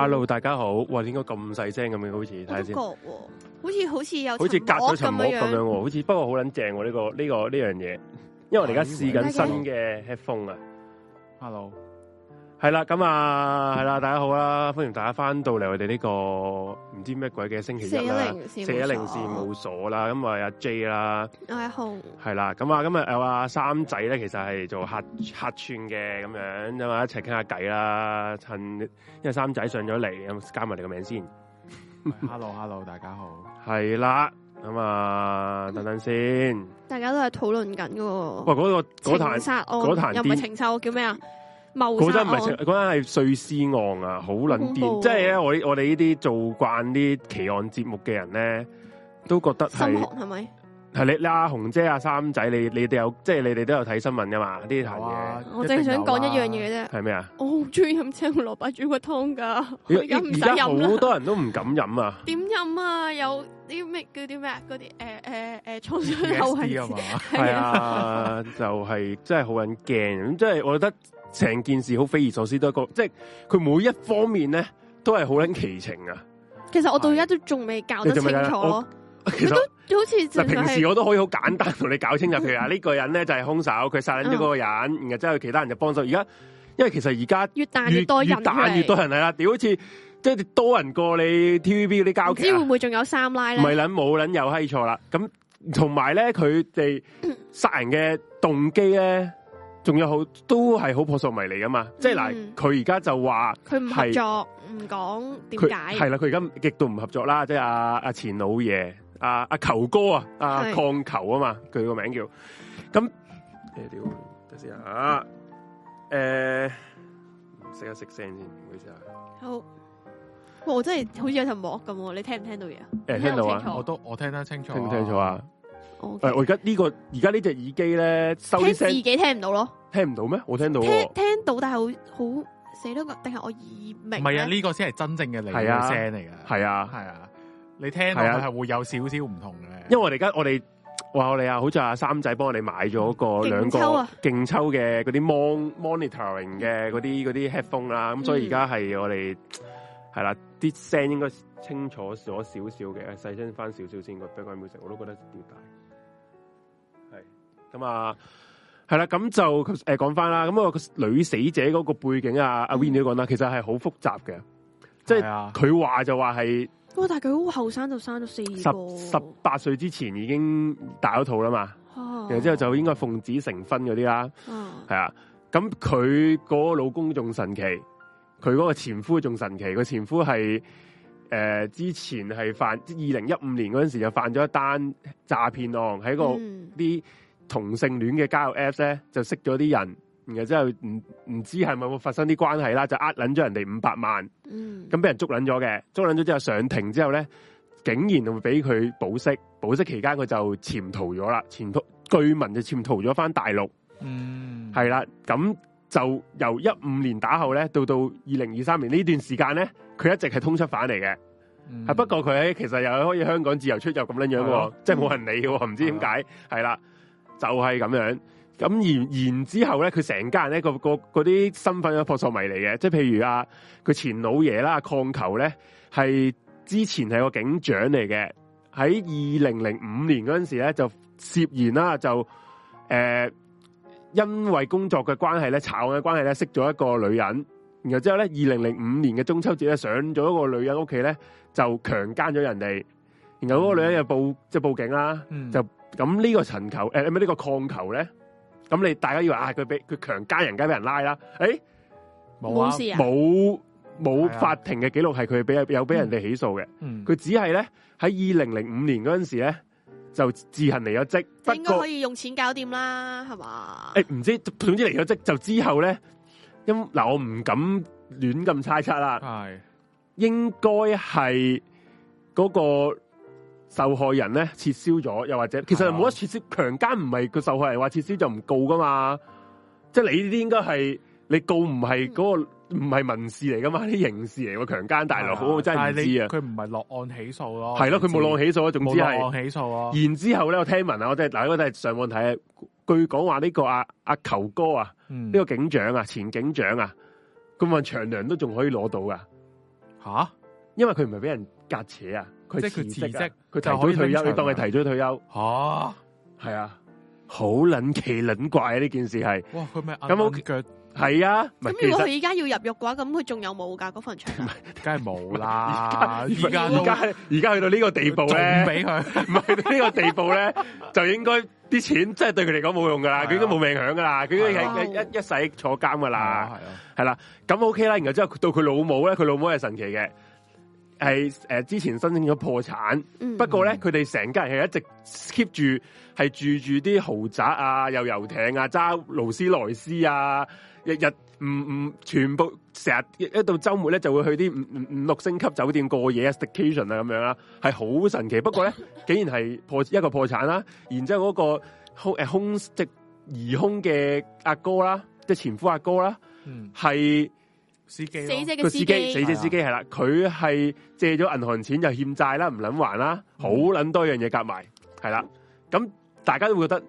hello，大家好，哇，點解咁細聲咁樣？好似睇下先，好似好似有樣，好似隔咗層膜咁樣，好似不過好撚正喎，呢個呢個呢樣嘢，因為我哋而家試緊新嘅 headphone Hello 啊。hello，係啦，咁啊，係啦，大家好啦，歡迎大家翻到嚟我哋呢個。唔知咩鬼嘅星期一啦，四一零事務所啦，咁啊阿 J 啦，阿紅係啦，咁啊今日有阿三仔咧，其實係做客客串嘅咁樣，咁啊一齊傾下偈啦，趁因為三仔上咗嚟，咁加埋你個名先。Hello，Hello，大家好，係啦，咁啊等等先，大家都係討論緊噶喎。喂，嗰個嗰壇又唔係情殺，我叫咩啊？嗰真唔係，嗰真係碎屍案啊！好撚癲，即係咧，我我哋呢啲做慣啲奇案節目嘅人咧，都覺得心寒，係咪？係你你阿紅姐、阿三仔，你你哋有即係你哋都有睇新聞噶嘛？呢啲嘢，我淨係想講一樣嘢啫。係咩啊？我好中意飲青紅蘿蔔豬骨湯噶，而而家好多人都唔敢飲啊！點飲啊？有啲咩叫啲咩？嗰啲誒誒誒，蟲子有係啊？就係真係好撚驚咁，即係我覺得。成件事好匪夷所思，都一個即係佢每一方面咧，都係好捻奇情啊！其實我到而家都仲未搞得清楚咯。其實你都好似，其實平時我都可以好簡單同你搞清楚。譬如話呢個人咧就係、是、凶手，佢殺咗嗰個人，嗯、然後之後其他人就幫手。而家因為其實而家越彈越多人，越彈越多人啦，屌來好似即係多人過你 TVB 嗰啲交。唔知會唔會仲有三拉咧？唔係捻冇捻，又係 i 錯啦。咁同埋咧，佢哋殺人嘅動機咧。仲有好都係好撲朔迷離噶嘛？嗯、即係嗱，佢而家就話佢唔合作，唔講點解？係啦，佢而家極度唔合作啦，即係阿阿錢老爺、阿、啊、阿、啊、球哥啊、阿抗球啊嘛，佢個名叫咁。誒、嗯，屌！等先啊，誒、嗯，唔識一識聲先，唔好意思啊。好，我真係好似有層膜咁，你聽唔聽到嘢啊？聽到啊，我都我聽得清楚，聽唔清楚啊？聽誒，我而家呢個而家呢隻耳機咧收音，自己聽唔到咯，聽唔到咩？我聽到聽，聽到但係好好死都覺，定係我耳鳴。唔係啊，呢、這個先係真正嘅你嘅聲嚟嘅，係啊，係啊，啊，你聽啊，係會有少少唔同嘅、啊。因為我哋而家我哋話我哋啊，好似阿三仔幫我哋買咗個兩個勁抽嘅嗰啲 mon monitoring 嘅嗰啲嗰啲 headphone 啦、嗯，咁所以而家係我哋係啦，啲聲、啊、應該清楚咗少少嘅，細聲翻少少先，個邊個秒成我都覺得調大。咁啊，係啦，咁就誒講翻啦。咁、呃、我、嗰個女死者嗰個背景啊，阿 Winnie 都講啦，其實係好複雜嘅，嗯、即係佢話就話係，哇！但係佢好後生就生咗四個十十八歲之前已經大咗肚啦嘛，啊、然後之後就應該奉子成婚嗰啲啦，係啊。咁佢、啊啊、個老公仲神奇，佢嗰個前夫仲神奇，個前夫係誒、呃、之前係犯，二零一五年嗰陣時候就犯咗一單詐騙案喺個啲。嗯同性戀嘅交友 Apps 咧，就識咗啲人，然後之後唔唔知係咪會發生啲關係啦，就呃捻咗人哋五百萬，咁俾、嗯、人捉捻咗嘅，捉捻咗之後上庭之後咧，竟然會俾佢保釋，保釋期間佢就潛逃咗啦，潛逃，據聞就潛逃咗翻大陸，係啦、嗯，咁就由一五年打後咧，到到二零二三年呢段時間咧，佢一直係通緝犯嚟嘅，係、嗯、不過佢喺其實又可以香港自由出入咁樣樣嘅，啊、即係冇人理嘅，唔、嗯、知點解係啦。啊是就係咁樣，咁然然之後咧，佢成家人咧、那個個嗰啲身份有撲朔迷離嘅，即係譬如啊，佢前老爺啦，抗球咧係之前係個警長嚟嘅，喺二零零五年嗰陣時咧就涉嫌啦，就誒、呃、因為工作嘅關係咧，查案嘅關係咧，識咗一個女人，然後之後咧，二零零五年嘅中秋節咧，上咗一個女人屋企咧就強姦咗人哋，然後嗰個女人又報即係、嗯、報警啦，就、嗯。咁、呃，這個、呢個陳求誒，係咪呢個抗求咧？咁你大家以為啊，佢俾佢強姦人家俾人拉啦？誒、欸，冇冇冇法庭嘅記錄係佢俾有俾人哋起訴嘅，佢、嗯、只係咧喺二零零五年嗰陣時咧就自行離咗職。嗯、不過應該可以用錢搞掂啦，係嘛？誒、欸，唔知總之離咗職，就之後咧，因嗱我唔敢亂咁猜測啦。係是應該係嗰個。受害人咧撤銷咗，又或者其實冇得撤銷強姦，唔係個受害人話撤銷就唔告噶嘛？即係你呢啲應該係你告唔係嗰個唔係民事嚟噶嘛？啲刑事嚟喎強姦大好，我真係唔知啊！佢唔係落案起訴咯，係咯、啊，佢冇落案起訴，總之係落案起訴。然之後咧，我聽聞啊，我即係嗱，我都係上網睇，據講話呢個阿阿球哥啊，呢、嗯、個警長啊，前警長啊，咁話長糧都仲可以攞到噶吓？啊、因為佢唔係俾人隔扯啊！即係佢辭職，佢就可以提早退休，佢當佢提早退休吓。係啊，好撚奇撚怪啊！呢件事係哇，佢咪咁好腳係啊？咁如果佢依家要入獄嘅話，咁佢仲有冇噶嗰份場？梗係冇啦，而家而家去到呢個地步咧，唔俾佢，唔係呢個地步咧，就應該啲錢真係對佢嚟講冇用噶啦，佢應該冇命享噶啦，佢一一一世坐監噶啦，係咯，係啦，咁 OK 啦，然後之後到佢老母咧，佢老母係神奇嘅。係誒、呃，之前申請咗破產，嗯、不過咧，佢哋成家人係一直 keep 住係住住啲豪宅啊，又遊，遊艇啊，揸勞斯萊斯啊，日日唔唔、嗯嗯，全部成日一到週末咧就會去啲五五六星級酒店過夜啊 staycation 啊咁樣啦，係好神奇。不過咧，竟然係破 一個破產啦、啊，然之後嗰、那個空即移空即疑空嘅阿哥啦、啊，即前夫阿哥啦、啊，係、嗯。是司機咯，個司機，死者司機係啦，佢係借咗銀行錢就欠債啦，唔捻還啦，好捻多樣嘢夾埋，係啦。咁大家都會覺得，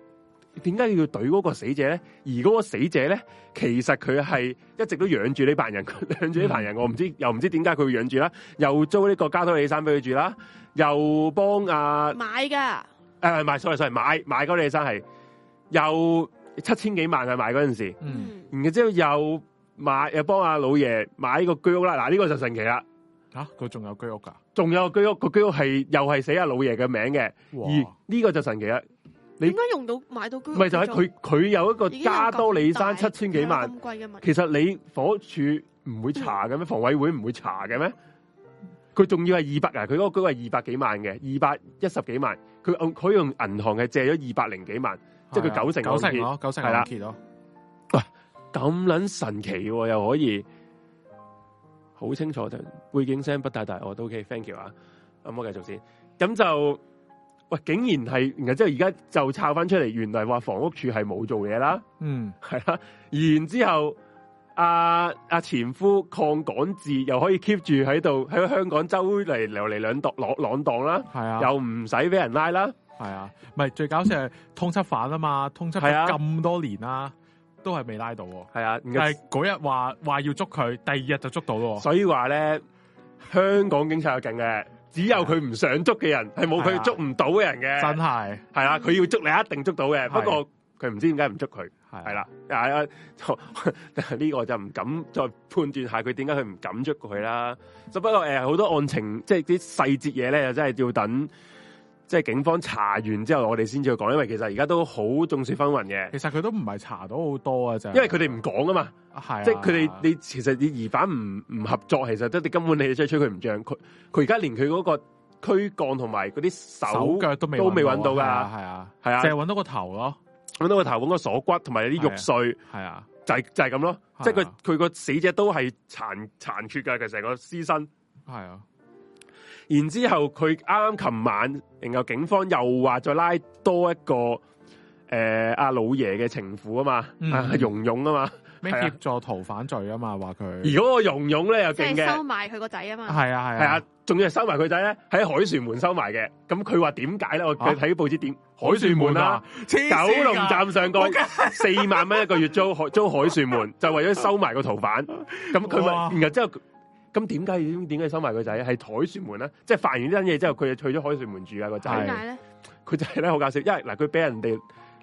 點解要懟嗰個死者咧？而嗰個死者咧，其實佢係一直都養住呢班人，養住呢班人。我唔知，又唔知點解佢會養住啦，又租呢個加多利山俾佢住啦，又幫阿、啊、買噶的，誒唔係，sorry sorry，買買加多利山係，又七千幾萬係買嗰陣時，嗯，然之後又。買又幫阿老爺買個居屋啦，嗱、這、呢個就神奇啦，吓佢仲有居屋噶仲有個居屋，個居屋係又係寫阿老爺嘅名嘅，哇而呢個就神奇啦。你點解用到買到居屋唔係就係佢佢有一個加多利山七千幾萬咁貴嘅物，其實你房屋處唔會查嘅咩？房委會唔會查嘅咩？佢仲要係二百啊，佢嗰個居屋係二百幾萬嘅，二百一十幾萬，佢佢用銀行係借咗二百零幾萬，的即係佢九成九成了九成係啦，咁捻神奇、啊，又可以好清楚。背景聲不太大，我都 OK。Thank you 啊，咁我繼續先。咁就喂，竟然係、嗯啊，然後之後而家就抄翻出嚟，原來話房屋處係冇做嘢啦。嗯、啊，係啦。然之後阿阿前夫抗港字又可以 keep 住喺度喺香港周嚟留嚟兩檔朗朗檔啦。係啊，又唔使俾人拉啦。係啊，咪最搞笑係通緝犯啊嘛，通緝咁多年啦、啊。都係未拉到的，係啊！但係嗰日話話要捉佢，第二日就捉到咯。所以話咧，香港警察有勁嘅，只有佢唔想捉嘅人，係冇佢捉唔到嘅人嘅，啊。真係係啊！佢要捉你，一定捉到嘅，啊。不過佢唔知點解唔捉佢，係啦。係啊，呢個就唔敢再判斷下佢點解佢唔敢捉佢啦。只不過誒，好多案情即係啲細節嘢咧，又、就是、真係要等。即係警方查完之後，我哋先至去講，因為其實而家都好眾說紛紜嘅。其實佢都唔係查到好多啊，就因為佢哋唔講啊嘛，係即係佢哋你其實你疑犯唔唔合作，其實都你根本你真係吹佢唔脹，佢佢而家連佢嗰個軀幹同埋嗰啲手腳都都未揾到噶，係啊係啊，淨係揾到個頭咯，搵到個頭，揾個鎖骨同埋有啲肉碎，係啊，啊就係、是、就係、是、咁咯，即係佢佢個死者都係殘殘缺㗎，其實成個屍身係啊。然之後佢啱啱琴晚，然後警方又話再拉多一個誒阿、呃啊、老爺嘅情婦啊嘛，嗯、啊係蓉蓉啊嘛，咩協助逃犯罪啊嘛，話佢而嗰個蓉蓉咧又驚嘅，收埋佢個仔啊嘛，係啊係啊，仲、啊啊、要收埋佢仔咧喺凱旋門收埋嘅，咁佢話點解咧？我睇報紙點、啊、凱旋門啊，啊九龍站上蓋四萬蚊一個月租租凱， 凱旋門，就為咗收埋個逃犯，咁佢咪然後之後。咁點解點點解收埋個仔？係凱旋門啦，即係犯完呢單嘢之後，佢就去咗凱旋門住啊個仔。點解咧？佢的就係咧好搞笑，因為嗱佢俾人哋、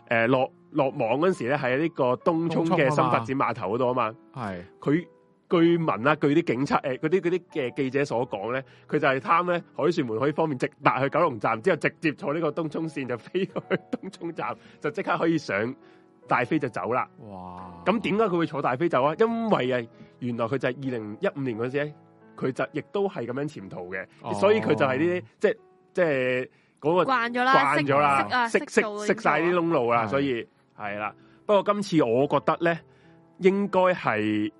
呃、落落網嗰時咧，喺呢個東涌嘅新發展碼頭度啊嘛。佢據聞呀，據啲警察誒嗰啲啲嘅記者所講咧，佢就係貪咧凱旋門可以方便直達去九龍站，之後直接坐呢個東涌線就飛去東涌站，就即刻可以上。大飛就走啦，咁點解佢會坐大飛走啊？因為啊，原來佢就係二零一五年嗰時，佢就亦都係咁樣潛逃嘅，所以佢就係呢啲即係即係嗰個慣咗啦，慣咗啦，識識識晒啲窿路啦，所以係啦。不過今次我覺得咧，應該係。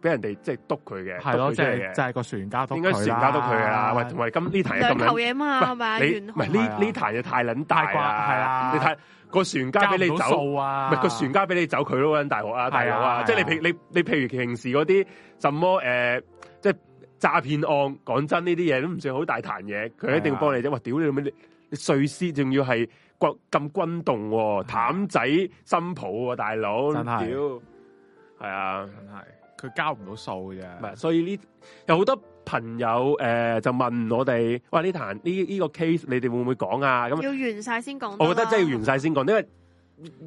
俾人哋即係督佢嘅，係咯，即係就係個船家督佢應該船家督佢啊，喂，同埋呢壇咁樣。嘛，係咪你唔係呢呢壇就太撚大，係，你睇個船家俾你走，唔係個船家俾你走佢咯，咁大鑊啊，大佬啊！即係你譬你你譬如平時嗰啲什麼誒，即係詐騙案，講真呢啲嘢都唔算好大壇嘢，佢一定幫你啫。哇！屌你老味，你碎屍仲要係軍咁轟動，譚仔新抱，大佬，屌！係，啊，係。佢交唔到數嘅啫，所以呢有好多朋友誒、呃、就問我哋，喂，呢壇呢呢個 case，你哋會唔會講啊？咁要完晒先講，我覺得真係要完晒先講，因為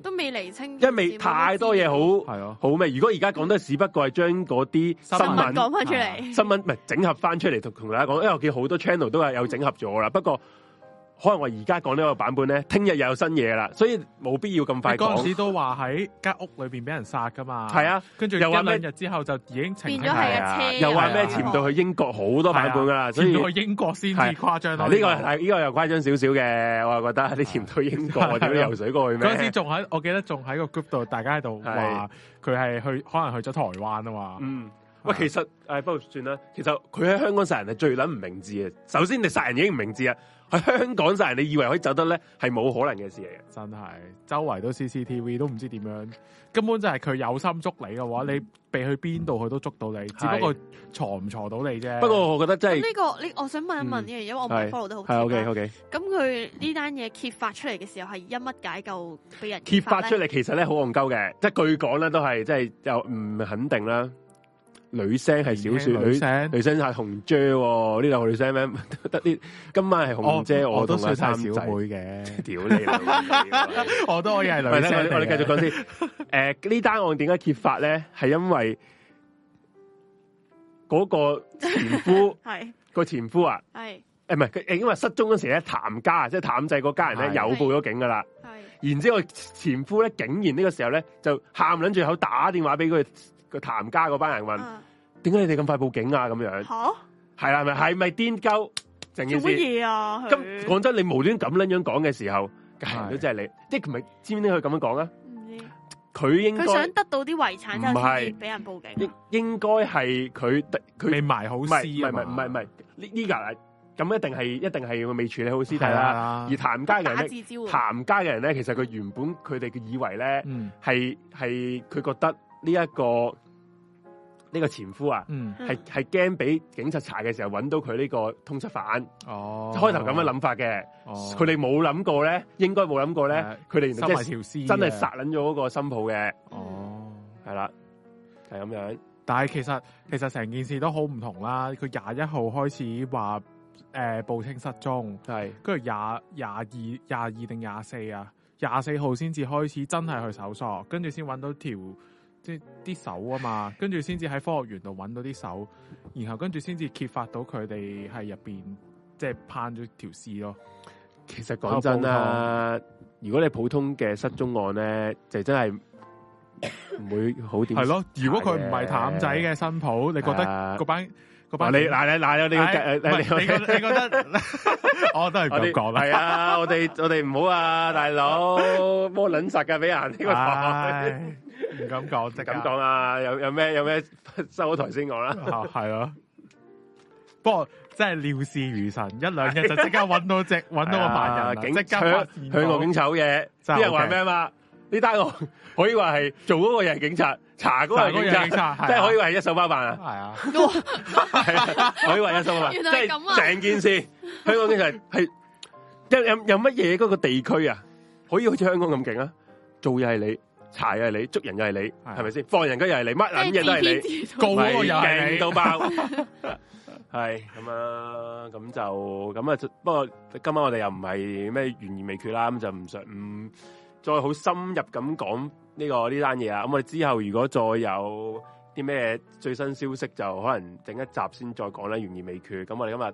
都未釐清，因為未太多嘢好啊，對哦、好咩？如果而家講都係，只不過係將嗰啲新聞講翻出嚟，新聞唔係整合翻出嚟同同大家講，因為我見好多 channel 都係有整合咗啦，嗯、不過。可能我而家講呢個版本咧，聽日又有新嘢啦，所以冇必要咁快講。嗰陣時都話喺間屋裏邊俾人殺噶嘛，係啊，跟住又話咩日之後就已經變咗係一，又話咩潛到去英國好多版本啦，所以去英國先至誇張。呢個係呢個又誇張少少嘅，我覺得你潛到英國點游水過去咩？嗰陣時仲喺我記得仲喺個 group 度，大家喺度話佢係去可能去咗台灣啊嘛。嗯，喂，其實誒，不如算啦。其實佢喺香港殺人係最撚唔明智嘅。首先，你殺人已經唔明智啊。喺香港就係你以為可以走得咧，係冇可能嘅事嚟嘅。真係周圍都 CCTV 都唔知點樣，根本就係佢有心捉你嘅話，你避去邊度佢都捉到你，是只不過藏唔藏到你啫。不過我覺得真係呢、這個，你我想問一問呢樣嘢，嗯、因為我 follow 得好。OK OK。咁佢呢單嘢揭發出嚟嘅時候係因乜解救俾人揭發出嚟？其實咧好戇鳩嘅，即係據講咧都係即係又唔肯定啦。女聲係小說，女聲女聲係紅姐，呢兩個女聲咩？得啲今晚係紅姐，我都想睇小妹嘅，屌你！我都可以係女聲嚟嘅。我哋繼續講先，誒，呢單案點解揭發咧？係因為嗰個前夫係個前夫啊，係誒唔係，因為失蹤嗰時咧，譚家啊即係譚仔嗰家人咧有報咗警噶啦，係。然之後前夫咧，竟然呢個時候咧就喊卵住口，打電話俾佢。個譚家嗰班人問：點解你哋咁快報警啊？咁樣，吓，係啦，咪係咪癲鳩正做乜嘢啊？咁講真，你無端咁樣樣講嘅時候，係都即係你，即係佢咪知唔知佢咁樣講啊？唔知，佢應該佢想得到啲遺產，就先至俾人報警。應該係佢，佢未埋好屍啊唔係唔係唔係呢呢個咁一定係一定係未處理好屍體啦。而譚家嘅人，譚家嘅人咧，其實佢原本佢哋以為咧，係係佢覺得。呢一個呢個前夫啊，係係驚俾警察查嘅時候揾到佢呢個通緝犯。哦，開頭咁嘅諗法嘅，佢哋冇諗過咧，應該冇諗過咧，佢哋、啊、即係條屍真係殺捻咗嗰個新抱嘅。哦、啊，係啦，係咁樣。但係其實其實成件事都好唔同啦。佢廿一號開始話誒報稱失蹤，係跟住廿廿二廿二定廿四啊，廿四號先至開始真係去搜索，跟住先揾到條。即係啲手啊嘛，跟住先至喺科學園度揾到啲手，然後跟住先至揭發到佢哋係入邊即係攀咗條屍咯。其實講真啦，如果你普通嘅失蹤案咧，就真係唔會好掂係咯。如果佢唔係譚仔嘅新抱，你覺得嗰班嗰班你嗱你嗱你，你你你你覺得？我都係唔敢講啦。係啊，我哋我哋唔好啊，大佬魔捻實噶，俾人呢個唔敢講就咁講啊！有有咩有咩收咗台先講啦。係咯，不過真係料事如神，一兩日就即刻搵到隻搵到個犯人，即刻去向我警丑嘢。啲人話咩嘛？呢單案可以話係做嗰個人係警察，查嗰個人係警察，即係可以話係一手包辦啊！係啊，可以話一手包辦，即係啊。成件事。香港警察係有有有乜嘢嗰個地區啊？可以好似香港咁勁啊？做嘢係你。柴又係你，捉人又係你，係咪先？放人嘅又係你，乜撚嘢都係你，勁到的爆，係咁 啊！咁就咁啊！不過今晚我哋又唔係咩懸而未決啦，咁就唔想，唔、嗯、再好深入咁講呢個呢單嘢啦。咁、這個這個、我哋之後如果再有啲咩最新消息，就可能整一集先再講啦。懸而未決。咁我哋今、嗯、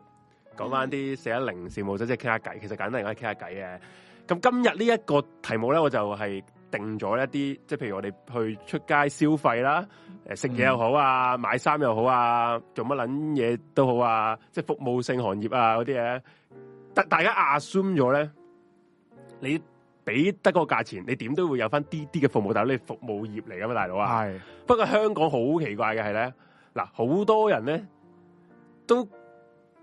今日講翻啲四一零事務所，即係傾下偈。其實簡單嚟講，傾下偈嘅。咁今日呢一個題目咧，我就係、是。定咗一啲，即係譬如我哋去出街消費啦，誒食嘢又好啊，買衫又好啊，做乜捻嘢都好啊，即係服務性行業啊嗰啲嘢，大大家 assume 咗咧，你俾得嗰個價錢，你點都會有翻啲啲嘅服務。大佬，你服務業嚟噶嘛，大佬啊，係。不過香港好奇怪嘅係咧，嗱，好多人咧都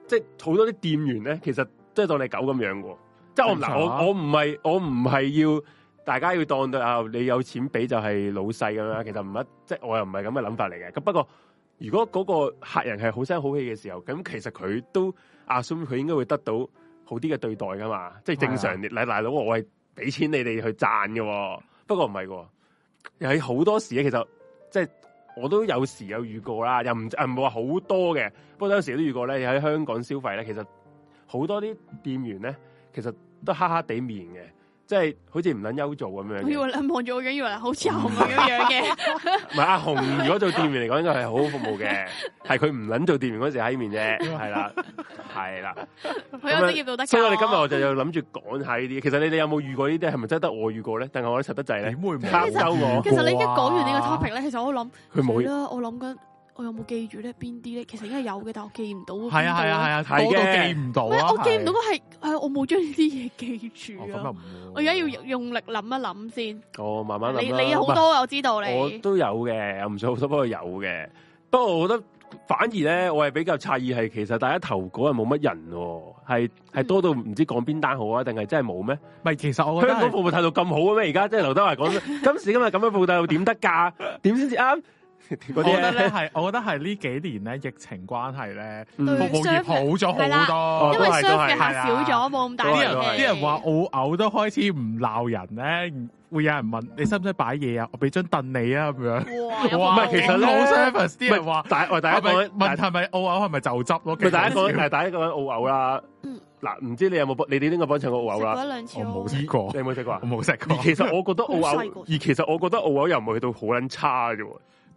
即係好多啲店員咧，其實即係當你狗咁樣噶、啊，即係我嗱，我我我唔係我唔係要。大家要當到啊！你有錢俾就係老細咁樣，其實唔一即係我又唔係咁嘅諗法嚟嘅。咁不過如果嗰個客人係好聲好氣嘅時候，咁其實佢都阿孫佢應該會得到好啲嘅對待噶嘛。即係正常，嚟大佬我係俾錢你哋去賺嘅喎。不過唔係喎，喺好多時咧，其實即係我都有時有遇過啦，又唔唔係話好多嘅。不過有時都遇過咧，喺香港消費咧，其實好多啲店員咧，其實都黑黑地面嘅。即係好似唔撚休做咁樣。我以為你望住我樣，以為好似阿紅咁樣嘅。唔係阿紅如果做店員嚟講應該係好好服務嘅，係佢唔撚做店員嗰時喺面啫，係啦，係啦。好有職業道德。所以我哋今日我就要諗住講下呢啲。其實你哋有冇遇過呢啲？係咪真得我遇過咧？但係我實得滯咧？你妹唔黑嬲我。其實你一講完呢個 topic 咧，其實我諗佢冇，我諗緊。我有冇記住咧？邊啲咧？其實應該有嘅，但係我記唔到。係啊係啊係啊，嗰度記唔到啊！我記唔到嗰係，係我冇將呢啲嘢記住啊！我而家要用力諗一諗先。我慢慢諗啦。你你有好多，我知道你。我都有嘅，又唔算好多，不過有嘅。不過我覺得反而咧，我係比較詫異，係其實大家投稿又冇乜人，係係多到唔知講邊單好啊？定係真係冇咩？咪其實我香港服務態度咁好嘅咩？而家即係劉德華講，今時今日咁樣服務態度點得噶？點先至啱？ 些嗯、我覺得咧係，我覺得係呢幾年咧疫情關係咧，服務業好咗好多，因為相係少咗，冇咁大。啲人話澳牛都開始唔鬧人咧，會有人問人、啊、人你使唔使擺嘢啊？我俾張凳你啊咁樣話。哇，唔係、like、其實好 service 唔係話大喂，okay、第一個問題係咪澳牛係咪就執咯？佢第一個係第一個講澳牛啦。嗱，唔知你有冇你哋呢個幫襯過澳牛啦？我冇食過，你，過過過 你有冇食過？我冇食過。 其實我覺得澳牛，而其實我覺得澳牛又唔會去到好撚差嘅。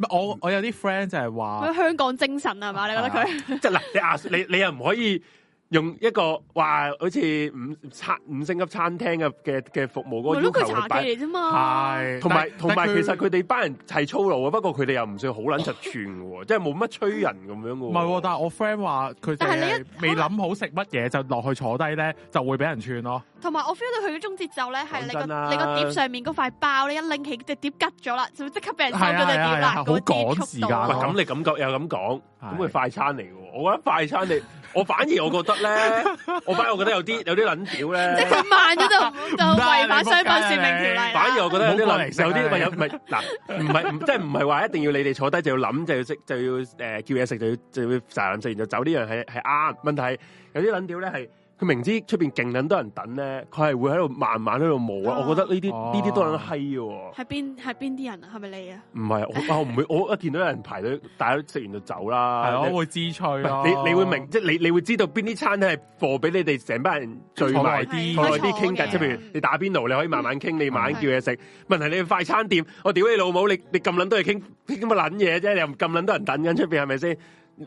我我有啲 friend 就係話，佢香港精神係嘛？啊、你覺得佢即係嗱，你你你又唔可以。用一個話好似五餐五星級餐廳嘅嘅嘅服務嗰種頭嚟啫嘛，係同埋同埋其實佢哋班人係粗魯啊。不過佢哋又唔算好捻雜串嘅，即係冇乜催人咁樣嘅。唔係，但係我 friend 話佢，但係你一未諗好食乜嘢就落去坐低咧，就會俾人串咯。同埋我 feel 到佢嗰種節奏咧，係你個你個碟上面嗰塊包咧，一拎起隻碟吉咗啦，就會即刻俾人收咗你碟啦。好趕時間，咁你感覺又咁講，咁佢快餐嚟嘅，我覺得快餐你。我反而我覺得咧，我反而我覺得有啲有啲撚屌咧，即係佢慢咗就就違反商品説明條例。反而我覺得有啲撚有啲咪有嗱，唔係唔即係唔係話一定要你哋坐低就要諗就要食就要叫嘢食就要就要食完就走呢樣係係啱。問題係有啲撚屌咧係。佢明知出邊勁撚多人等咧，佢係會喺度慢慢喺度冇。啊！我覺得呢啲呢啲都撚閪嘅。係邊係邊啲人啊？係咪你啊？唔係我唔會，我一見到有人排隊，大家食完就走啦。係，我會知趣，你你會明，即你你會知道邊啲餐廳係貨俾你哋成班人聚埋啲啲傾偈出邊。你打邊爐你可以慢慢傾，你慢慢叫嘢食。問題你去快餐店，我屌你老母！你你咁撚多人傾傾乜撚嘢啫！你又咁撚多人等緊出邊係咪先？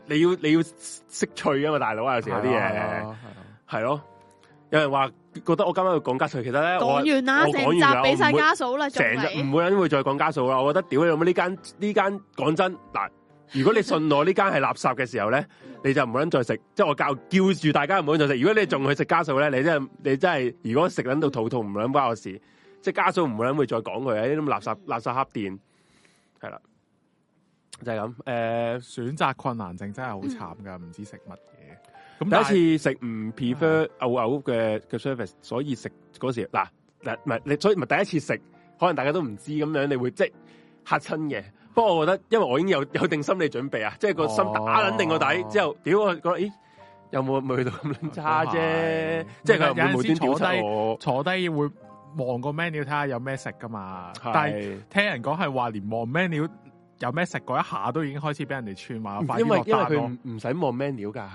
你要你要識趣啊嘛，大佬啊！有時啲嘢。係咯，有人話覺得我今晚要講家嫂，其實咧，講完啦，成集俾晒家嫂啦，成日唔會有人會再講家嫂啦。 我覺得屌你有乜呢間呢間？講真嗱，如果你信我呢間係垃圾嘅時候咧， 你就唔會諗再食。即係我教叫住大家唔會諗再食。如果你仲去食家嫂咧，你真係你真係如果食諗到肚痛唔諗關我事， 即係家嫂唔會諗會再講佢啊！啲咁垃圾垃圾黑店，係啦，就係、是、咁。誒、呃，選擇困難症真係好慘噶，唔、嗯、知食乜。第一次食唔 prefer 嘔嘔嘅嘅 service，所以食嗰時嗱嗱唔係你，所以唔係第一次食，可能大家都唔知咁樣，你會即嚇親嘅。不過我覺得，因為我已經有有定心理準備啊，即係個心打肯、哦、定個底之後，屌我覺得咦、欸，有冇去到咁差啫？是即係佢有陣時坐低我坐低會望個 menu 睇下有咩食噶嘛。是但係聽人講係話連望 menu 有咩食嗰一下都已經開始俾人哋串埋，因為因為佢唔使望 menu 噶。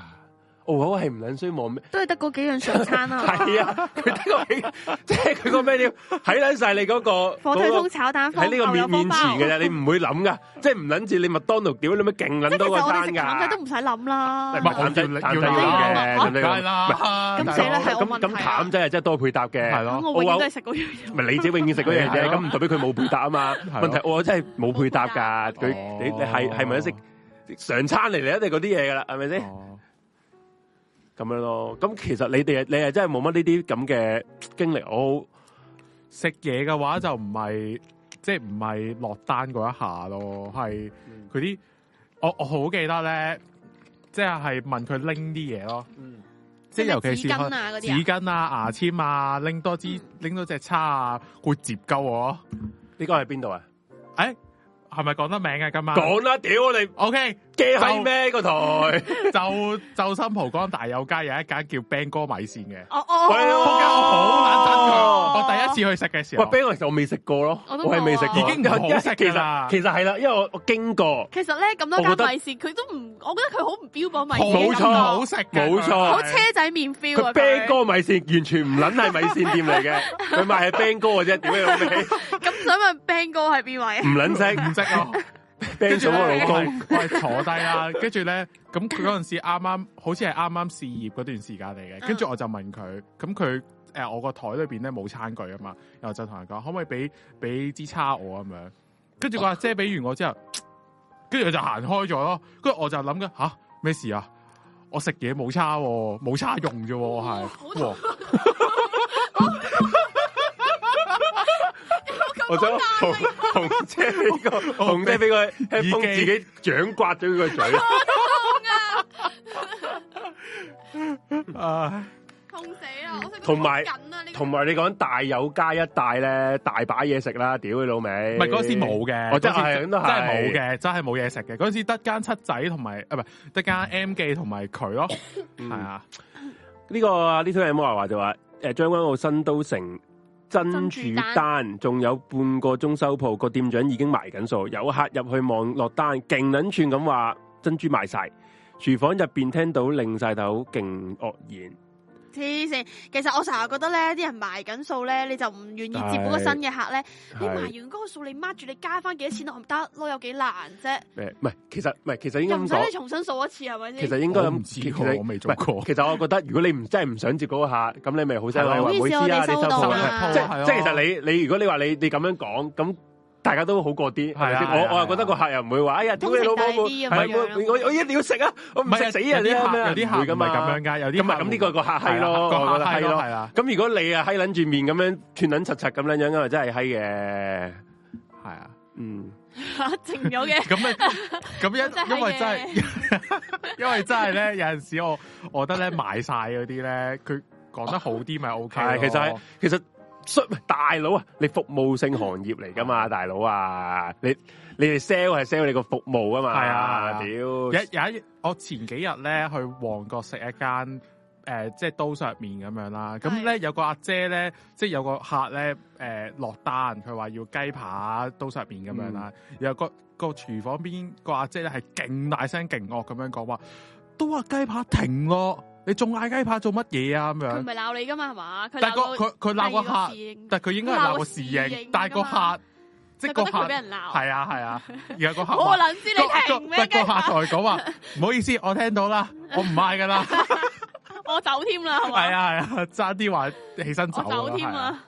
我我係唔撚衰望咩？都係得嗰幾樣常餐啦。係啊，佢得個起，即係佢個咩料，睇撚曬你嗰個火腿通炒蛋。喺呢個面面前嘅啫，你唔會諗噶，即係唔撚住你麥當勞屌啲咩勁撚多個單㗎。即係我哋食譚仔都唔使諗啦。譚仔，譚仔啦，咁所以咧係我問題。咁譚仔係真係多配搭嘅，係咯。我永遠食嗰樣嘢。唔係你自己永遠食嗰樣嘢，咁唔代表佢冇配搭啊嘛。問題我真係冇配搭㗎。佢你你係係咪都食常餐嚟嚟啊？定嗰啲嘢㗎啦？係咪先？咁樣咯，咁其實你哋你係真係冇乜呢啲咁嘅經歷。我食嘢嘅話就唔係，即係唔係落單嗰一下咯，係佢啲。我我好記得咧，即係係問佢拎啲嘢咯。嗯，即係尤其是紙巾啊、啲紙、啊、巾啊、牙籤啊，拎多支，拎多隻、嗯、多叉,叉啊，會折鳩我。呢個係邊度啊？誒、啊，係咪講得名啊？今晚講得屌你，OK。嘅係咩？嗰台就就新蒲江大有街有一間叫冰哥米線嘅，哦哦，我好難等佢。我第一次去食嘅時候，冰哥其實我未食過咯，我係未食，已經有一食其實其實係啦，因為我我經過。其實咧咁多間米線，佢都唔，我覺得佢好唔標榜米線，冇錯，好食，冇錯，好車仔麵 feel。佢冰哥米線完全唔撚係米線店嚟嘅，佢賣係冰哥嘅啫。點解咁想問冰哥係邊位？唔撚識，唔識啊！跟住我老公，我 坐低啦、啊。跟住咧，咁佢嗰陣時啱啱，好似係啱啱事業嗰段時間嚟嘅。跟住我就問佢，咁佢誒，我個台裏邊咧冇餐具啊嘛，然後就同人講，可唔可以俾俾支叉我咁、啊、樣？跟住個阿姐俾完我之後，跟住佢就行開咗咯。跟住我就諗緊，吓、啊、咩事啊？我食嘢冇叉、啊，冇叉用啫、啊，係。 我想紅紅姐俾個紅姐俾個耳風，自己掌刮咗佢個嘴。痛啊！痛死啦！同埋同埋你講大友街一帶咧，大把嘢食啦，屌你老味。唔係嗰陣時冇嘅，我真係真係冇嘅，真係冇嘢食嘅。嗰陣時得間七仔同埋啊，唔係得間 M 記同埋佢咯，係啊。呢個呢條嘢摩話就話誒，將軍澳新都城。珍珠單，仲有半個鐘收鋪個店長已經埋緊數，有客入去望落單，勁撚串咁話珍珠賣晒，廚房入邊聽到擰晒頭勁惡言。黐線，其實我成日覺得咧，啲人埋緊數咧，你就唔願意接嗰個新嘅客咧。你埋完嗰個數，你 mark 住，你加翻幾多錢唔得咯，有幾難啫。誒，唔係，其實唔係，其實應該唔使你重新數一次，係咪先？其實應該咁，我唔知，我未做過。其實我覺得，如果你唔真係唔想接嗰個客，咁你咪好聲話會知啊，你收到即係即係，其實你你，如果你話你你咁樣講咁。大家都好過啲，係啊，我我又覺得個客又唔會話，哎呀，屌你老母，唔係我，我一定要食啊，我唔食死人啲咩？有啲客咁咪咁啲個個客閪咯，個客閪咯，係啊。咁如果你啊閪撚住面咁樣，串撚柒柒咁撚樣，咁咪真係閪嘅，係啊，嗯嚇靜咗嘅。咁啊，咁因因為真係，因為真係咧，有陣時我我覺得咧買晒嗰啲咧，佢講得好啲咪 OK 其實係其實。大佬啊！你服務性行業嚟噶嘛，嗯、大佬啊！你你哋 sell 係 sell 你個服務啊嘛，係啊！屌、啊！有有一我前幾日咧去旺角食一間即係刀削麵咁樣啦。咁咧是有個阿姐咧，即、就、係、是、有個客咧、呃，落單，佢話要雞扒刀削麵咁樣啦。嗯、然後、個個廚房邊、個阿姐咧係勁大聲勁惡咁樣講話，都話雞扒停咯。你仲嗌雞扒做乜嘢啊？咁樣佢唔係鬧你噶嘛？係嘛？但係佢佢鬧個客，但係佢應該係鬧個侍應，但係個客即係覺得佢俾人鬧，係啊係啊，而家個客我諗知你係咩？個客台講話唔好意思，我聽到啦，我唔嗌噶啦，我走添啦，係啊係啊，差啲話起身走添啦。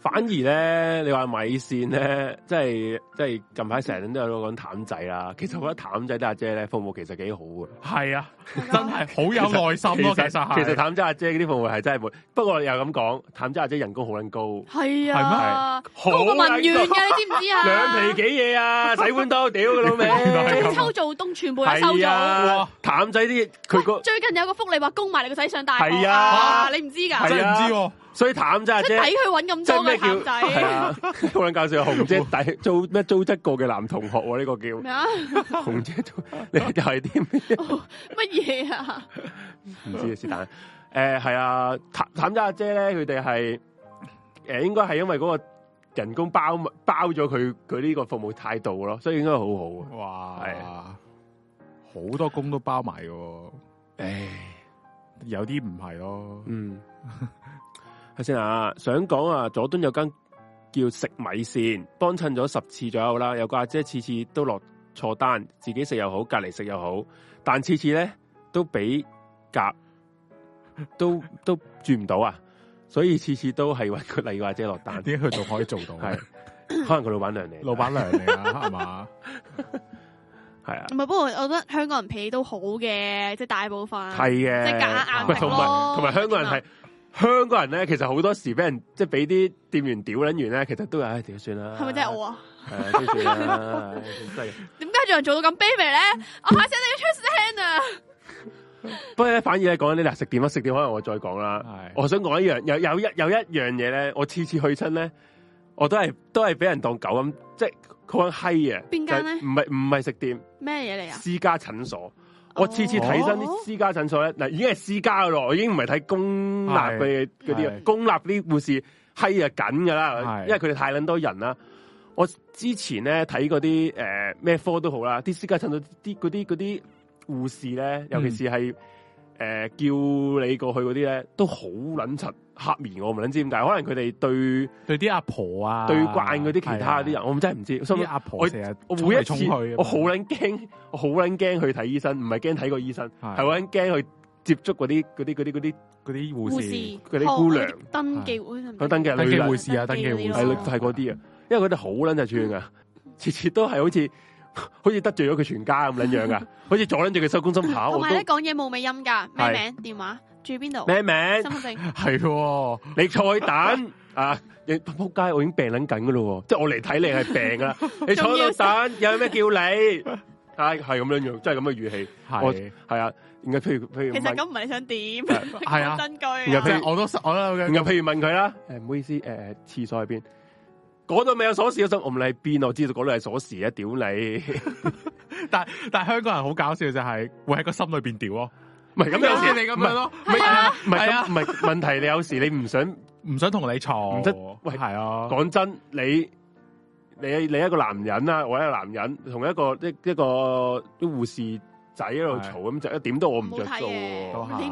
反而咧，你話米線咧，即係即係近排成日都有講淡仔啦。其實我覺得淡仔啲阿姐咧服務其實幾好嘅。係啊。真係好有耐心咯，其實其實譚仔阿姐嗰啲服務係真係會，不過又咁講，譚仔阿姐人工好撚高，係啊，好民怨嘅，你知唔知啊？兩皮幾嘢啊，洗碗都屌嘅老味，做秋做冬全部收咗。譚仔啲佢最近有個福利話供埋你個仔上大學，係啊，你唔知噶？真係唔知喎。所以譚仔阿姐即係抵佢搵咁多啊！譚仔好撚介紹，紅姐做咩？租得過嘅男同學呢個叫咩啊？紅姐，你又係啲咩？乜 知欸、啊，唔知啊，是但，誒，係啊，譚家阿姐咧，佢哋係誒，應該係因為嗰個人工包包咗佢佢呢個服務態度咯，所以應該好好啊。哇，好、啊、多工都包埋喎，誒， 有啲唔係咯。嗯，頭先 啊，想講啊，佐敦有間叫食米線，幫襯咗十次左右啦，有個阿姐次次都落錯單，自己食又好，隔籬食又好，但次次咧。都俾夾，都都轉唔到啊！所以次次都係搵個例或者落大啲佢仲可以做到？係，可能佢老闆娘嚟，老闆娘嚟啊，係嘛？係啊。唔係，不過我覺得香港人脾氣都好嘅，即係大部分係嘅，即係夾硬同埋同埋，香港人係香港人咧，其實好多時俾人即係俾啲店員屌捻完咧，其實都係唉，點算啦？係咪真係我啊？係，真係。點解仲要做到咁卑微咧？我下次都要出聲啊！ 不過咧，反而咧講緊嗱食店啦，食店可能我再講啦。係，我想講一樣，有有一有一樣嘢咧，我次次去親咧，我都係都係俾人當狗咁，即係佢搵閪嘅。邊間咧？唔係唔係食店，咩嘢嚟啊？私家診所，我次次睇親啲私家診所咧嗱，已經係私家噶咯，我已經唔係睇公立嘅啲啊，公立啲護士閪啊緊噶啦，因為佢哋太捻多人啦。我之前咧睇嗰啲誒咩科都好啦，啲私家診所啲啲嗰啲。護士咧，尤其是係誒叫你過去嗰啲咧，都好撚陳黑面，我唔撚知點解。可能佢哋對對啲阿婆啊，對慣嗰啲其他啲人，我唔真係唔知。所以阿婆成日我每一次我好撚驚，我好撚驚去睇醫生，唔係驚睇個醫生，係我驚去接觸嗰啲嗰啲嗰啲嗰啲嗰啲護士、嗰啲姑娘登記會，登記女女護士啊，登記係係嗰啲啊，因為佢哋好撚串噶，次次都係好似。好似得罪咗佢全家咁樣樣噶，好似阻捻住佢收工心跑。唔係咧，講嘢冇尾音噶。咩名？電話？住邊度？咩名？身份證？係，你菜蛋啊！你仆街，我已經病捻緊噶咯，即係我嚟睇你係病噶啦。你菜蛋有咩叫你？唉，係咁樣樣，即係咁嘅語氣。係，係啊。而家譬如譬如，其實咁唔係你想點？係啊，真句。然後譬如我都實，我啦。然後譬如問佢啦，誒，唔好意思，誒，廁所喺邊。嗰度未有鎖匙，我想我唔理喺邊咯，我知道嗰度係鎖匙啊，屌你！ 但但係香港人好搞笑，就係、是、會喺個心裏邊屌咯，咪咁有時你咁樣咯，咪啊咪不啊咪、啊！ 問題你有時你唔想唔想同你唔嘈，喂係啊，講真你你你一個男人啊我一個男人，同一個一一個啲護士。仔喺度嘈咁，就一點都我唔着數，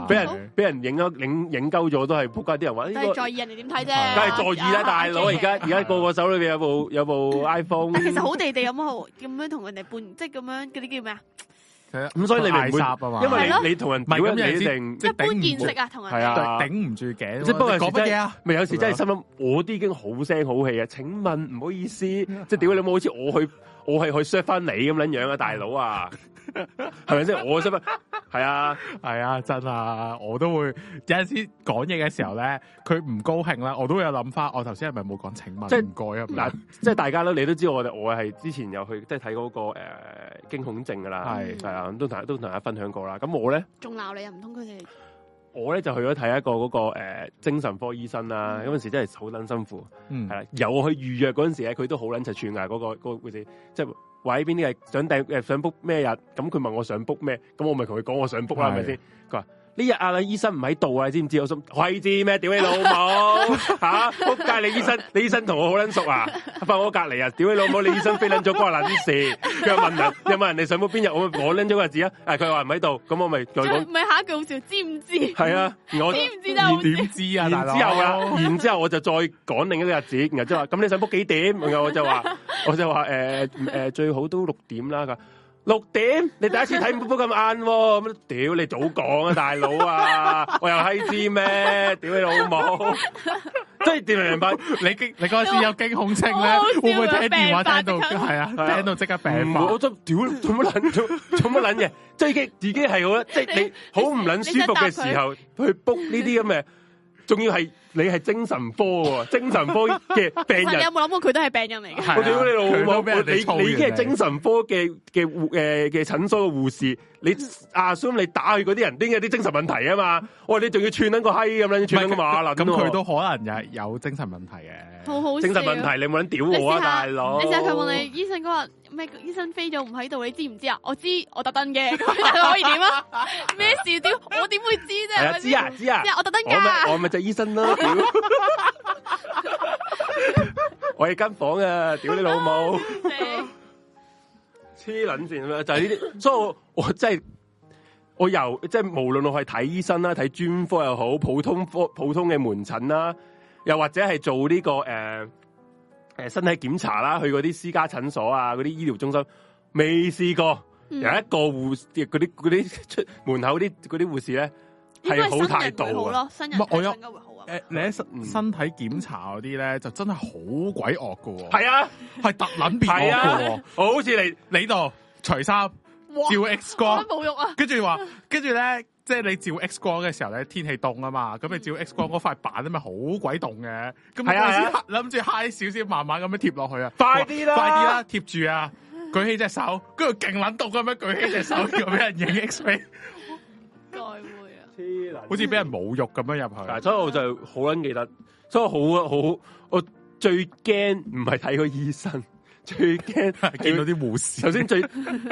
俾人俾人影一影影鳩咗都係仆街。啲人話都係在意人哋點睇啫，都係在意啊，大佬！我而家而家個個手裏邊有部有部 iPhone，但係其實好地地咁好咁樣同人哋伴，即係咁樣嗰啲叫咩啊？咁所以你唔會，因為你你同人屌人，一定即係頂唔住啊，同人係啊，頂唔住頸。即係不過有時真咪有時真係心諗，我啲已經好聲好氣啊，請問唔好意思，即係屌你冇好似我去，我係去 shout 翻你咁樣樣啊，大佬啊！係咪先？ 是是就是，我真係，係 啊，係啊，真啊！我都會有陣時講嘢嘅時候咧，佢唔高興啦，我都有諗翻。我頭先係咪冇講，請問？即係唔該啊。嗱，即係大家都你都知道我哋，我係之前有去即係睇嗰個誒驚、呃、恐症噶啦，係係啊，都同都同大家分享過啦。咁我咧，仲鬧你又唔通佢哋？我咧就去咗睇一個嗰、嗰個誒、呃、精神科醫生啦。嗰陣的時真係好捻辛苦，嗯，係啦。由去預約嗰陣時咧，佢都好捻齊全牙嗰、嗰個嗰、那個那個、即係。喂，邊啲係想訂？誒想 book 咩日？咁佢問我想 book 咩，咁我咪同佢講我想 book 啦，係咪先？佢話。呢日啊，李醫生唔喺度啊，你知唔知？我心鬼知咩？屌你老母吓？仆、啊、街你醫生，你醫生同我好撚熟啊，喺我隔離啊，屌你老母！你醫生非撚咗關啲事，佢又 問人有有人有冇人哋上 book 邊日？我我拎咗個日子啊，佢話唔喺度，咁我咪再講。唔係下一句好笑，知唔知？係啊，我知唔知就點知啊，然之後，知知然後啊！然之後，大佬後我就再講另一個日子，然之後話咁你想 book 幾點？然後我就話，我就話誒誒最好都六點啦咁。啊。六點，你第一次睇唔到咁晏喎，屌你早講啊大佬啊，我又閪知咩？屌你老母，即係點明白？你驚你嗰陣時有驚恐症咧，會唔會聽電話聽到？係啊，聽到即刻病。我都屌，做乜捻做乜捻嘅？即係自己自己係我即係你好唔捻舒服嘅時候去 book 呢啲咁嘅。仲要係你係精神科喎， 精神科嘅病人。 你有冇諗過佢都係病人嚟嘅？我屌、啊、 你老母！病，你已經係精神科嘅嘅護誒嘅診所嘅護士，你阿 sum 你打佢嗰啲人，都有啲精神問題啊嘛？喂，你仲要串緊個閪咁樣串緊啊嘛？嗱，咁佢都可能又係有精神問題嘅。精神問題，你冇人屌我啊，大佬？你成日問你醫生嗰日咩？醫生飛咗唔喺度，你知唔知啊？我知，我特登嘅，大佬可以點啊？咩事屌？我點會知啫？知啊，知啊，我特登嘅。我咪就醫生咯，屌！我喺間房啊，屌你老母！黐捻線啊！就係呢啲，所以我我真係我由即係無論我係睇醫生啦，睇專科又好，普通科普通嘅門診啦。又或者係做呢個誒誒身體檢查啦，去嗰啲私家診所啊，嗰啲醫療中心未試過有一個護士，嗰啲嗰啲出門口啲嗰啲護士咧係好態度啊！我有誒，你喺身體檢查嗰啲咧就真係好鬼惡噶，係啊，係特捻變態噶，好似嚟，你度除衫照 X 光，冇用啊！跟住話，跟住咧。即係你照 X 光嘅時候咧，天氣凍啊嘛，咁你照 X 光嗰塊板咧，咪好鬼凍嘅，咁你先諗住 high 少少，慢慢咁樣貼落去啊，快啲啦，快啲啦，貼住啊，舉起隻手，跟住勁捻凍咁樣舉起隻手，要俾人影 X 片，該會好似俾人侮辱咁樣入去，所以我就好捻記得，所以好好我最驚唔係睇個醫生，最驚係見到啲護士，頭先最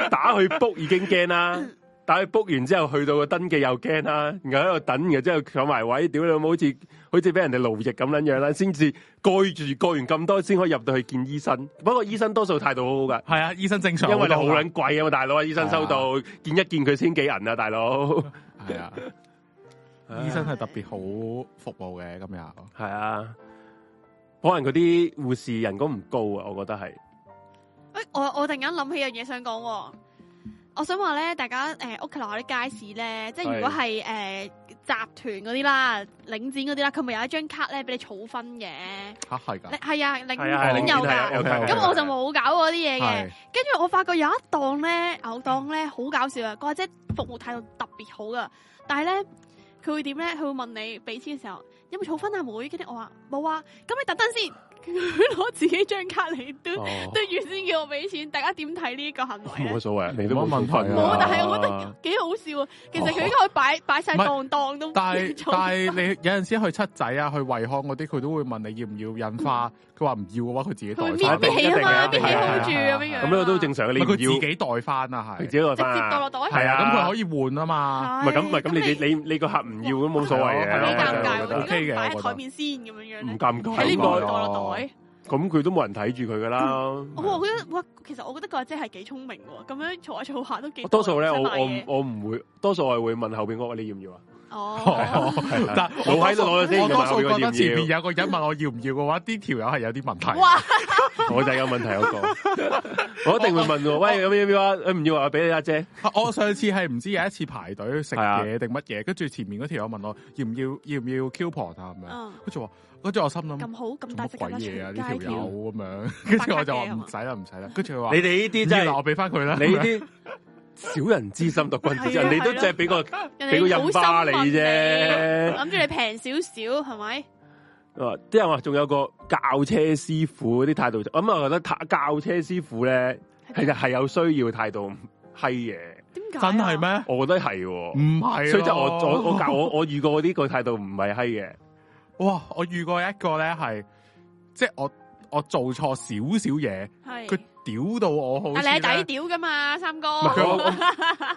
打去 book 已經驚啦。但去 book 完之後去到個登記又驚啦，然後喺度等，然後之後搶埋位，屌你老母，好似好似俾人哋勞役咁樣樣啦，先至蓋住蓋完咁多，先可以入到去見醫生。不過醫生多數態度好好噶，係啊，醫生正常。因為你好撚貴啊嘛，大佬，醫生收到見一見佢千幾銀啊，大佬係啊， 啊，醫生係特別好服務嘅今日。係啊，可能嗰啲護士人工唔高啊，我覺得係。喂，我我突然間諗起樣嘢想講、啊。我想話咧，大家誒、呃、屋企樓下啲街市咧，即係如果係誒的、呃、集團嗰啲啦、領展嗰啲啦，佢咪有一張卡咧俾你儲分嘅。係呀，啊，領展有㗎。咁我就冇搞嗰啲嘢嘅。跟住的我發覺有一檔咧，有檔咧好搞笑啊！個阿姐服務態度特別好噶，但係咧佢會點咧？佢會問你俾錢嘅時候有冇儲分啊？妹，妹，跟住我話冇啊。咁你等陣先。攞自己張卡嚟都都原先叫我俾錢，大家點睇呢個行為？冇乜所謂，你都冇問題。冇，但係我覺得幾好笑。其實佢應該可以擺擺晒當當都。但係但係你有陣時去七仔啊，去惠康嗰啲，佢都會問你要唔要印花。佢話唔要嘅話，佢自己袋一定一定啊，住咁樣。咁都正常。你自己袋翻啊，係自己袋落袋係啊，咁佢可以換啊嘛。咪咁咪咁你你你個客唔要咁冇所謂嘅。尷尬，O K 嘅，擺喺台面先咁樣樣，唔尷尬，喺呢個袋袋。咁佢都冇人睇住佢噶啦。我我覺得，哇，其實我覺得個阿姐係幾聰明喎。咁樣坐一坐下都幾。多數咧，我我我唔會，多數係會問後邊屋，你要唔要啊？哦，但我喺度攞咗先。多數覺得前面有個人問我要唔要嘅話，啲條友係有啲問題。我就有問題嗰個，我一定會問。喂，咁點啊？唔要啊？俾你阿姐。我上次係唔知有一次排隊食嘢定乜嘢，跟住前面嗰條友問我要唔要要唔要 coupon 啊？咁樣，佢就話。跟住我心諗咁好咁大隻鬼嘢啊！呢條友咁樣，跟住我就話唔使啦，唔使啦。跟住佢話，你哋呢啲真係，嗱，我俾翻佢啦。你呢啲小人之心度君子之腹，你都即係俾個俾個印花你啫。諗住你平少少係咪？啊，啲人話仲有個教車師傅啲態度，咁啊，我覺得教車師傅咧其實就係有需要態度閪嘅。點解？真係咩？我覺得係，唔係。所以我我教我我遇過呢個態度唔係閪嘅。哇！我遇過一個咧，係即係我我做錯少少嘢，佢屌到我好。係你抵屌噶嘛，三哥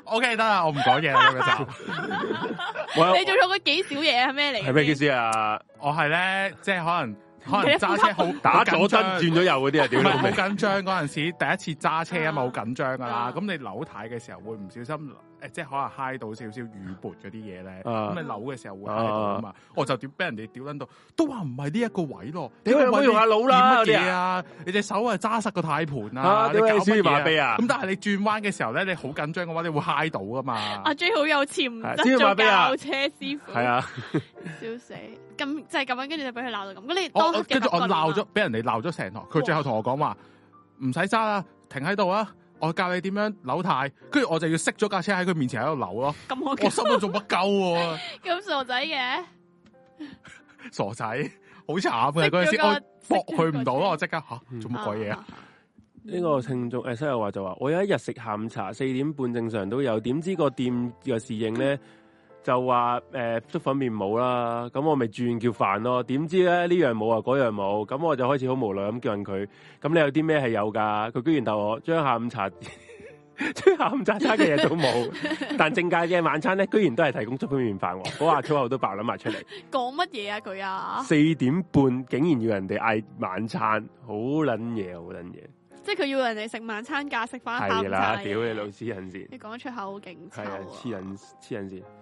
？O K 得啦，我唔講嘢啦，咁嘅就。你做錯咗幾少嘢啊？係咩嚟？係咩意思啊？我係咧，即係可能可能揸車好打左燈轉咗右嗰啲啊，屌你！好緊張嗰陣時，第一次揸車啊嘛，好緊張噶啦。咁你扭軚嘅時候會唔小心。誒，即係可能嗨到少少雨撥嗰啲嘢咧，咁你扭嘅時候會揩到啊嘛，我就點俾人哋屌捻到，都話唔係呢一個位咯，點解會下腦啦？點乜嘢啊？你隻手啊揸實個軚盤啊，你搞乜嘢啊？咁但係你轉彎嘅時候咧，你好緊張嘅話，你會嗨到噶嘛？阿 J 好有潛質教車師傅，係啊，笑死，咁就係咁樣，跟住就俾佢鬧到咁。咁你當繼續我鬧咗，俾人哋鬧咗成堂，佢最後同我講話唔使揸啦，停喺度啊！我教你點樣扭軚，跟住我就要熄咗架車喺佢面前喺度扭咯。咁我，我心都做乜鳩喎。咁 傻仔嘅，傻仔好慘嘅嗰陣時，我駁佢唔到，我即刻吓，做乜鬼嘢啊？呢個聽眾。誒、欸，西我話就話：我有一日食下午茶，四點半正常都有，點知個店嘅侍應咧？嗯就話誒、呃、粥粉麵冇啦，咁我咪轉叫飯咯。點知咧，呢樣冇啊，嗰樣冇，咁我就開始好無奈咁叫問佢，咁你有啲咩係有噶？佢居然逗我將下午茶，將 下午茶餐嘅嘢,都冇， 但正價嘅晚餐咧居然都係提供粥粉麵飯。我話粗口都爆撚埋出嚟，講乜嘢啊佢啊？四點半竟然要人哋嗌晚餐，好撚嘢，好撚嘢！即係佢要人哋食晚餐價食翻下午茶。係啦，屌你老師人先。你講出口好勁，係啊，黐、 啊、人黐人線。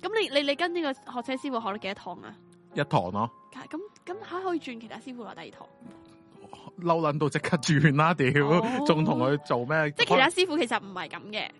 咁、嗯、你你你跟呢個學車師傅學咗幾多堂啊？一堂咯。咁咁吓可以轉其他師傅話第二堂？嬲撚到即刻轉啦！屌、oh，仲同佢做咩？即係其他師傅其實唔係咁嘅。誒、啊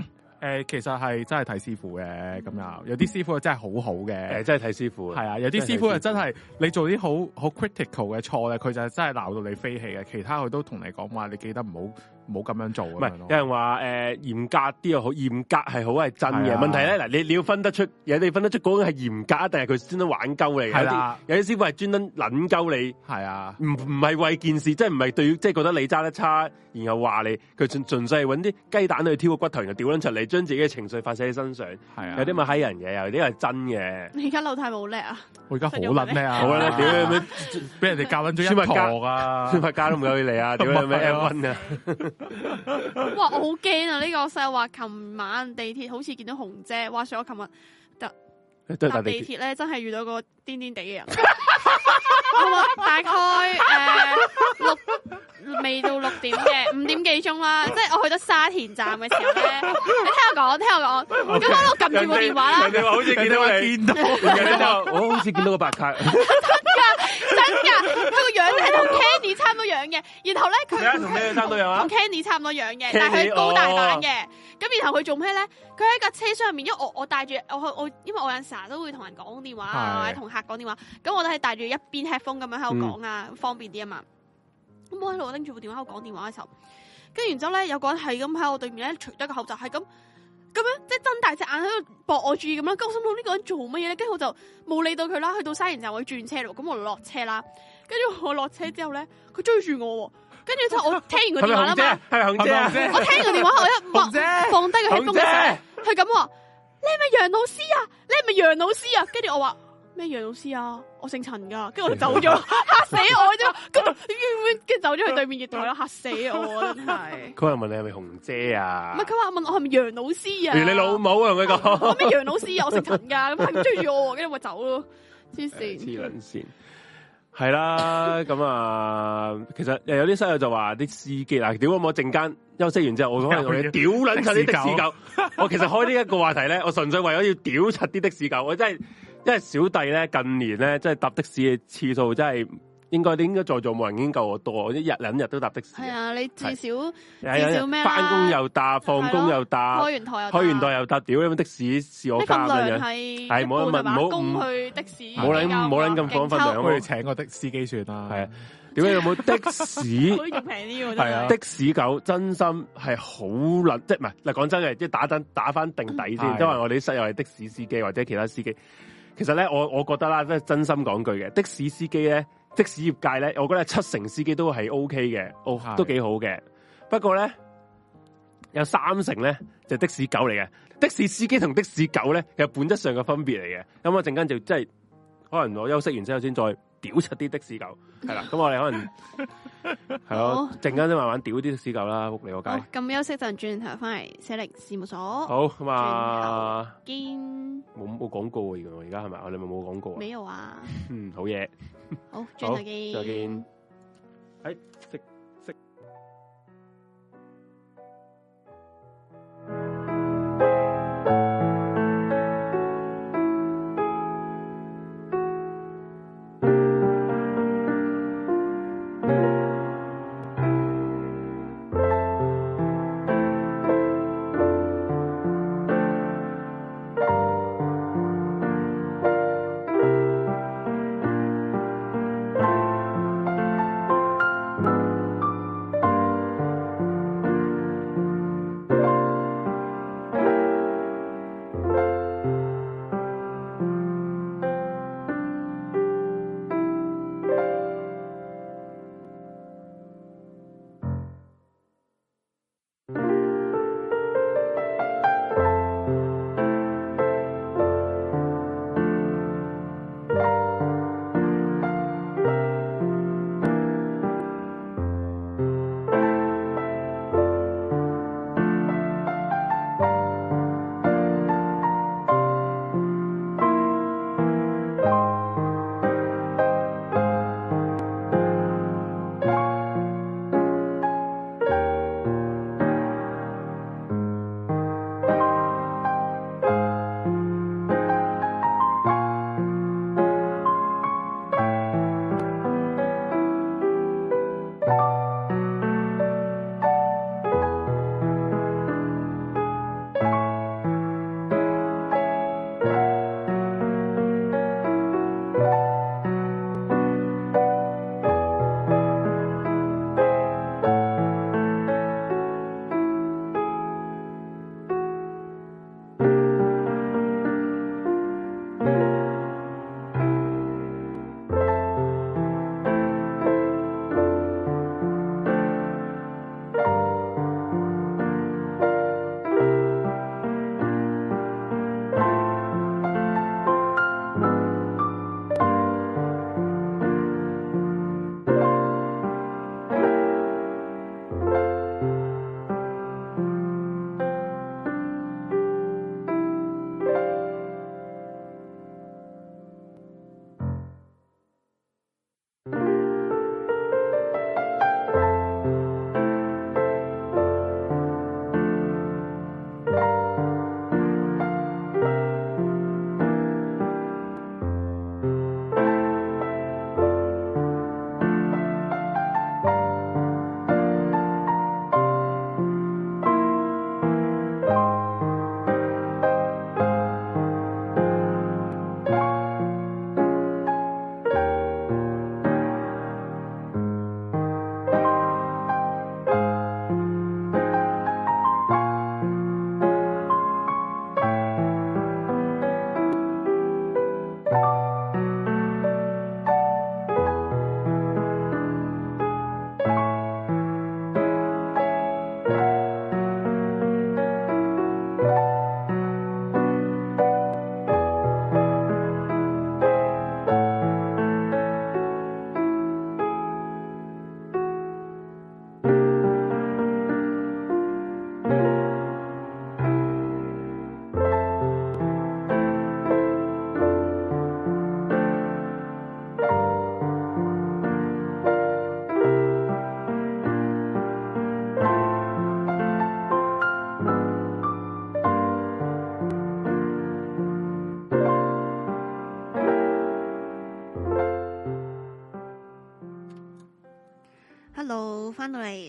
欸，其實係真係睇師傅嘅，咁、欸、啊，有啲師傅係真係好好嘅，誒，真係睇師傅。係啊，有啲師傅係真係你做啲好好 critical 嘅錯咧，佢就真係鬧到你飛起嘅。其他佢都同你講話，你記得唔好唔好咁樣做。唔係，有人話誒嚴格啲又好，嚴格係好係真嘅問題咧。嗱，你你要分得出，有啲分得出嗰種係嚴格啊，定係佢專登玩鳩你？係啦，有啲師傅係專登撚鳩你。係啊，唔唔係為件事，即係唔係對，即係覺得你揸得差，然後話你，佢盡盡力揾啲雞蛋去挑個骨頭，然後掉撚出嚟，將自己嘅情緒發泄喺身上。係啊，有啲咪欺人嘅，有啲係真嘅。你而家老太冇叻啊？我而家好叻啊！好啦，俾人哋教揾咗一堂啊！孫家都唔夠佢嚟啊！點樣點啊！哇！我好驚啊！呢、這個細路話，琴晚地鐵好似見到紅姐。哇！話說我琴日搭地鐵咧，真係遇到個癲癲地嘅人。 大概誒六、呃、未到六點嘅五點幾鐘啦，即係我去到沙田站嘅時候咧。你聽我講，聽我講，咁 我撳住個電話啦。人哋話，okay, 好似見到個天燈，我好似見到個白卡。 真噶，佢個 樣係同 Candy 差唔多樣嘅，然後咧佢同 c a n d Candy 差唔多樣嘅，但係佢高大版嘅。咁 然後佢做咩咧？佢喺架車上面，因為我我戴住我我，因為我有 Sir 都會同人講電話啊，同是客講電話，咁我都喺戴住一邊吃 e 風咁樣喺度講啊，嗯、方便啲啊嘛。咁我喺度拎住部電話喺度講電話嘅時候，跟住然之後咧，有個人係咁喺我對面咧，除低個口罩，係咁。咁樣即係瞪大隻眼喺度博我注意咁樣，咁我心諗呢個人做乜嘢咧？跟住我就冇理到佢啦。去到沙田站我轉車咯，咁我落車啦。跟住我落車之後咧，佢追住我，跟住就我聽完個電話啦嘛。係紅姐我聽完個電話我放姐放一放低個氣筒，係咁話，姐你係咪楊老師啊？你係咪楊老師啊？跟住我話。咩楊老師啊？我姓陳噶，跟住我就走咗，嚇死我咋！跟住冤跟住走咗去對面月台啦，嚇死我！真係佢可能問你係咪紅姐啊？唔係佢話問我係咪楊老師啊？如你老母啊！同佢講咩楊老師啊？我姓陳噶，咁快唔追住我，跟住我走咯！黐線，黐卵線，係啦咁啊！其實誒，有啲室友就話啲司機啊，屌我冇陣間休息完之後，我可能同你屌撚柒啲的士狗。我其實開呢一個話題咧，我純粹為咗要屌柒啲的士狗，我真係。因為小弟咧近年咧，即係搭的士嘅次數，真係應該應該在座無人已經夠我多，一日兩日都搭的士。係啊，你至少至少咩啦？翻工又搭，放工又搭，開完台又開完台又搭，屌，的士是我家女人。係冇冇唔去的士，冇諗冇咁放分糧，不如請個的士機算啦。係啊，點解有冇的士？可以平啲，係啊！的士狗真心係好撚，即係唔係嗱？講真嘅，即係打針打翻定底先，因為我哋啲室友係的士司機或者其他司機。其實咧，我我覺得啦，係真心講句嘅。的士司機咧，的士業界咧，我覺得七成司機都係 O K 嘅，哦、是的 都幾好嘅。不過咧，有三成咧就是、的士狗嚟嘅。的士司機同的士狗咧，其實本質上嘅分別嚟嘅。咁我陣間就即係可能我休息完之後先再。屌出啲的士狗，係啦，咁 我哋可能係咯，陣間先慢慢屌啲的士狗啦，屋企我搞。咁休息陣，轉頭翻嚟410事務所。好嘛，見冇冇廣告啊？而我而家係咪？我哋咪冇廣告啊？沒有啊。 嗯，好嘢。好，轉頭見。再見。哎，食。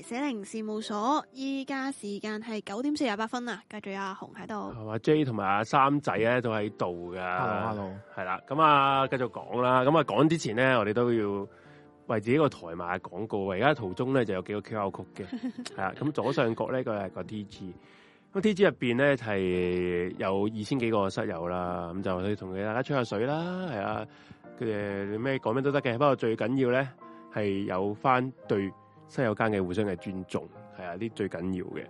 410事務所，依家時間係九點四十八分啊！繼續阿紅喺度，係阿 J 同埋阿三仔咧都喺度噶。Hello，Hello，係啦，咁啊，繼續講啦。咁啊，講之前咧，我哋都要為自己個台賣廣告。而家途中咧就有幾個 QR Code 嘅，係啦。 咁左上角咧個係個 T G，咁 T G 入邊咧係有二千幾個室友啦。咁就去同佢大家吹下水啦，係啊，佢咩講咩都得嘅。不過最緊要咧係有翻對。西友間嘅互相嘅尊重係啊，呢啲最緊要嘅。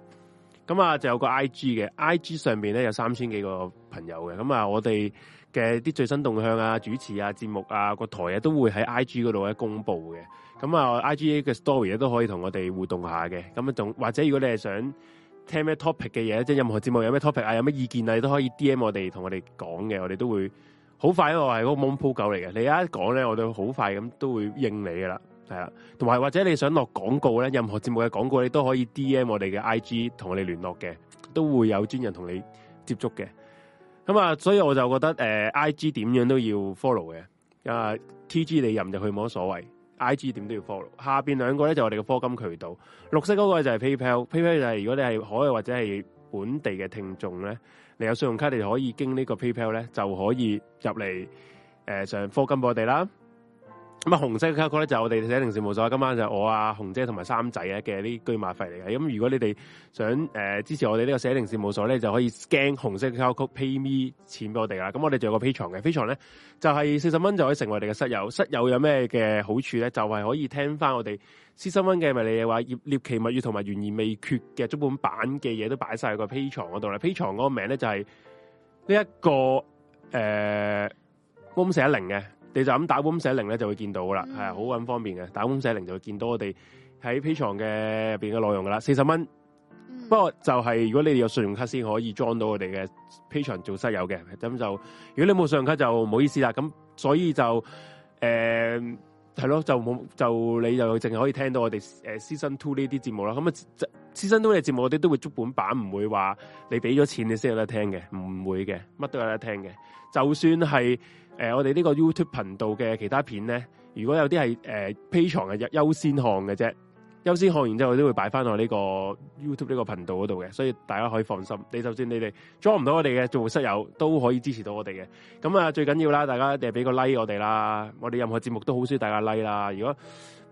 咁啊就有個 I G 嘅，I G 上邊咧有三千幾個朋友嘅，咁啊我哋嘅啲最新動向啊、主持啊、節目啊、個台啊都會喺 I G 嗰度咧公布嘅，咁啊 I G 嘅 story 都可以同我哋互動一下嘅，咁啊仲或者如果你係想聽咩 topic 嘅嘢，即係任何節目有咩 topic 啊、有咩意見啊，你都可以 D M 我哋同我哋講嘅，我哋都會好快，我係嗰個 mon 舖狗嚟嘅，你一講咧，我哋會好快咁都會應你噶啦。係啊，同埋或者你想落廣告咧，任何節目嘅廣告你都可以 D M 我哋嘅 I G 同我哋聯絡嘅，都會有專人同你接觸嘅。咁啊，所以我就覺得誒、呃、I G 點樣都要 follow 嘅。啊，T G 你入唔入去冇乜所謂，I G 點都要 follow。下邊兩個咧就我哋嘅課金渠道，綠色嗰個就係 PayPal，PayPal 就係如果你係海外或者係本地嘅聽眾咧，你有信用卡你可以經個呢個 PayPal 咧就可以入嚟誒，上課金畀我哋啦。咁啊，紅色嘅卡曲咧就係我哋寫零事務所，今晚就我啊紅姐同埋三仔嘅啲居馬費嚟嘅。咁如果你哋想誒、呃、支持我哋呢個寫零事務所咧，就可以驚紅色嘅卡曲 pay me 錢俾我哋啦。咁我哋仲有個 pay 牀嘅，pay 牀咧就係四十蚊就可以成為我哋嘅室友。室友有咩嘅好處咧？就係、是、可以聽翻我哋《四十蚊嘅迷你嘅話，《葉葉奇物語》同埋《懸而未決》嘅足本版嘅嘢都擺晒喺個 pay 牀嗰度啦。pay 牀嗰個名咧就係呢一個誒，五寫零嘅。你就咁打 Room410 咧，就會見到噶啦，係好搵方便嘅。打 Room410 就會見到我哋喺 Patreon 嘅入邊嘅內容噶啦。四十蚊，嗯、不過就係、是、如果你哋有信用卡先可以裝到我哋嘅 Patreon 做室友嘅。咁就如果你冇信用卡就唔好意思啦。咁所以就誒係咯，就冇就，就，就你就淨係可以聽到我哋誒 Season two 呢啲節目啦。咁啊，Season two 嘅節目我哋都會足本版，唔會話你俾咗錢你先有得聽嘅，唔會嘅，乜都有得聽嘅，就算係。誒、呃，我哋呢個 YouTube 頻道嘅其他片咧，如果有啲係誒 Patreon 嘅優先看嘅啫，優先看完之後我都會擺翻我呢個 YouTube 呢個頻道嗰度嘅，所以大家可以放心。你就算你哋裝唔到我哋嘅做室友都可以支持到我哋嘅。咁、嗯、啊，最緊要啦，大家一定俾個 like 我哋啦，我哋任何節目都好需要大家 like 啦。如果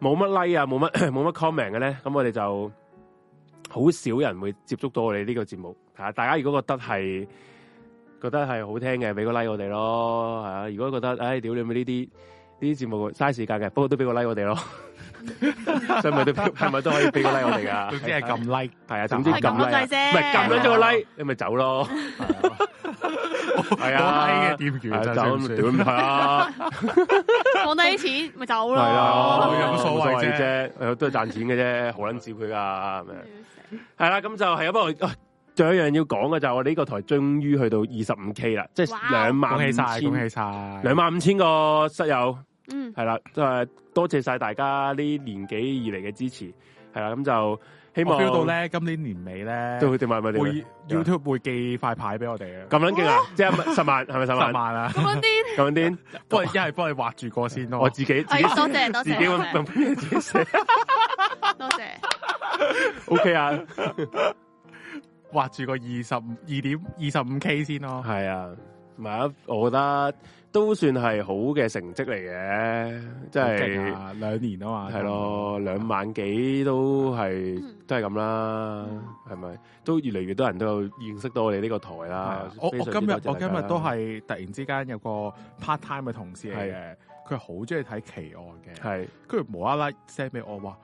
冇乜 like 啊，冇乜冇乜 comment 嘅咧，咁 我哋就好少人會接觸到我哋呢個節目。吓、啊，大家如果覺得係。覺得係好聽嘅，俾個 like 我哋咯，係啊！如果覺得，唉，屌你咪呢啲呢啲節目嘥時間嘅，不過都俾個 like 我哋咯。係咪都係咪都可以俾個 like 我哋噶？總之係撳 like，係啊，總之撳 like，唔係撳咗一個 like，你咪走咯。係啊，低嘅店員就咁短唔係啊，放低啲錢咪走咯。係啊，有冇所謂啫？都係賺錢嘅啫，好撚招佢噶？係啦，咁就係啊，不過。仲有一樣要講嘅就係我呢個台終於去到二十五 K 啦，即係兩萬五千，恭喜晒，恭喜晒，兩萬五千個室友，嗯，係啦，都係多謝晒大家呢年幾以嚟嘅支持，係啦，咁就希望到咧今年年尾咧，會會 YouTube 會寄塊牌俾我哋嘅，咁撚勁啊！即係十萬，係咪十萬？十萬啊！咁撚癲，咁撚癲，不如一係幫你畫住個先咯，我自己，多謝多謝，自己咁撚癲，多謝，多謝，OK 啊！畫住個二十五、二點、二十五 K 先咯。係啊，係啊？我覺得都算係好嘅成績嚟嘅，即係兩年啊嘛。係咯，兩萬幾都係都係咁啦，係咪，嗯？都越嚟越多人都認識到我哋呢個台啦。啊、非常我我今日我今日都係突然之間有個 part time 嘅同事嚟嘅，佢好中意睇奇案嘅，係是，佢無啦啦 send 俾我話。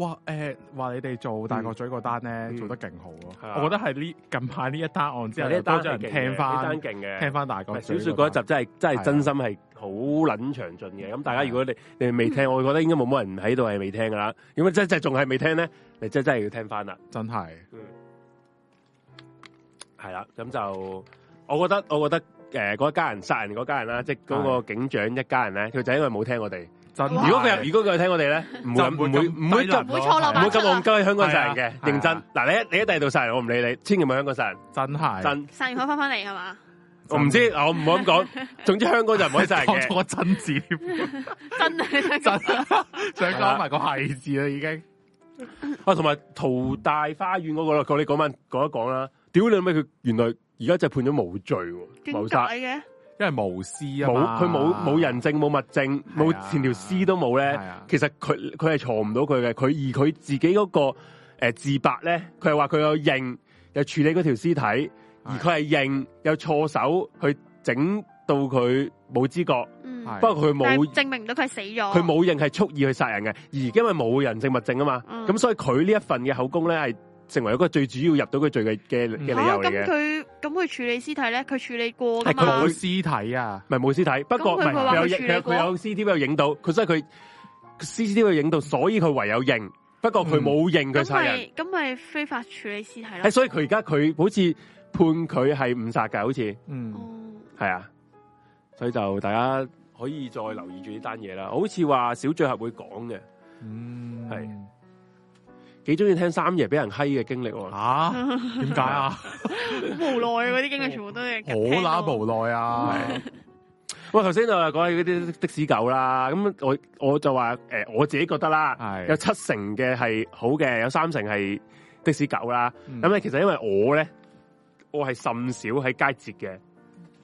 哇！誒，話你哋做大角咀個單咧，做得勁好啊。我覺得係呢近排呢一單案之後，都有人聽翻，聽翻大角咀小説嗰一集真係真係真心係好撚詳盡嘅。咁大家如果你你未聽，我覺得應該冇乜人喺度係未聽噶啦。如果真係仲係未聽咧？你真係係要聽翻啦！真係。嗯。係啦，咁就我覺得，我覺得誒嗰一家人殺人嗰家人啦，即係嗰個警長一家人咧，佢就因為冇聽我哋。如果佢如果佢聽我哋咧，唔會唔會唔會唔會錯漏，唔會咁戇居香港殺人嘅。認真嗱，你一你喺第二度殺人，我唔理你，千祈唔好香港殺人。真係真，殺人我翻翻嚟係嘛？我唔知嗱，我唔好咁講。總之香港就唔可以殺人嘅。錯咗個真字，真真想講埋個係字啦，已經。啊，同埋淘大花園嗰個啦，你講翻講一講啦。屌你媽，佢原來而家就判咗無罪，謀殺嘅。因為無屍啊，冇佢冇冇人證冇物證冇前條屍都冇咧，是啊、其實佢佢係坐唔到佢嘅，佢而佢自己嗰、那個誒、呃、自白咧，佢係話佢有認有處理嗰條屍體，是啊、而佢係認有錯手去整到佢冇知覺，是啊、不過佢冇是、啊、證明到佢死咗，佢冇認係蓄意去殺人嘅，而因為冇人證物證啊嘛，咁是、啊、所以佢呢一份嘅口供咧係。成為一個最主要入到佢罪嘅嘅理由嘅。咁佢咁佢處理屍體咧？佢處理過嘅嘛？冇屍體啊，唔係冇屍體，不過唔係佢有 CCTV，佢影到，佢真係佢 CCTV 佢影到，所以佢唯有認。不過佢冇認佢殺人。咁咪非法處理屍體咯？係所以佢而家佢好似判佢係誤殺㗎，好似嗯係啊，所以就大家可以再留意住呢單嘢啦。好似話小聚合會講嘅，嗯係。幾中意聽三爺俾人閪嘅經歷喎？嚇？點解啊？好無奈啊！嗰啲經歷全部都係好乸無奈啊！喂，頭先就係講起嗰啲的士狗啦。咁我我就話誒，我自己覺得啦，有七成嘅係好嘅，有三成係的士狗啦。咁咧其實因為我咧，我係甚少喺街接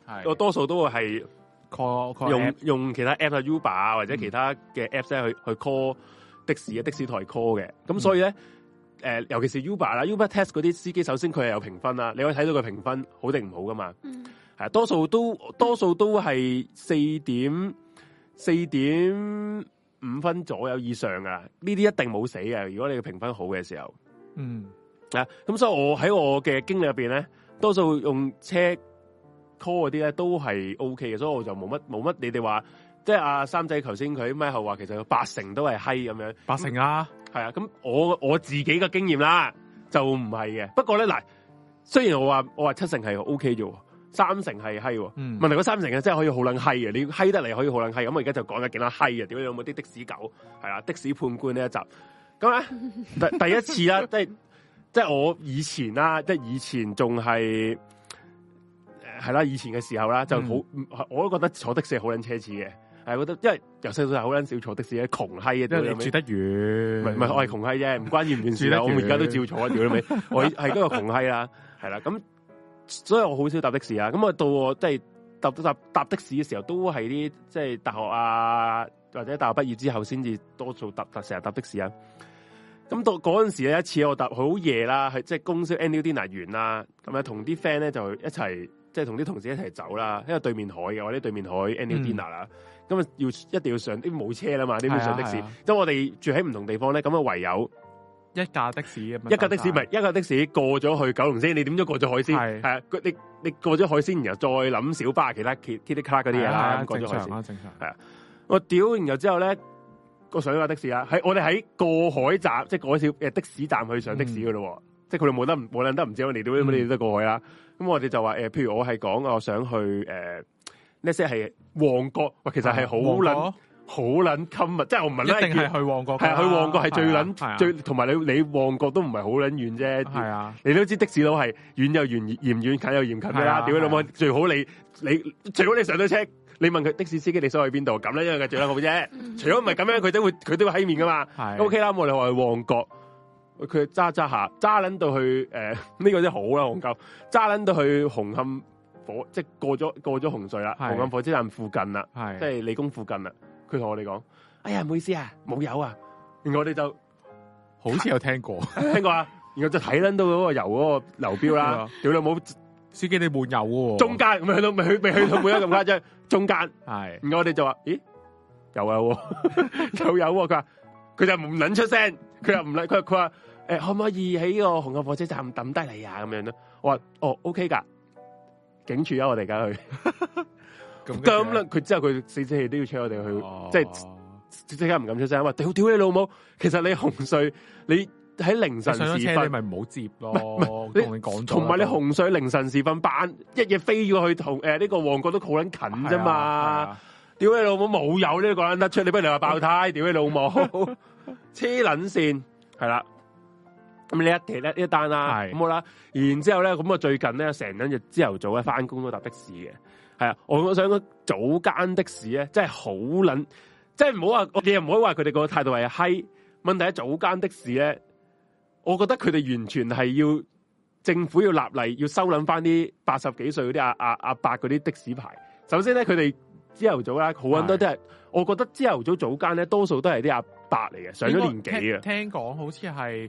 嘅，我多數都會係 call call 用用其他 app 啊，Uber 啊或者其他嘅 apps 咧去去 call。的士嘅的士台 call 嘅，咁所以咧，誒、嗯呃，尤其是 Uber 啦，Uber Test 嗰啲司機，首先佢係有評分啦，你可以睇到佢評分好定唔好噶嘛，係、嗯、多數都多數都係四點四點五分左右以上啊，呢啲一定冇死嘅，如果你嘅評分好嘅時候，嗯，啊，咁所以我喺我嘅經歷入邊咧，多數用車 call 啲咧都係 OK 嘅，所以我就冇乜冇乜，你哋話。即係阿三仔，頭先佢咪後話，其實有八成都係閪咁樣，八成啊，係啊。咁我我自己嘅經驗啦，就唔係嘅。不過咧，嗱，雖然我話我話七成係 O K 啫，三成係閪、喔。嗯、問題嗰三成嘅真係可以好撚閪嘅，你閪得嚟可以好撚閪。咁我而家就講嘅幾多閪啊？點樣有冇啲的士狗？係啦、啊，的士判官呢一集咁咧，第第一次啦， 即係即係我以前啦，即係以前仲係係啦，以前嘅時候啦，就好、嗯、我都覺得坐的士好撚奢侈嘅。係，覺得因為由細到大好捻少坐的士嘅，窮閪啊，都係你住得遠。唔係是，對吧 我係窮閪啫，唔 關遠唔遠事。啦。我而家都照坐的，住啦咪，我係嗰個窮閪啦，係啦。 咁所以我好少搭的士啊。咁啊，到我即係搭搭搭的士嘅時候，都係啲即係大學啊，或者大學畢業之後先至多數搭搭成日搭的士啊。咁到嗰陣時咧，有一次我搭好夜啦，即、就、係、是、公司 annual dinner 完啦，咁啊同啲 friend 咧就一齊，即係同啲同事一齊走啦，因為對面海嘅，或者對面海 annual、嗯、dinner 啦。咁啊，要一定要上啲冇車啦嘛，啲要上的士。咁、啊啊、我哋住喺唔同地方咧，咁啊唯有一架的士，大大一架的士咪一架的士過咗去九龍先。你點知過咗海先，係是啊？你你過咗海先，然後再諗小巴、其他 K 滴滴 club 嗰啲嘢啦。啊啊、過咗去、啊、海先。係常啊。我屌，然後之後咧，我上咗架的士啦。喺我哋喺過，嗯、過海站，即係過少誒的士站去上的士噶咯。嗯、即係佢哋冇得，冇得唔知我哋屌，我哋屌得過海啦。咁我哋就話誒、呃，譬如我係講，我想去誒，那、呃、些係。旺角，喂，其實係好捻好捻近物，即係我唔係咧，一定係去旺角，係啊，去旺角係最捻最，同埋你你旺角都唔係好捻遠啫，係啊，你都知的士佬係遠又遠，嫌遠近又嫌近噶啦，屌老母最好你你，除咗你上到車，你問佢的士司機你想去邊度，咁咧因為佢最捻好啫。除咗唔係咁樣，佢都會佢都會喺面噶嘛，O K 啦。我哋話去旺角，佢揸揸下揸捻到去誒，呢個真好啦，旺角揸捻到去紅磡。火即係過咗過咗是紅隧啦，紅磡火車站附近啦，是即係理工附近啦。佢同我哋講：，哎呀，唔好意思啊，冇油啊。然後我哋就好似有聽過， 聽過啊。然後就睇捻到嗰個油嗰個流標啦。屌、 啊、你冇、喔！司機你冇油喎。中間咁去到未去未去到冇咁誇張，中間係。然後我哋就話：，咦，有啊， 有有、啊。佢話佢就唔捻出聲，佢又唔理，佢話佢話：，誒、欸，可唔可以喺個紅磡火車站抌低你呀、啊？咁樣咯。我話：，哦，OK 噶警署啊 子！四四我哋而家去，咁咁啦。佢之後佢死死氣都要催我哋去，即係即刻唔敢出聲。話屌屌你老母！其實你紅隧，你喺凌晨時分，咪唔好接咯。同你講同埋你紅隧凌晨時分，扮不一夜飛咗去同誒呢個旺角都好撚近啫嘛。屌、啊啊、你老母冇有呢個咁得出？你不如你話爆胎，屌 你老母，黐撚 線係啦。咁你一期咧一單啦、啊，咁好啦。然之後咧，咁啊最近咧成日朝頭早咧翻工都搭的士嘅，係啊，我我想講早間的士咧真係好撚，即係唔好話，你又唔好話佢哋個態度係閪。問題係早間的士咧，我覺得佢哋完全係要政府要立例要收撚翻啲八十幾歲嗰啲阿阿阿伯嗰啲的士牌。首先咧，佢哋朝頭早咧好撚多都係，就是、是的 我覺得朝頭早早間咧多數都係啲阿伯嚟嘅，上咗年紀嘅。聽講好似係。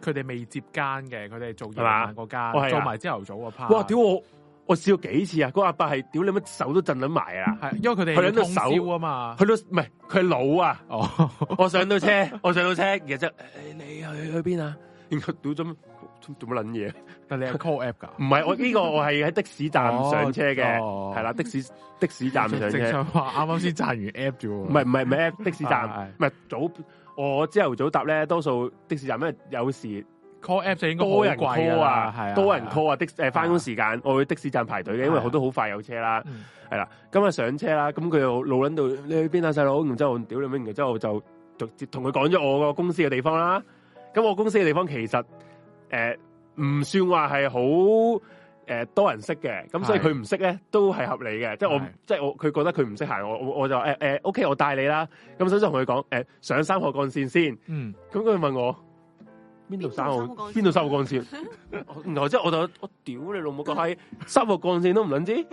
佢哋未接班嘅，佢哋做夜晚嗰間，做埋朝頭早嗰 part 哇！屌我，我試過幾次啊？嗰阿伯係，屌你乜手都震撚埋啊！係因為佢哋喺度手啊嘛，佢都唔係佢腦啊。哦，我上到車，我上到車，其實你去去邊啊？然後屌咗做乜捻嘢？但你係 call app 噶？唔係我呢個，我係喺的士站上車嘅，係啦的士的士站上車。正常話啱啱先賺完 app 啫，唔係唔係咩 app？的士站唔係早。我朝頭早搭咧，多數的士站咧，有時 call app 就應該多人 call 啊，係多人 call 啊的誒，翻工時間我去的士站排隊嘅，因為好多好快有車啦，係啦的，咁啊上車啦，咁佢又路捻到你去邊啊，細佬，然之後我屌你咩，然之後就直接同佢講咗我個公司嘅地方啦，咁我公司嘅地方其實誒唔算話係好。誒、呃，多人識嘅，咁、嗯、是所以佢唔識咧，都係合理嘅。即係我，是即係我，佢覺得佢唔識行，我我就誒誒，O K，我帶你啦。咁首先同佢講，誒、呃，上三號幹線先。嗯。咁佢問我邊度三號邊度三號幹線？然後即係我就我屌你老母個閪，三號幹線都唔卵知。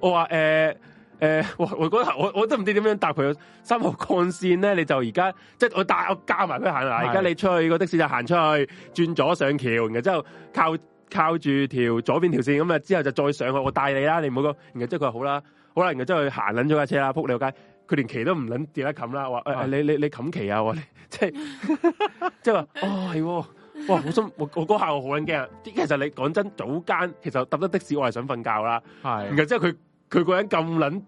我話誒誒，我我我我都唔知點樣答佢。三號幹線咧，你就而家即係我帶我加埋佢行啦。而家你出去個的士就行出去，轉左上橋，然後之後靠。靠住條左邊條線咁啊，之後就再上去，我帶你啦，你唔好講。然後之後佢話好啦，好啦，然後之後佢行捻咗架車啦，撲你個街，佢連旗都唔捻跌得冚啦，話誒、欸啊、你你你冚旗啊，我你即係即係話哦係、哦，哇好心，我我嗰下我好捻驚啊！其實你講真，早間其實搭得的士我係想瞓覺啦，是的 然後之後佢佢個人咁捻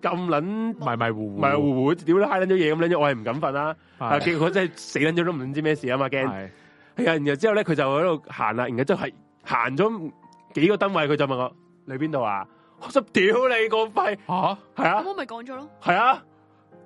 咁捻迷迷糊糊，迷糊糊，屌嗨捻咗嘢咁捻咗，我係唔敢瞓啦。是的 啊，結果真係死捻咗都唔知咩事啊嘛驚。係。係啊是的，然後之後咧佢就喺度行啦，然後之後係。行咗幾個燈位，佢就問我：你邊度啊？我想屌你個肺吓，係啊！咁，我咪講咗咯，係啊！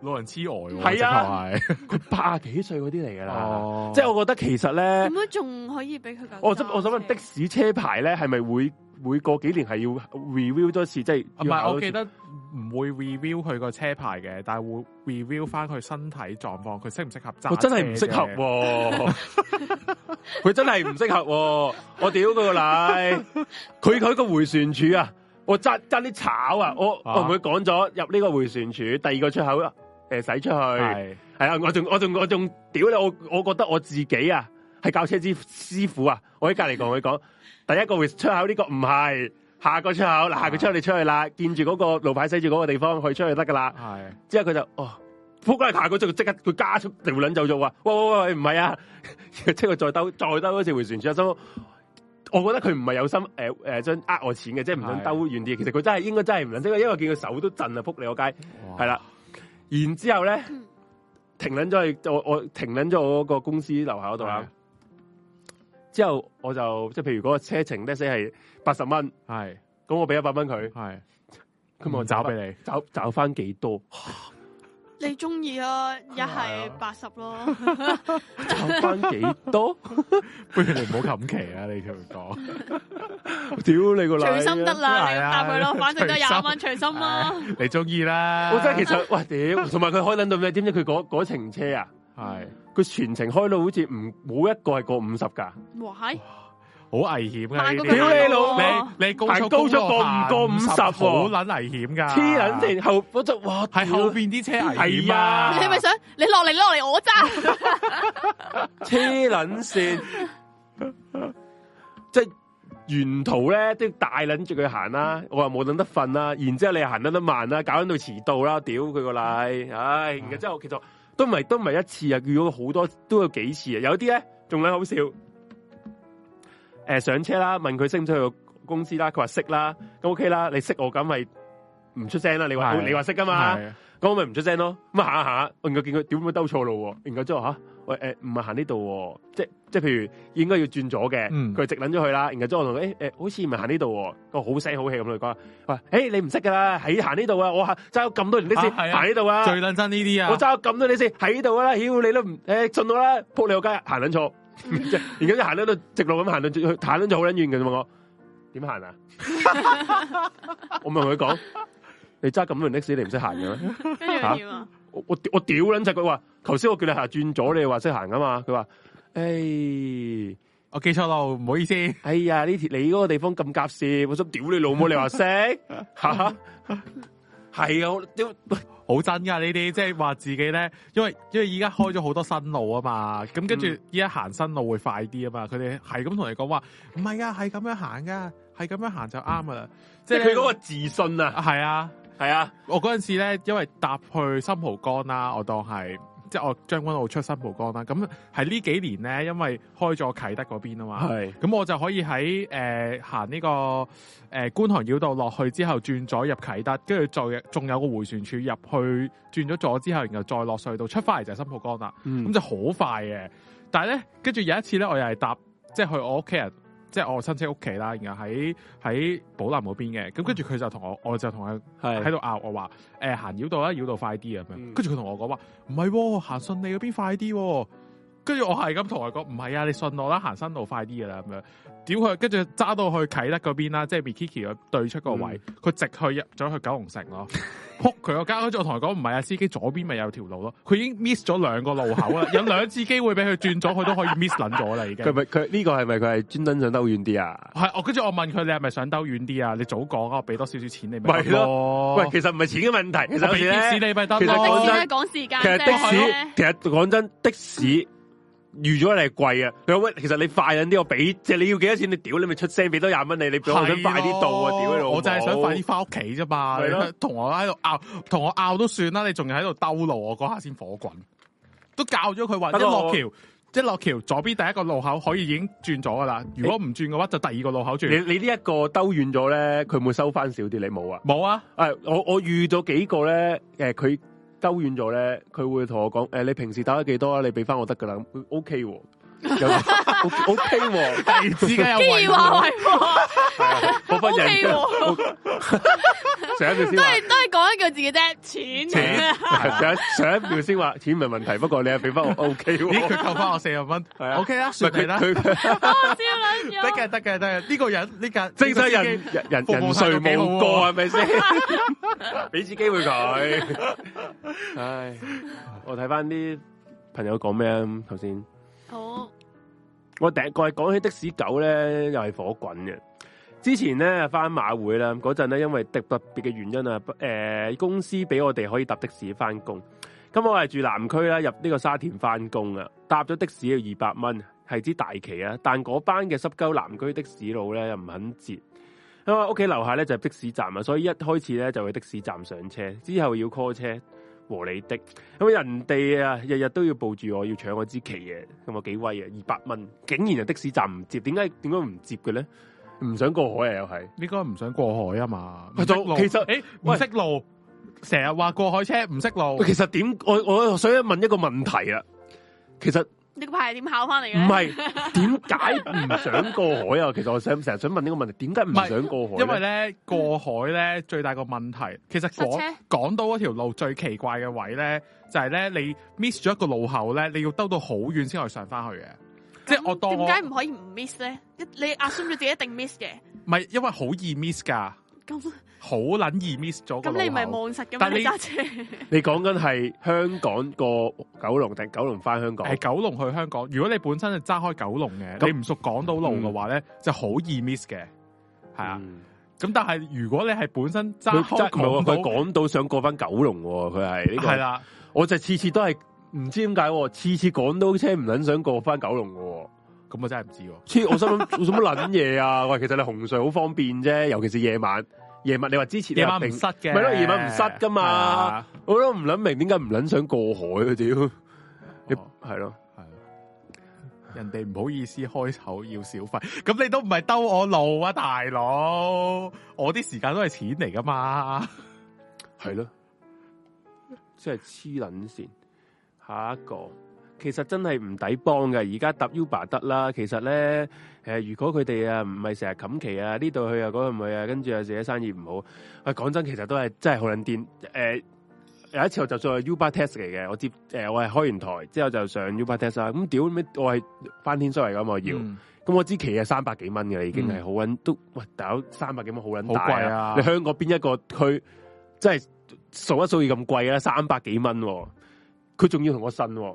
老人痴呆，係啊，佢八啊幾歲嗰啲嚟噶啦，即係我覺得其實咧，咁樣仲可以俾佢。我想，我想問的士車牌咧，係咪會會過幾年係要 review 多次？即係唔係，我記得唔會 review 佢個車牌嘅，但係會 review 翻佢身體狀況，佢適唔適合揸、啊 啊？我真係唔適合，佢真係唔適合，我屌佢個奶！佢佢個回旋處啊，我揸揸啲炒啊，我同佢講咗入呢個回旋處，第二個出口啦。誒，使、呃、出去係係啊！我仲我仲我仲屌你！我我，我覺得我自己啊，係教車之師傅啊！我喺隔籬同佢講，第一個出口呢、這個唔係，下個出口嗱，下個出口你的出去啦，見住嗰個路牌，寫住嗰個地方去出去得噶啦。係的之後佢就哦，扑街下個出口即刻佢加速定回輪就做啊。喂喂喂，唔係啊！即係佢再兜再兜一次回旋轉，心，我覺得佢唔係有心誒誒、呃呃，想呃我錢嘅，即係唔想兜遠啲。的其實佢真係應該真係唔捻識，因為見佢手都震啊，扑你個街係啦。哇然之後咧，停撚咗去，我我停撚咗我個公司樓下嗰度。是的 之後我就即係譬如嗰個車程是80，咧先係八十蚊，係，咁我俾一百蚊佢，係，咁我找俾你，找找翻幾多？ 你中意啊？一係八十咯，賺翻幾多？ 不如你唔好咁奇啊！你同佢講，屌、 啊、你個女、啊，隨心得， 得啦，你咁答佢咯，反正都廿萬隨心咯。你中意啦？我真係其實，哇屌！同埋佢開到到咩？點知佢嗰嗰程車啊？係佢 全程開到好似唔冇一個係過五十噶。哇係！好危險啊，屌你老味，你高速過唔過五十？好撚危險噶！黐撚線。後我就哇，係後邊啲車危險啊！你咪想你落嚟落嚟，我揸。黐撚線，即係沿途咧，都大撚住佢行啦。我話冇撚得瞓啦，然之後你行得得慢啦，搞到遲到啦，屌佢個肺！唉，然之後其實都唔係都唔係一次啊，遇到好多，都有幾次啊。有啲咧仲捻好笑。誒，上車啦，問佢識唔識去個公司啦，佢話識啦，咁 OK 啦，你識我咁咪唔出聲啦，你話的你話識噶嘛，咁的我咪唔出聲咯，咁啊行下，我而家見佢點會兜錯路喎、啊，然後即係吓，喂誒，唔係行呢度，即即係譬如應該要轉左嘅，佢直捻咗去啦，然後即、欸呃啊、我同佢誒好似唔係行呢度，個好聲好氣咁佢講，喂，誒你唔識噶啦，喺行呢度啊，我揸咁多年呢喺呢度啊，最捻真呢啲啊，啊我揸咁多年先喺呢度啦，屌你都唔誒，進到啦，扑你個街行捻錯。唔即係而家行喺直路咁行到去坦咗就好撚遠嘅啫嘛我點行啊？ 我咪同佢講，你揸咁多的士你唔識行嘅咩？我我屌撚柒佢、是、話，頭先我叫你行轉左，你話識行噶嘛？佢話：誒、哎，我記錯路，唔好意思。 哎呀，呢條你嗰個地方咁夾事，我想屌你老母，你話識哈，係 啊，屌、 啊！我好真噶呢啲，即係話自己咧，因為因為依家開咗好多新路啊嘛，咁跟住依家行新路會快啲啊嘛，佢哋係咁同你講話唔係啊，係咁樣行噶，係咁樣行就啱啦，即係佢嗰個自信啊，係啊，係啊，啊我嗰陣時咧，因為搭去新蒲崗啦，我當係。即係我將軍澳出新蒲崗啦，咁係呢幾年咧，因為開咗啟德嗰邊啊嘛，咁是我就可以喺誒、呃、行呢、這個誒、呃、觀塘繞道落去之後，轉咗入啟德，跟住再仲有個回旋處入去，轉咗左之後，然後再落隧道出翻嚟就係新蒲崗啦，咁、嗯、就好快嘅。但係咧，跟住有一次咧，我又係搭即係、就是、去我屋企人。即係我親戚屋企啦，然後喺喺寶林嗰邊嘅，咁跟住佢就同我，我就同佢喺度拗，我話誒行繞道啦，繞道快啲啊咁樣，嗯、他跟住佢同我講，話唔係喎，行順利嗰邊快啲喎。跟住我係咁同佢講，唔係啊，你信我啦，行新路快啲噶啦，咁樣，屌佢，跟住揸到去啟德嗰邊啦，即係 Mikiki 對出個位，佢、嗯、直去入咗去九龍城咯，撲佢個街，跟住我同佢講，唔係啊，司機左邊咪有條路咯，佢已經 miss 咗兩個路口啦， 有兩次機會俾佢轉咗，佢都可以 miss 捻咗啦，已經。 佢佢呢個係咪佢係專登想兜遠啲啊？係、啊，我跟住我問佢，你係咪想兜遠啲啊？你早講、啊，我俾多少少錢你咪。係咯、啊，喂，其實唔係錢嘅問題，你其實的士你咪得咯。其實其實的士，啊、其實講真的士。 預咗你係貴啊！喂，其實你快緊啲，我俾即係你要幾多錢？你屌你咪出聲，俾多廿蚊你，的你我想快啲到啊！屌你老母是的，我就係想快啲翻屋企啫嘛！同我喺度拗，同我拗都算啦，你仲要喺度兜路，我嗰下先火滾，都教咗佢話一落橋，一落橋左邊第一個路口可以已經轉咗噶啦，如果唔轉嘅話就第二個路口轉。你你呢一個兜遠咗咧，佢會收翻少啲？你冇啊？冇啊！誒，我我預咗幾個咧，誒、呃、佢。收遠咗咧，佢會同我講，誒、呃，你平時打咗幾多啊？你俾翻我得㗎啦，OK 喎、啊。好驚喎，自己有為華為，好驚喎。上一條都係都係講一句自己啫，錢。上上一條先話錢唔係問題，不過你係俾翻我 OK 佢扣翻我四十蚊，係啊 OK 啦，算啦，得嘅得嘅得嘅。呢個人呢間，正常人人人睡冇覺係咪先？俾次機會佢。唉，我睇翻啲朋友講咩啊？頭先好。我第一個係講起的士狗咧，又係火滾嘅。之前咧翻馬會啦，嗰陣咧因為特特別嘅原因啊、呃，公司俾我哋可以搭的士翻工。咁我係住南區啦，入呢個沙田翻工啊，搭咗的士要二百蚊，係支大旗啊。但嗰班嘅濕鳩南區的士佬咧又唔肯接，因為屋企樓下咧就係、是、的士站啊，所以一開始咧就去的士站上車，之後要 call 車。和你的咁人哋啊，日日都要抱住我要搶我支旗嘅，咁啊幾威啊！二百蚊竟然就的士站唔接，點解點解唔接嘅咧？唔想過海啊，又係應該唔想過海啊嘛？唔識路。其實誒唔識路，成日話過海車唔識路。其實點，我我想問一個問題啊，其實。呢個牌係點考翻嚟嘅？唔係，點解唔想過海啊？其實我想成日想問呢個問題，點解唔想過海呢？因為咧過海咧、嗯、最大個問題，其實講講車到條路最奇怪嘅位咧，就係、是、咧你 miss 咗一個路口咧，你要兜到好遠先可以上翻去嘅。那即係我當點解唔可以唔 miss 咧？你 assume 自己一定 miss 嘅？唔係，因為好易 miss 㗎。好撚易 miss 咗，咁你唔係望實嘅咩你揸車？你講緊係香港過九龍定九龍翻香港？係九龍去香港。如果你本身係揸開九龍嘅，你唔熟港島路嘅話咧，嗯、就好易 miss 嘅。係啊，咁、嗯、但係如果你係本身揸開唔佢港，港島想過翻九龍喎，佢係係啦。這個、我就次次都係唔知點解，次次港島車唔撚想過翻九龍喎！咁我真係唔知。次我心諗做乜撚嘢啊？喂，其實你紅隧好方便啫，尤其是夜晚。夜晚你話支持，夜晚唔塞嘅，咪咯夜晚唔塞噶嘛，啊、我都唔諗明點解唔諗想過海啊屌，係咯係咯，人哋唔好意思開口要小費，咁 你都唔係兜我路啊大佬，我啲時間都係錢嚟噶嘛，係咯、啊，即係黐捻線，下一個。其實真係唔抵幫嘅，而家搭 Uber 得啦。其實咧，誒、呃，如果佢哋啊唔係成日冚旗啊，呢度去又嗰度去唔去啊？跟住又自己生意唔好。喂、呃，講真，其實都係真係好捻癲。誒、呃，有一次我就做 Uber Test 嚟嘅，我接誒、呃，我係開完台之後就上 Uber Test 咁、啊、屌咩？我係翻天衰嚟噶我要咁、嗯嗯、我知旗啊三百幾蚊嘅，已經係好捻，嗯、都喂大佬三百幾蚊好捻，好、呃、貴啊！貴啊你香港邊一個區真係數一數二咁貴啊？三百幾蚊，佢仲要同我呻、啊。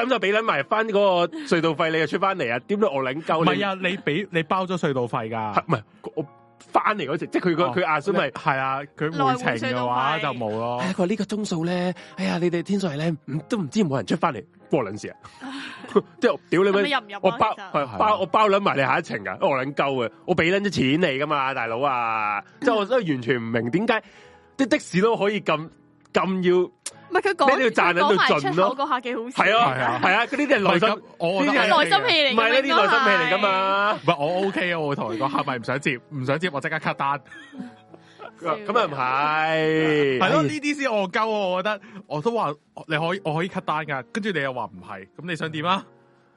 咁就俾捻埋翻嗰個隧道費，你又出翻嚟啊？點都我領夠？唔係啊！你俾你包咗隧道費噶，唔係我翻嚟嗰程，即係佢個佢阿叔咪係啊？佢每程嘅話就冇咯。佢話呢個鐘數咧，哎呀！你哋天水咧都唔知冇人出翻嚟過兩次啊？即係屌你！我包包，我包捻埋你下一程㗎。我領夠嘅，我俾捻咗錢你噶嘛，大佬啊！即係我真係完全唔明點解啲的士都可以咁咁要。唔係佢講講埋出口嗰下幾好笑，係啊係啊係啊，嗰啲人內心，我得內心戲嚟，唔係呢啲內心戲嚟噶嘛？唔係我 OK 啊，我同你講係咪唔想接，唔想接我即刻 cut 單。咁又唔係？係咯，呢啲先惡鳩，我覺得我都話你可以，我可以 cut 單噶。跟住你又話唔係，咁你想點啊？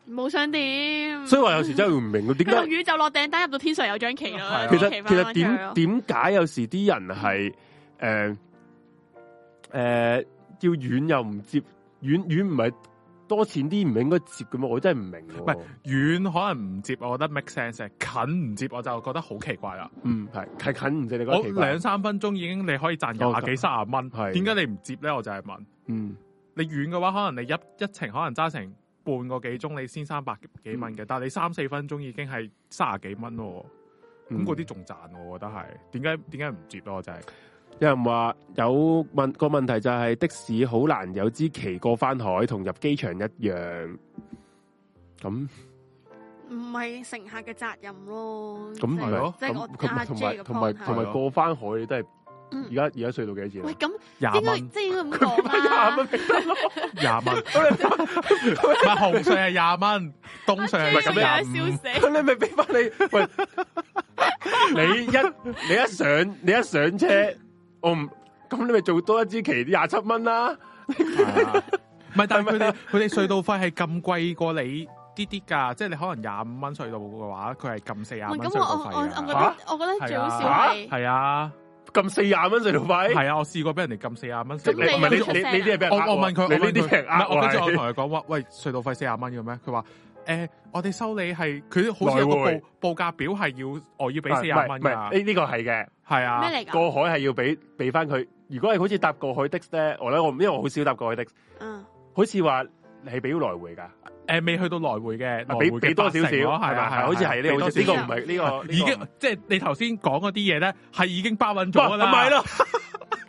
冇想點。所以話有時真係唔明咯，點解落雨就落訂單，入到天上有張旗咯？其實其實點點解有時啲人係誒誒？要遠又唔接，遠遠唔係多錢啲唔應該接嘅咩？我真係唔明白的不。唔遠可能唔接，我覺得 make sense。近唔接，我就覺得好奇怪啦。嗯，係係近唔接你覺得好奇兩三分鐘已經你可以賺廿幾卅蚊，係點解你唔接咧？我就係問。嗯，你遠嘅話，可能你一一程可能揸成半個幾鐘，你先三百幾蚊嘅，嗯、但係你三四分鐘已經係卅幾蚊咯。咁嗰啲仲賺，我覺得係。點解點解唔接咯？就係。有人話有問個問題就係的士好難有支旗過翻海同入機場一樣，咁唔係乘客嘅責任咯。咁係咯，即係我同埋同埋同埋過翻海都係。而家而家隧道幾多錢？喂，咁廿蚊，即係應該咁講廿蚊俾得咯。廿蚊，咪紅隧係廿蚊，東隧咪咁廿五。佢你咪俾翻你。喂，你一你一上你一上車。我唔咁你咪做多一支旗廿七蚊啦，唔係、啊 啊、但係佢哋佢哋隧道費係咁貴過你啲啲噶，即、就、係、是、你可能廿五蚊隧道嘅話，佢係撳四廿蚊隧道費，咁我我我覺得蛤我覺得最好笑係，係啊，撳四廿蚊隧道費，係啊，我試過俾人哋撳四廿蚊。你唔係你你你啲係俾人我我我問佢，你呢啲係我跟住我同佢講，話喂隧道費四廿蚊嘅咩？佢話。誒，我哋收理係佢好似有個報報價表係要，我要俾四十蚊噶。呢呢個係嘅，係啊。咩嚟？過海係要俾俾翻佢。如果係好似搭過海的咧，我咧我因為好少搭過海的。嗯，好似話你係俾來回噶。誒，未去到來回嘅，俾俾多少少係咪？係，好似係呢？呢個唔係呢個，已經即係你頭先講嗰啲嘢咧，係已經包運咗啦。唔係咯？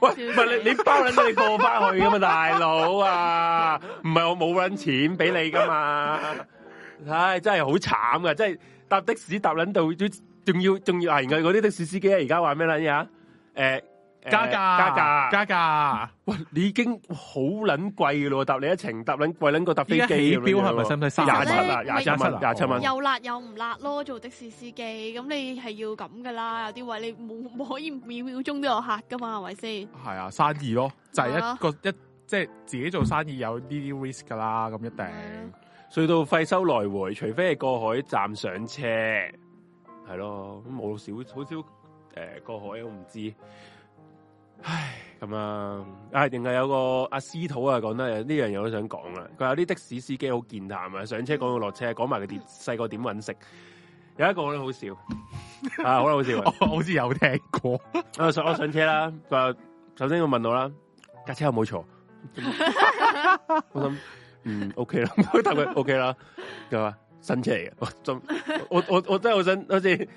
喂，唔係你你包運你過翻去噶嘛，大佬啊！唔係我冇搵錢俾你噶嘛。唉、哎，真係好慘噶，真係搭的士搭捻到仲要仲要係嘅嗰啲的士司機啊！而家話咩捻嘢？啊、呃？誒價，加價價加價加價！哇，你已經好捻貴噶咯，搭你一程搭捻貴捻過搭飛機。表係咪使唔使三廿七萬廿七萬廿七萬？又辣又唔辣咯，做的士司機咁你係要咁噶啦？有啲位你冇可以秒秒鐘都有客噶嘛？係咪先？係啊，生意咯，就係、是、一個對、啊、一即係、就是、自己做生意有呢啲 risk 噶啦，咁一定。嗯隧道費收來回，除非係過海站上車，係咯，咁冇少好少誒過海，我唔知道。唉，咁啊，啊，定係有個阿、啊、司徒啊講得呢樣嘢，都想講啦。佢有啲的士司機好健談啊，上車講到落車，講埋佢啲細個點揾食。有一個我都好笑， 啊，好啦，好笑，我好似有聽過。我、 啊、上我上車啦，佢首先佢問我啦，架 車有冇錯？我、嗯、諗。 嗯，OK 啦，我答佢 OK 啦，係啊，新車嚟嘅，我我我，我真係好想好似，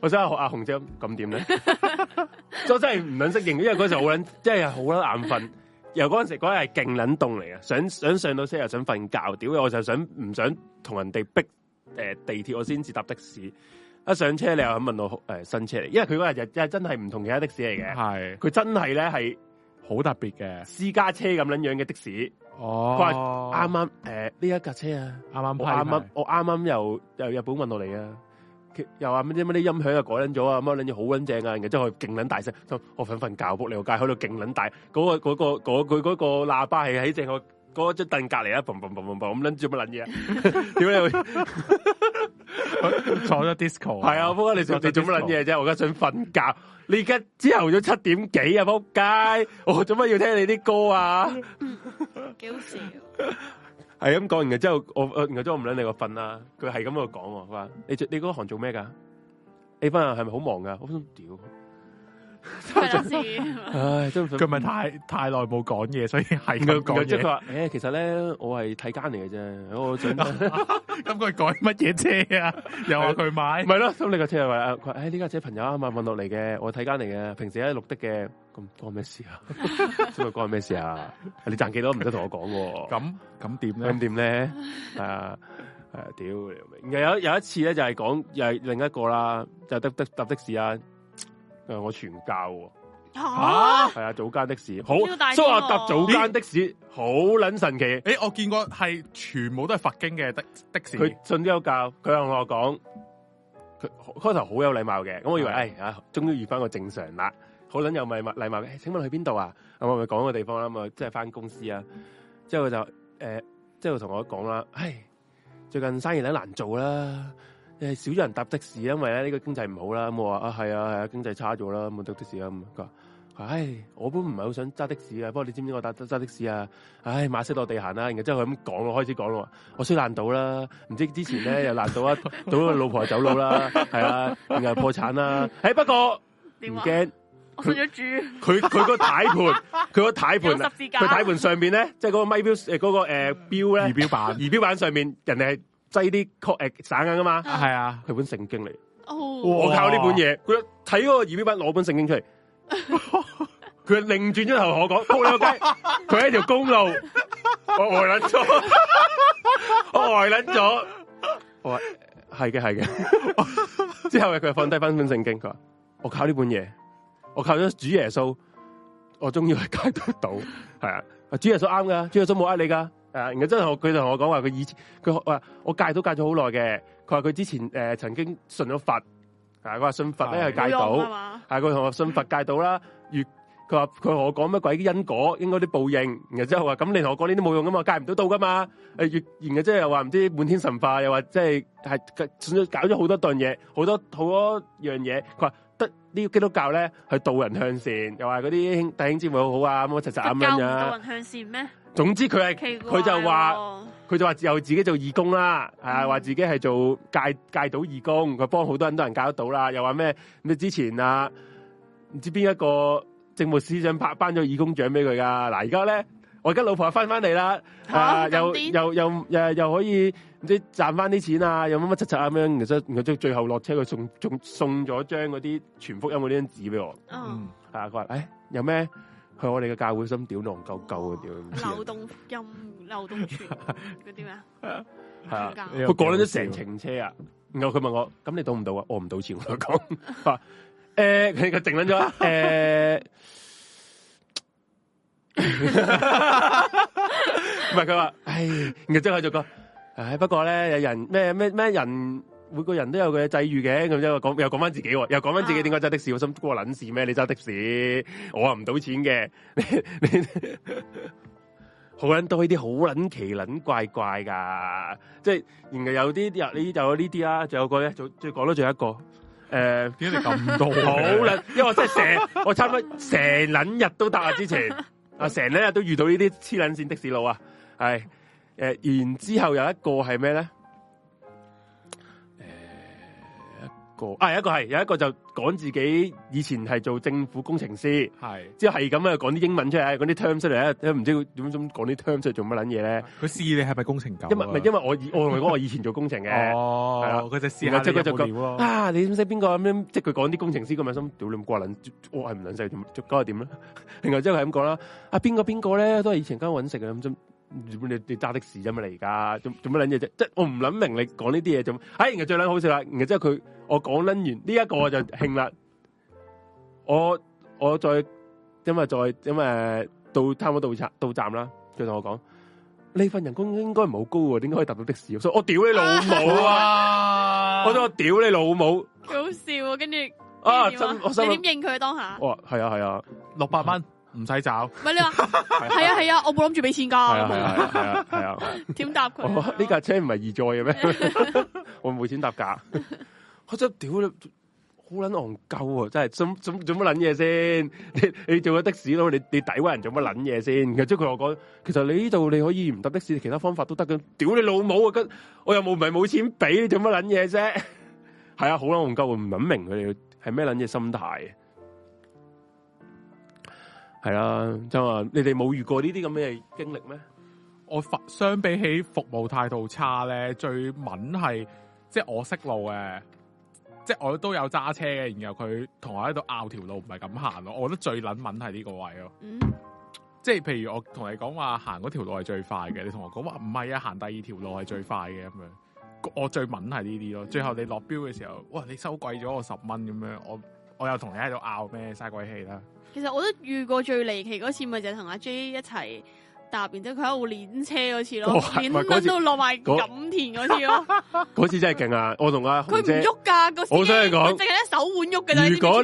我想學阿紅姐咁點咧，樣樣呢 我真係唔捻適應，因為嗰陣時好捻，真係好捻眼瞓，由嗰陣時嗰日係勁捻凍嚟嘅，想想上到車又想瞓覺，屌，我就想唔想同人哋逼誒、呃、地鐵，我先至搭的士，一上車你又肯問我誒、呃、新車嚟，因為佢嗰日日真係唔同其他的士嚟嘅，係是，佢真係咧係好特別嘅私家車咁捻樣嘅的，的士。哦，啱啱誒呢一架車啊，啱啱我啱啱我啱啱由由日本運到嚟啊，又話乜啫乜啲音響又改緊咗啊，乜捻嘢好穩正啊，然之後我勁捻大聲，我想瞓覺，仆你個街喺度勁捻大，嗰個嗰個嗰佢嗰個喇叭係喺正個嗰隻凳隔籬啊，嘣嘣咁捻住做乜捻嘢啊？點解你坐咗 disco？係啊，仆你做做做乜捻嘢啫？我而家想瞓覺。你而家之後咗七點幾啊？仆街！我做乜要聽你啲歌啊？嗯，幾好笑。係咁講完之後，我誒，然後都唔捻你個瞓啦。佢係咁喺度講，佢話你你嗰行做咩噶？你班人係咪好忙噶？我想屌。睇下先，佢咪 太太耐冇講嘢，所以係佢講嘢。佢話：誒、欸，其實咧，我係睇間嚟嘅啫。我最咁佢改乜嘢車啊？ 又話佢買，唔係咯？咁你架車係誒，佢誒呢架車朋友啊嘛，問落嚟嘅，我睇間嚟嘅，平時喺綠的嘅，咁關咩事啊？知道關咩事啊？你賺幾多唔得同我講喎？咁咁點咧？咁點咧？係啊，哎、呀屌又有有一次咧，就係、是、講又係另一個啦，就得得搭的士啊。誒，我全教啊，係啊，早間的士好蘇亞，搭早間的士好撚咦神奇，誒、欸，我見過係全部都係佛經嘅的的、的士，佢信基督教，佢同我講，佢開頭好有禮貌嘅，咁我以為誒的、哎、啊，終於遇翻個正常啦，好捻有禮貌的，禮貌嘅，請問去邊度啊？咁我咪講個地方啦，咁啊即係翻公司啊，之後佢就誒、呃，之後同我講啦，唉，最近生意咧難做啦。你係少咗人搭的士，因為咧呢個經濟唔好啦。咁我話啊，係啊係啊，經濟差咗啦，冇搭的士啊。咁佢話，唉，我本唔係好想揸的士啊。不過你知唔知我搭得揸的士啊？唉，馬死落地行啦。然後之後佢咁講，開始講咯，我衰爛到啦。唔知之前咧又爛到啊，到個老婆走佬啦，係啊，然後破產啦。唉， 不過唔驚。信咗主。佢佢個底盤，佢個底盤十字架。佢底盤上面咧，即係嗰個咪表，嗰、嗰個誒表咧。儀、呃、表標板。儀表板上面，人哋係。低啲確誒省緊噶嘛，係啊，佢本聖經嚟，我靠呢本嘢。佢睇嗰個二 B 筆攞本聖經出嚟，佢擰轉咗頭我講扑你個街，佢喺條公路，我呆捻咗，我呆捻咗，我話係嘅係嘅， 之後嘅佢放低翻本聖經，佢話我靠呢本嘢，我靠咗主耶穌，我終於係 get 到，係啊，主耶穌啱噶，主耶穌冇呃你噶。誒、啊，然之後真係佢同我講話佢以前佢話我戒到戒咗好耐嘅，佢話佢之前誒、呃、曾經信咗佛，啊，佢話信佛咧又戒到，係佢同我信佛戒到啦，越佢話佢同我講乜鬼因果，應該啲報應，然之後話咁你同我講呢啲冇用噶、啊、嘛，戒唔到到噶嘛，越然嘅即係又話唔知滿天神化，又話即係係純粹搞咗好多段嘢，好多好多樣嘢，佢話。得呢個基督教咧去導人向善，又話嗰啲弟兄姊妹好好啊，咁我雜雜咁樣嘅、啊。基督教導人向善咩？總之佢係佢就話佢就話又自己做義工啦，係啊，話、嗯啊、自己係做戒賭義工，佢幫好多人都人戒得到啦。又話咩？你之前啊唔知邊一個政務司長拍頒咗義工獎俾佢噶。嗱，而家咧我而家老婆翻翻嚟啦，啊、呃、又又又誒又可以。即係賺翻啲錢啊，又乜乜七七啊，咁樣。其實佢即最後落車，佢送送咗張嗰啲全福音嗰張紙俾我。嗯，係啊，佢話誒，有咩去我哋嘅教會心屌儂夠夠啊屌！流動音、流動全嗰啲咩啊？係啊，佢講緊啲成程車啊。然後佢問我，咁你賭唔賭啊？我唔賭錢，我就講。話誒，佢佢停捻咗。誒，唔係佢話，誒，佢即係佢就講。唉，不過咧，有人咩咩咩人，每個人都有佢嘅際遇嘅，咁即係講又講翻自己，又講翻自己點解揸的士？我心關我卵事咩？你揸的士，我又唔賭錢嘅。好卵多呢啲好卵奇卵怪怪噶，即係原來有啲有呢就有呢啲啦，仲有個咧，就最講多仲有一個，誒，點解你咁多難？好啦，因為我真係成我差唔多成卵日都搭啊，之前啊成日都遇到呢啲黐卵線的士佬啊，係。誒，然之後有一個係咩咧？誒、呃，一個啊，有一個係，有一個就講自己以前係做政府工程師，係是，之後係咁啊，講啲英文出嚟，講啲 term 出嚟咧，唔知點講啲 term 出嚟做乜捻嘢咧？佢試你係咪工程狗？因因為因為我我同佢講我以前做工程嘅。哦，係啦，佢 就試，即係佢就咁啊！你唔識邊個咁樣，即係佢講啲工程師咁樣，心屌你咁怪捻，我係唔捻細，咁係點咧？另外之後係咁講啦，啊邊個邊個咧，都係以前間揾食嘅咁點你你揸的士啫嘛，你而家做做乜捻嘢啫？即係我唔捻明你講呢啲嘢做。唉，而、哎、家最捻好笑啦！然家即係佢，我講捻完呢一、這個就興啦。我我再因為再因為到差唔多到，到站到站啦，佢同我講：呢份人工應該唔好高喎，點解可以搭到的士？所以，我、oh, 屌你老母啊！ 我話、oh, 屌你老母，好笑。跟住啊， 啊真我點應佢當下？我話係啊係啊，六百蚊。元唔使找，唔係你話係啊係啊，我冇諗住俾錢噶。係啊係啊係啊係啊，點答佢？呢架車唔係易載嘅咩？我冇錢搭架，我真屌你，好撚戇鳩啊！真係做乜撚嘢先？你做咗的士咯？你你詆毀人做乜撚嘢先？跟住佢又講，其實你呢度你可以唔搭的士，其他方法都得嘅。屌你老母啊！跟我又冇唔係冇錢俾，做乜撚嘢啫？係啊，好撚戇鳩啊！唔諗明佢哋係咩撚嘢心態。係啊，你哋冇遇過呢啲咁嘅經歷咩？我相比起服務態度差咧，最撚係即係我識路嘅，即係我都有揸車嘅。然後佢同我喺度拗條路，唔係咁行咯。我覺得最撚撚係呢個位咯。嗯、即係譬如我同你講話行嗰條路係最快嘅，你同我講話唔係啊，行第二條路係最快嘅咁樣。我最撚係呢啲咯。最後你落標嘅時候，哇！你收貴咗我十蚊咁樣，我我又同你喺度拗咩？嘥鬼氣啦！其實我都遇過最離奇嗰次，咪就係同阿 J 一齊搭，然之後佢喺度練車嗰次咯，練到落埋錦田嗰次咯。嗰次真係勁啊！我同阿佢唔喐噶個，我想係講，淨係啲手腕喐嘅啦。如果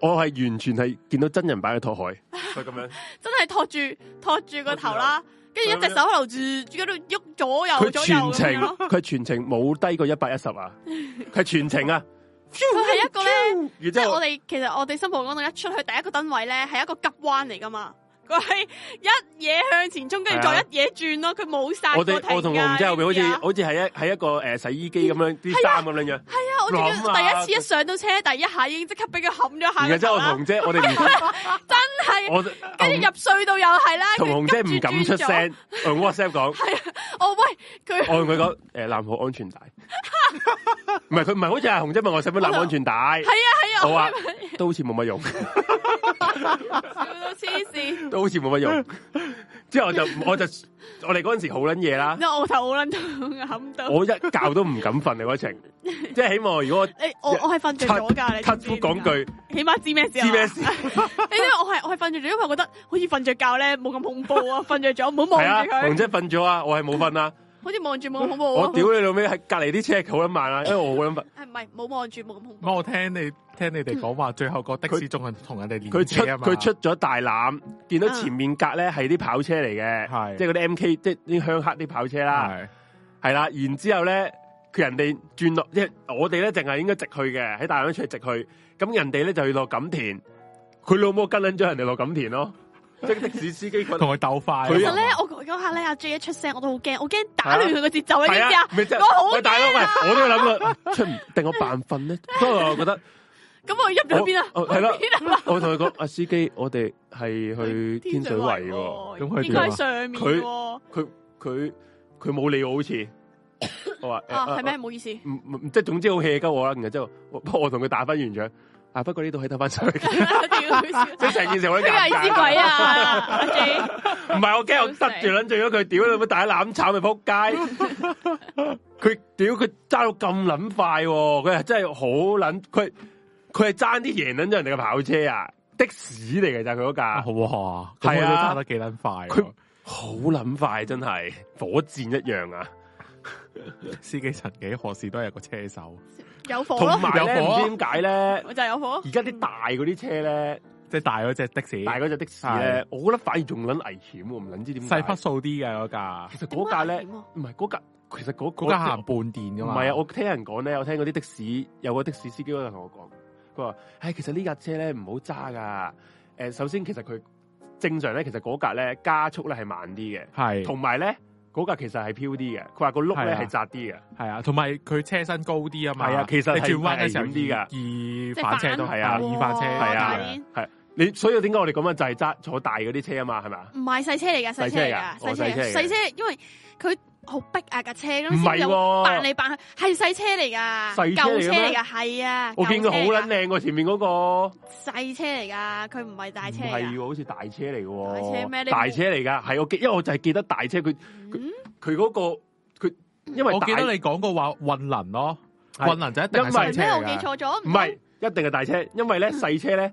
我係完全係見到真人擺喺托海，佢咁樣真係托住托住個頭啦，跟住一隻手喺度喐左右，佢全程佢全程冇低過一百一十啊！佢全程啊！佢係一個咧，即係我哋其實我哋新蒲崗度一出去第一個燈位咧，係一個急彎嚟噶嘛。佢係一嘢向前衝，跟住再一嘢轉咯，佢冇晒我我同我紅姐後邊好似好似係一喺一個誒洗衣機咁樣啲衫咁樣。係啊，我第一次一上到車，第一下已經即刻俾佢冚咗下。然後我同紅姐，我哋唔真係。跟住入隧道又係啦。紅姐唔敢出聲，我 WhatsApp 講。係啊，哦喂，佢我同佢講誒，攬好安全帶。唔係，佢唔係好似阿紅姐問我使唔使攋安全帶？係啊係啊，好啊，都好似冇乜用。笑到黐線，都好似冇乜用。之後就是我就我哋嗰陣時好撚嘢啦，因為我頭好撚到，我一覺都唔敢瞓 你嗰程，即係起望如果我你我我係瞓着咗噶你 u t 講句，起碼知咩知咩？你知 我係我係瞓着咗，因為我覺得好似瞓着覺咧冇咁恐怖 著著啊，瞓着咗唔好望住佢。紅姐瞓咗啊，我係冇瞓啊。 好似望住冇恐怖，我屌你老尾喺隔籬啲車好陰曼啊！因為我好陰物，係唔係冇望住冇恐怖。咁我聽你聽你哋講話，最後個的，的士仲係同人哋連車啊嘛。佢出佢出咗大欖，見到前面隔咧係啲跑車嚟嘅，係即係嗰啲 MK，即係啲鄉黑啲跑車啦，係啦是。然之後咧，佢人哋轉落，即係我哋咧淨係應該直去嘅，喺大欖出嚟直去。咁人哋咧就去落錦田，佢老母跟撚咗人哋落錦田咯。即係的士司機同佢鬥快。其實咧，我嗰下咧阿 J 一出聲，我都好驚，我驚打亂佢個節奏啊！我好我都諗住，定我扮瞓咧。所以我覺得，咁我入邊邊啊？哦係啦，我同佢講，阿司機，我哋係去天水圍，咁佢喺上面佢佢佢冇理我，好似我話啊係咩？唔好意思，即係總之好 hea 鳩我啦。其實之後，不我同佢打翻完仗啊，不過呢度可打得翻上去。即成件事我鬼啊！唔係 我驚我得住捻住咗佢屌你乜大攬炒咪撲街，佢屌佢揸到咁捻快，佢係真係好捻，佢佢係爭啲贏捻咗人哋個跑車，他車有有啊，的士嚟嘅就係佢嗰架，哇，係啊，揸得幾捻快，佢好捻快，真係火箭一樣啊！司機曾幾何時都有一個車手。有火咯，唔知點解咧？我就係有火。而家啲大嗰啲車咧，嗯、即係大嗰隻的士，大嗰隻的士咧，的我覺得反而仲捻危險喎，唔捻知點。細匹數啲嘅嗰架，其實嗰架咧，唔係嗰架，其實嗰嗰架行半電噶嘛。唔係啊，我聽人講咧，我聽嗰啲的士，有個的士司機度同我講，佢話：，唉、哎，其實呢架車咧唔好揸噶。誒、呃，首先其實佢正常咧，其實嗰架咧加速咧係慢啲嘅，係的。同埋咧。嗰架其實係飄啲嘅，佢話個碌呢係是、啊、窄啲嘅，係啊，同埋佢車身高啲啊嘛，係啊，其實你轉彎係上啲㗎，易翻車都係過啊，易翻車係啊，係你所以點解我哋咁啊？就係揸坐大嗰啲車啊嘛，係咪啊？唔係細車嚟㗎，細車嚟噶，細車細車，因為佢。好逼啊架車咁，唔係扮嚟扮去，係細車嚟噶，舊車嚟噶，係啊。我見佢好撚靚喎，前面嗰個細車嚟噶，佢唔係大車啊，好似大車嚟嘅，大車咩？大車嚟噶，係我因為我就係記得大車佢佢嗰個佢，因為我記得你講過話運能咯，運能是就一定係細車嘅，我記錯咗，唔係一定係大車，因為咧細車咧。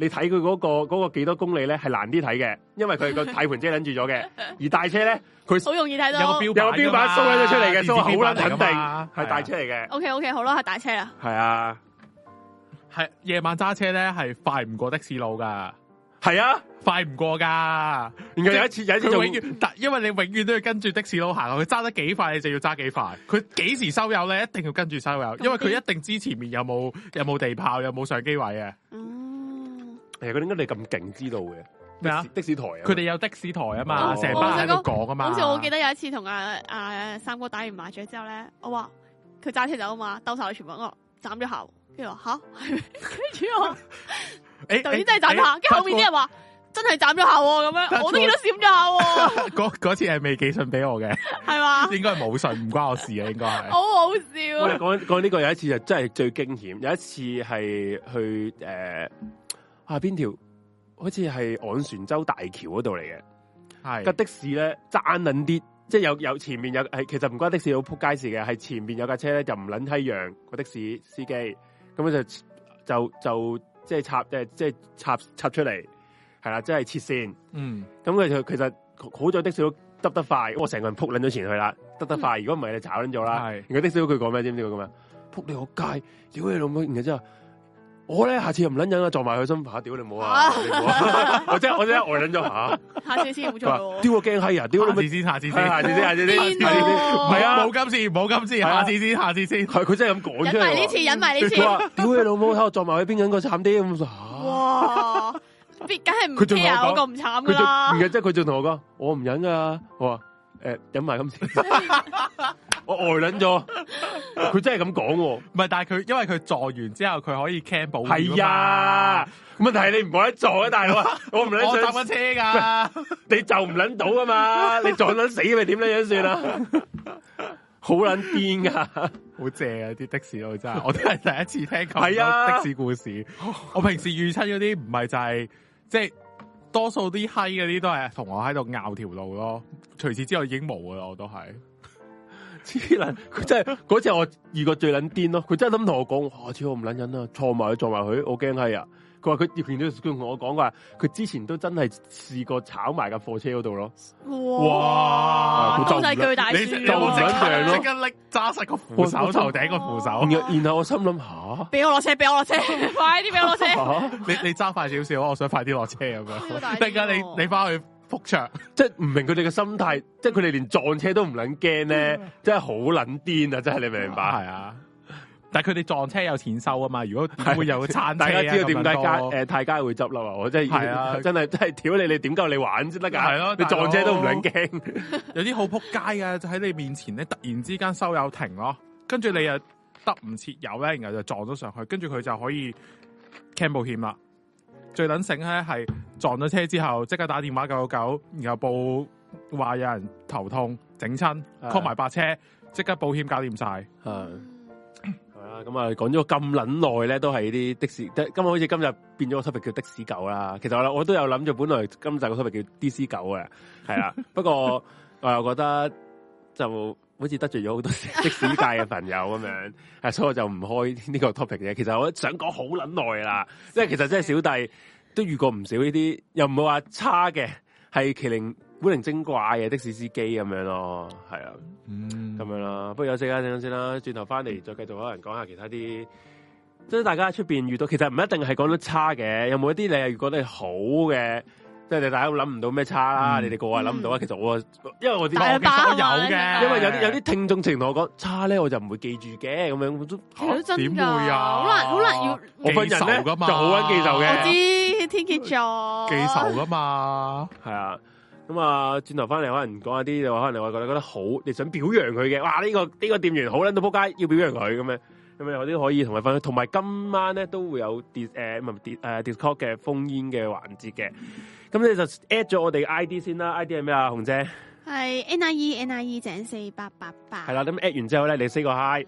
你睇佢嗰個嗰、嗰個幾多公里咧，係難啲睇嘅，因為佢個底盤遮捻住咗嘅。 而大車咧，佢好容易睇到，有個標有個標板收咗出嚟嘅，所以好難肯定係大車嚟嘅。啊、OK OK，好啦，係大車啦。係啊，係夜晚揸車咧，係快唔過的，的士路噶。係啊，快唔過噶。然之後有一次，有一次永但、嗯、因為你永遠都要跟住的士佬行，佢揸得幾快，你就要揸幾快。佢幾時收油咧，一定要跟住收油，邊因為佢一定知前面有冇有冇地炮，有冇上機位嘅。嗯其實佢點解你咁勁知道嘅？咩啊？的士台，佢哋有的士台啊嘛，成班喺度講啊嘛。好似我記得有一次同阿阿三哥打完麻雀之後咧，我話佢揸車走啊嘛，兜晒你全部，我斬咗下，跟住話吓，跟住我導演真係斬咗下，跟住後面啲人話真係斬咗下，咁樣我都見到閃咗下。嗰嗰次係未寄信俾我嘅，係嘛？應該係冇信，唔關我事啊，應該係。好好笑啊！講講呢個有一次就真係最驚險。有一次係去誒。下邊條好似係昂船洲大橋嗰度嚟嘅，係架是的士咧揸捻啲，即係有有前面有誒，其實唔關的士佬扑街事嘅，係前面有架車咧就唔捻梯讓個的士司機，咁佢就就就，就即係插誒即係插插，插出嚟，係啦，即係切線，嗯，咁佢就其實好在的士都得得快，我成個人扑捻咗前去啦，得得快，如果唔係你炒捻咗啦。係，是然後的士佬佢講咩？知唔知佢講咩？扑你個街，屌你老母，然後之後。我咧下次又唔撚忍啊，撞埋佢身下，屌你唔好啊！我真係我真係呆撚咗下，下次先冇錯。丟個驚閪啊，丟你先，下次先，下次先，下次先，下次先，唔係啊！冇今次，冇今次，下次先，下次先，係佢真係咁講出嚟。呢次，忍埋呢次。屌你老母，喺我撞埋去邊，忍個慘啲咁傻。哇！別梗係唔，佢仲同我講咁慘噶啦。而即真佢仲同我講，我唔忍噶。我話：誒，忍埋今次。我呆捻咗，佢真係咁講喎。唔係，但係佢因為佢撞完之後，佢可以 cancel 係呀，問題係你唔可以撞啊， 大佬。我唔捻想。我搭緊車噶，你就唔捻到㗎嘛？你撞捻死咪點樣算啊？好捻癲噶，好正啊！啲的士佬真係，我真係第一次聽咁多的士故事。是啊、我平時遇親嗰啲唔係就係即係，多數啲閪嗰啲都係同我喺度拗條路咯。除此之外已經冇噶啦，我都係。佢真係嗰隻我遇過最撚癲咯！佢真係諗同我講，我超我唔撚忍啦，坐埋佢坐埋佢，我驚係啊！佢話佢見到佢同我講話，佢之前都真係試過炒埋架貨車嗰度咯。哇！哇就係巨大你，你你冇撚正力揸實個扶手頭頂個扶手，扶手啊、然後我心諗、啊、下，俾我落車，俾我落車，快啲俾我落車，你你揸快少少，我想快啲落車咁樣，得啦、啊，你你翻去。覆復 即係唔明佢哋嘅心態，即係佢哋連撞車都唔撚驚咧，真係好撚癲啊！真係你明唔明白？係啊，啊但係佢哋撞車有錢收啊嘛！如果會有差、啊，大家知道點解佳誒泰佳會執笠啊？我真係係啊，真係真係屌你，你點夠你玩先得噶？係咯、啊，你撞車都唔撚驚， 有啲好扑街噶，就喺你面前咧，突然之間收油停咯，跟住你又得唔切油咧，然後就撞咗上去，跟住佢就可以 claim 保險啦。最捻醒咧，係撞咗車之後，即刻打電話九九九，然後報話有人頭痛整親 call 埋白車，即刻保險搞掂晒。係，係啦，咁啊，講咗咁捻耐咧，都係啲的士，即係今日好似今日變咗個 topic 叫的士狗啦。其實我我都有諗住本來今集個 topic 叫 D C 狗嘅，係啦， 不過我又覺得就。好似得罪咗好多的士界嘅朋友咁樣， 所以我就唔開呢個 topic 嘅。其實我想講好捻耐啦，即係其實真係小弟都遇過唔少呢啲，又唔會話差嘅，係奇靈古靈精怪嘅的，的士司機咁樣咯，係啊，咁、嗯、樣啦。不過有間啊，等先啦，轉頭翻嚟再繼續可能講下其他啲，即係大家喺出邊遇到，其實唔一定係講得差嘅，有冇一啲你又覺得係好嘅？即係大家諗唔到咩差啦，你哋個位諗唔到啊！其實我，因為我啲我嘅有嘅，因為有啲有啲聽眾情同我講差咧，我就唔會記住嘅咁樣，點會啊？好難好難要我分人咧，就好難記仇嘅。我知天蠍座記仇噶嘛，係啊。咁啊，轉頭翻嚟可能講一啲，就可能你我覺得覺得好，你想表揚佢嘅，哇！呢個呢個店員好撚，到仆街要表揚佢咁樣，咁樣有啲可以同佢分享。同埋今晚咧都會有電誒唔係電誒 discord 嘅封煙嘅環節嘅。咁你就 at 咗我哋 ID 先啦，ID 係咩啊？紅姐係 NIE NIE 井四八八八。係啦，咁 at 完之後咧，你 say 個 hi，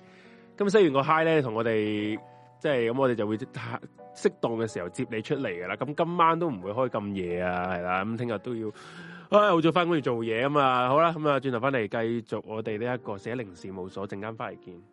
咁 say 完個 hi 咧，同我哋即係咁，就是、我哋就會即刻適當嘅時候接你出嚟噶啦。咁今晚都唔會開咁夜啊，係啦。咁聽日都要，唉，好早翻工要做嘢啊嘛。好啦，咁啊，轉頭翻嚟繼續我哋呢一個寫零事務所，陣間翻嚟見。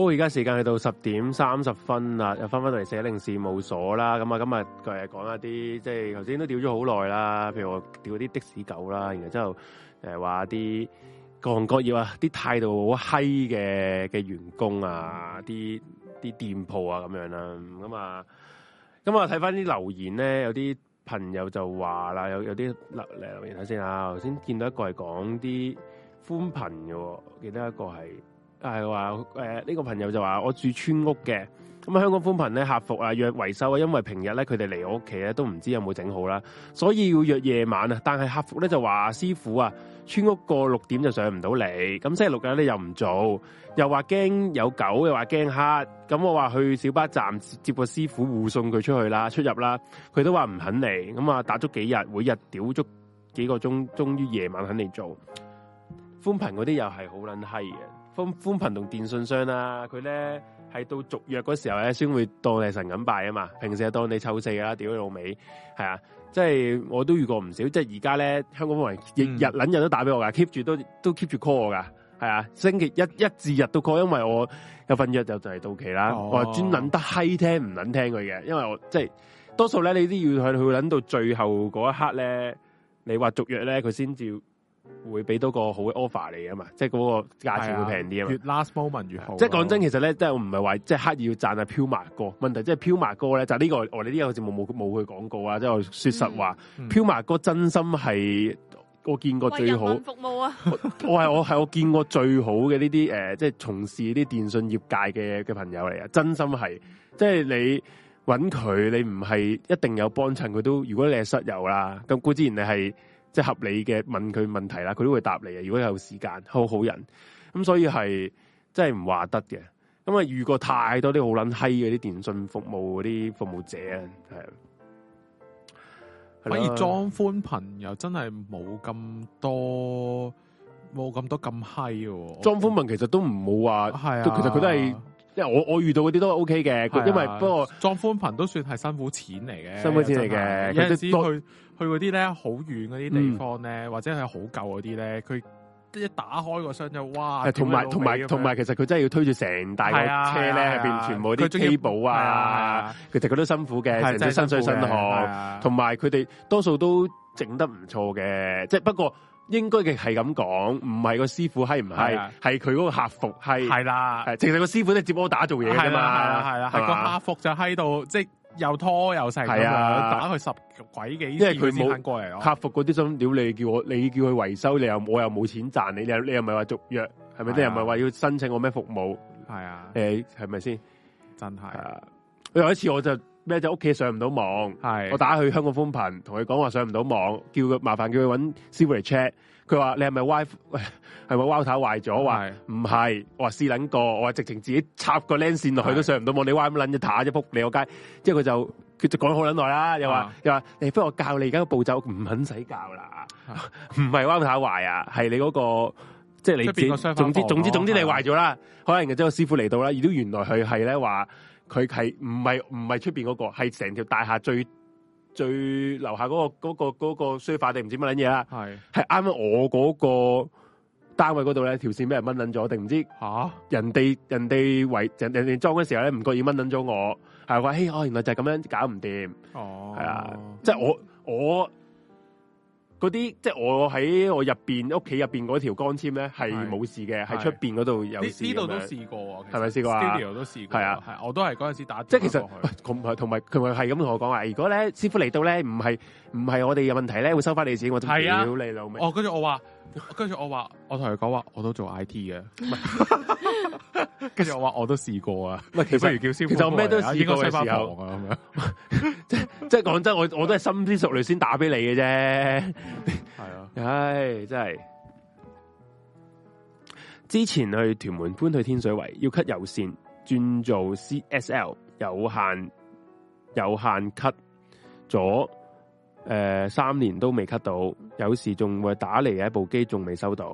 好，而家時間去到十點三十分啦，又翻翻嚟四一零事務所啦，咁啊，今日繼續講一啲，即係頭先都屌咗好耐啦，譬如我屌啲的士狗啦，然之後誒話啲各行各業啊，啲態度好閪嘅嘅員工啊，啲啲店鋪啊咁樣啦，咁啊，咁啊，睇翻啲留言咧，有啲朋友就話啦，有有啲嚟留言睇先啊，頭先見到一個係講啲寬頻嘅，記得一個係。係話誒呢個朋友就話我住村屋嘅，咁啊香港寬頻咧客服啊約維修啊，因為平日咧佢哋嚟我屋企咧都唔知有冇整好啦，所以要約夜晚啊。但係客服咧就話師傅啊，村屋過六點就上唔到嚟，咁星期六日咧又唔做，又話驚有狗，又話驚黑，咁我話去小巴站接個師傅護送佢出去啦，出入啦，佢都話唔肯嚟，咁啊打足幾日，每日屌足幾個鐘，終於夜晚肯嚟做。寬頻嗰啲又係好撚閪嘅。寬寬頻同電信商啦、啊，佢咧係到續約嗰時候咧，先會當你神咁拜啊嘛。平時係當你臭四啦，屌你老尾係啊！即係我都遇過唔少。即係而家咧，香港寬頻日日捻日都打俾我噶，keep 住都都 keep 住 call 我噶。係啊，星期一一至日都 call，因為我有份約就就係到期啦。我專捻得閪聽，唔捻聽佢嘅，因為我，、哦、我，因為我即係多數咧，你都要去去捻到最後嗰一刻咧，你話續約咧，佢先至。會俾到個好嘅 offer 嚟啊嘛，即係嗰個價錢會平啲啊嘛。越吧 last moment 越好。即係講真，其實咧，即係唔係話即係刻意要讚啊飄麻哥。問題即係飄麻哥咧，就呢、是這個我哋呢個節目好似冇冇冇佢廣告啊。即係、嗯、說實話，飄麻、嗯、哥真心係我見過最好服務啊。 我係我係我見過最好嘅呢啲誒，即係從事啲電信業界嘅嘅朋友嚟啊。真心係即係你搵佢，你唔係一定有幫襯佢都。如果你係室友啦，咁固然你係。即係合理嘅問佢問題啦，佢都會答你嘅。如果有時間，好好人咁，所以係真係唔話得嘅。因為遇過太多啲好撚閪嘅啲電信服務嗰啲服務者啊，係。可以裝啦寬頻又真係冇咁多，冇咁多咁閪。裝寬頻其實都唔冇話，係 Yeah. 其實佢都係，即係我我遇到嗰啲都係 OK 嘅。Yeah. 因為 Yeah. 不過裝寬頻都算係辛苦錢嚟嘅，辛苦錢嚟嘅，有時去的。去嗰啲咧好遠嗰啲地方咧，或者係好舊嗰啲咧，佢一打開個箱就哇！同埋同埋同埋，其實佢真係要推住成大個車咧，入邊全部啲珠寶啊，其實佢都辛苦嘅，成日身水身汗。同埋佢哋多數都整得唔錯嘅，即係不過應該嘅係咁講，唔係個師傅係唔係，係佢嗰個客服係係啦。其實個師傅咧接我打做嘢㗎嘛，係啦係啦個客服就喺度即係。又拖又細係啊！打佢十鬼幾，幾？因為佢冇客服嗰啲心屌，你叫我你叫佢維修，你又我又冇錢賺，你你你又唔係話續約，係咪？即、啊、又唔係話要申請我咩服務？係啊，誒、欸，係咪先？真係，我有、啊、一次我就咩就屋企上唔到網，係、啊、我打去香港寬頻，同佢講話上唔到網，叫佢麻煩叫佢揾師傅嚟 check。佢話你係咪 wifi？喂，係咪 wifi 壞咗？話唔係，我話試捻過，我話直情自己插個 lens 線落去都上唔到網。你 wifi 咁捻啫，塔一扑你個街。即係佢就佢就講好捻耐啦。又話是的 又話，你不如我教你而家嘅步驟，唔肯使教啦。唔係 wifi 壞啊，係、就是、你嗰個即係你，總之總之總之你壞咗啦。是的 可能嘅之後師傅嚟到啦，而都原來佢係咧話佢係唔係唔係出邊嗰個，係成條大廈最。最樓下嗰個嗰個嗰個梳化定唔知乜捻嘢啦，係係啱啱我嗰個單位嗰度咧，條線俾人掹捻咗，定唔知吓人哋、啊、人哋為人人哋裝嘅時候咧，唔覺意掹捻咗我，係話誒，我、哦、原來就係咁樣搞唔掂，哦，係啊，即係我我。我嗰啲即係我喺我入邊屋企入邊嗰條鋼籤呢，係冇事嘅，喺出面嗰度有事。呢呢度都試過啊，係咪試過啊？studio 都試過，係啊，我都係嗰陣時打，即係其實同埋同埋佢係咁同我講話，如果呢，師傅嚟到呢，唔係唔係我哋嘅問題呢，會收返你錢，啊、我就屌你老味。哦，跟住我話。跟住我話，我同佢講話，我都做 I T 嘅。跟住 我話，我都試過啊。其實如叫，其實我咩都試過嘅時候咁 樣。 即係講 真，我我都係心思熟慮先打俾你嘅啫。係啊，唉，真係。之前去屯門搬去天水圍，要 cut 有綫，轉做 C S L 有限有限 cut 咗。誒、呃，三年都未 cut 到，有時仲會打嚟嘅一部機仲未收到，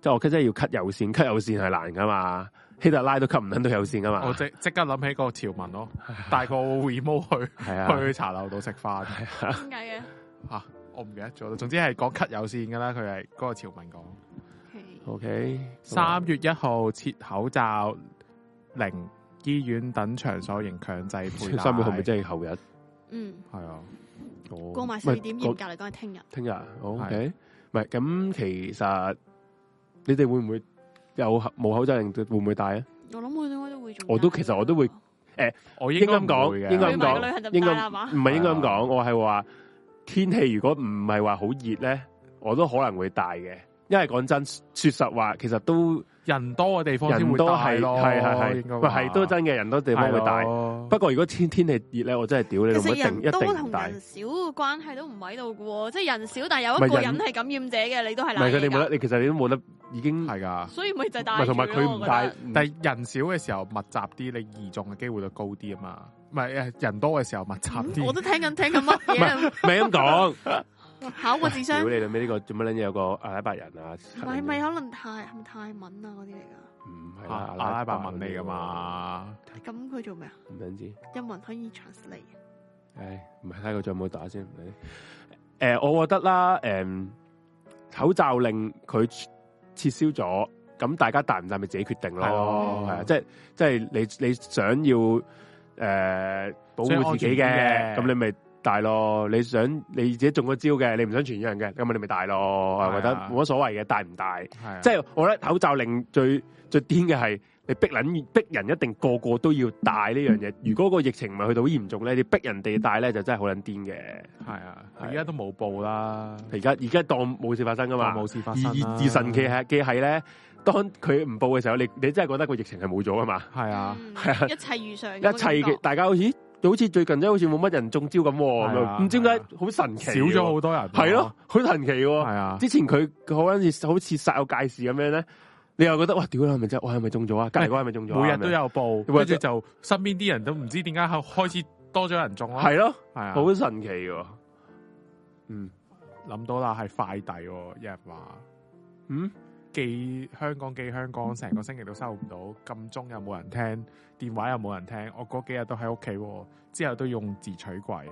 即係我真真係要 cut 有綫，cut 有綫係難噶嘛，希特拉都 cut 唔、mm hmm. 到都有綫噶嘛。我即即刻諗起嗰個潮文咯，帶 個 remote 去、 啊、去茶樓度食飯。點解嘅？吓、啊，我唔記得咗啦。總之係講 cut 有綫噶啦，佢係嗰個潮文講。O K，三月一號撤口罩令，醫院等場所仍強制佩戴。三 月一號咪即係後日？嗯，係啊。Oh, 過埋四點，嚴格嚟講係聽日，聽日是，OK，唔係咁，其實你哋會唔會有冇口罩令會唔會戴啊？我諗我應該都會做，我都其實我都會誒，我應該唔會嘅。應該講，應該唔係應該咁講，我係話天氣如果唔係話好熱咧，我都可能會戴嘅。因為講真，說實話，其實都。人多嘅地方，人多係係係，唔係都真嘅。人多地方會大，不過如果天天氣熱咧，我真係屌你！其實人多同人少嘅關係都唔喺度嘅喎，即係人少但係有一個人係感染者嘅，你都係難講。唔係佢你冇得，你其實你都冇得，已經係噶。所以咪就係大。唔係同埋佢唔大，但係人少嘅時候密集啲，你易中嘅機會就高啲啊嘛。唔係誒，人多嘅時候密集啲。我都聽緊聽緊乜嘢？唔係咁講。考個智商？屌、哎、你、這個！咁咩呢個做乜撚嘢？有個阿拉伯人啊？唔係，唔係可能泰係咪泰文啊？嗰啲嚟噶？唔係、嗯啊、阿拉伯，阿拉伯文嚟噶嘛？咁佢做咩啊？唔想知。有冇人可以 translate 唉，唔係睇佢有冇打先。誒、呃，我覺得啦，誒、嗯，口罩令佢撤銷咗，咁大家戴唔戴咪自己決定咯。係啊的，即係即係你你想要誒、呃、保護自己嘅，咁你咪。大咯！你想你自己中咗招嘅，你唔想傳樣嘅，咁咪你咪大咯？啊、我覺得冇乜所謂嘅，大唔大？即係、啊、我覺得口罩令最最癲嘅係你逼捻逼人一定個個都要戴呢樣嘢。嗯、如果個疫情唔係去到好嚴重咧，你逼人哋戴咧就真係好捻癲嘅。係啊，而家都冇報啦。而家而家當冇事發生噶嘛？冇事發生、啊。而而神奇係嘅係咧，當佢唔報嘅時候，你你真係覺得個疫情係冇咗噶嘛？係啊，係啊，一切如常。一切嘅大家好似。就好似最近真好似冇乜人中招咁，唔知點解好神奇，少咗好多人，係咯好神奇。係啊，之前佢嗰陣時好似煞有介事咁樣咧，你又覺得哇，屌啦，係咪真？我係咪中咗啊？隔籬我係咪中咗？每日都有報，跟住就身邊啲人都唔知點解開始多咗人中，係咯，係啊，好神奇嘅。嗯，諗到啦，係快遞，一日話，嗯。寄香港寄香港，成個星期都收唔到，㩒鐘又冇人聽，電話又冇人聽，我嗰幾日都喺屋企，之後都用自取櫃，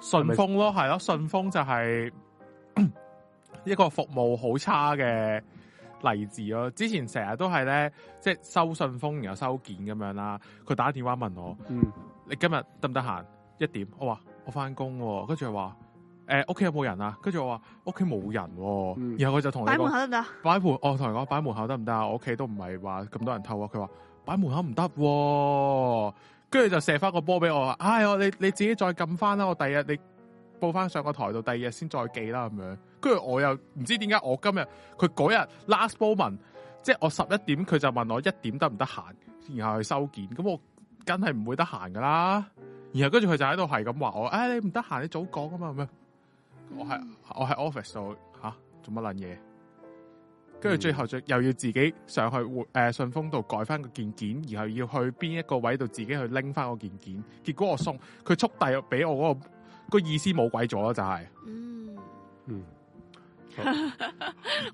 順豐咯，係咯，順豐就係、是、一個服務好差嘅例子咯。之前成日都係咧，即係收信封然後收件咁樣啦。佢打電話問我，嗯、你今日得唔得閒？一點，我話我翻工，跟住又話。誒，屋企、欸、有冇人啊？跟住我話屋企冇人，然後佢、啊嗯、就同你擺門口得唔得？擺門，我同人講擺門口得唔得啊？我屋企都唔係話咁多人偷啊。佢話擺門口唔得、啊，跟住就射翻個波俾我話，哎，你你自己再撳翻啦。我第日你報翻上個台度，第二日先再記啦咁樣。跟住我又唔知點解我今日佢嗰日 last moment，即係我十一點佢就問我一點得唔得閒，然後去收件。咁我梗係唔會得閒噶啦。然後跟住佢就喺度係咁話我，哎，你唔得閒，你早講啊嘛，咁樣。我係、嗯、我係 office 度，吓做乜捻嘢，跟、啊、住最後再又要自己上去誒順豐度改翻個件件，然後要去邊一個位度自己去拎翻嗰件件，結果我送佢速遞俾我嗰、那個、那個意思冇鬼咗就係、是，嗯嗯，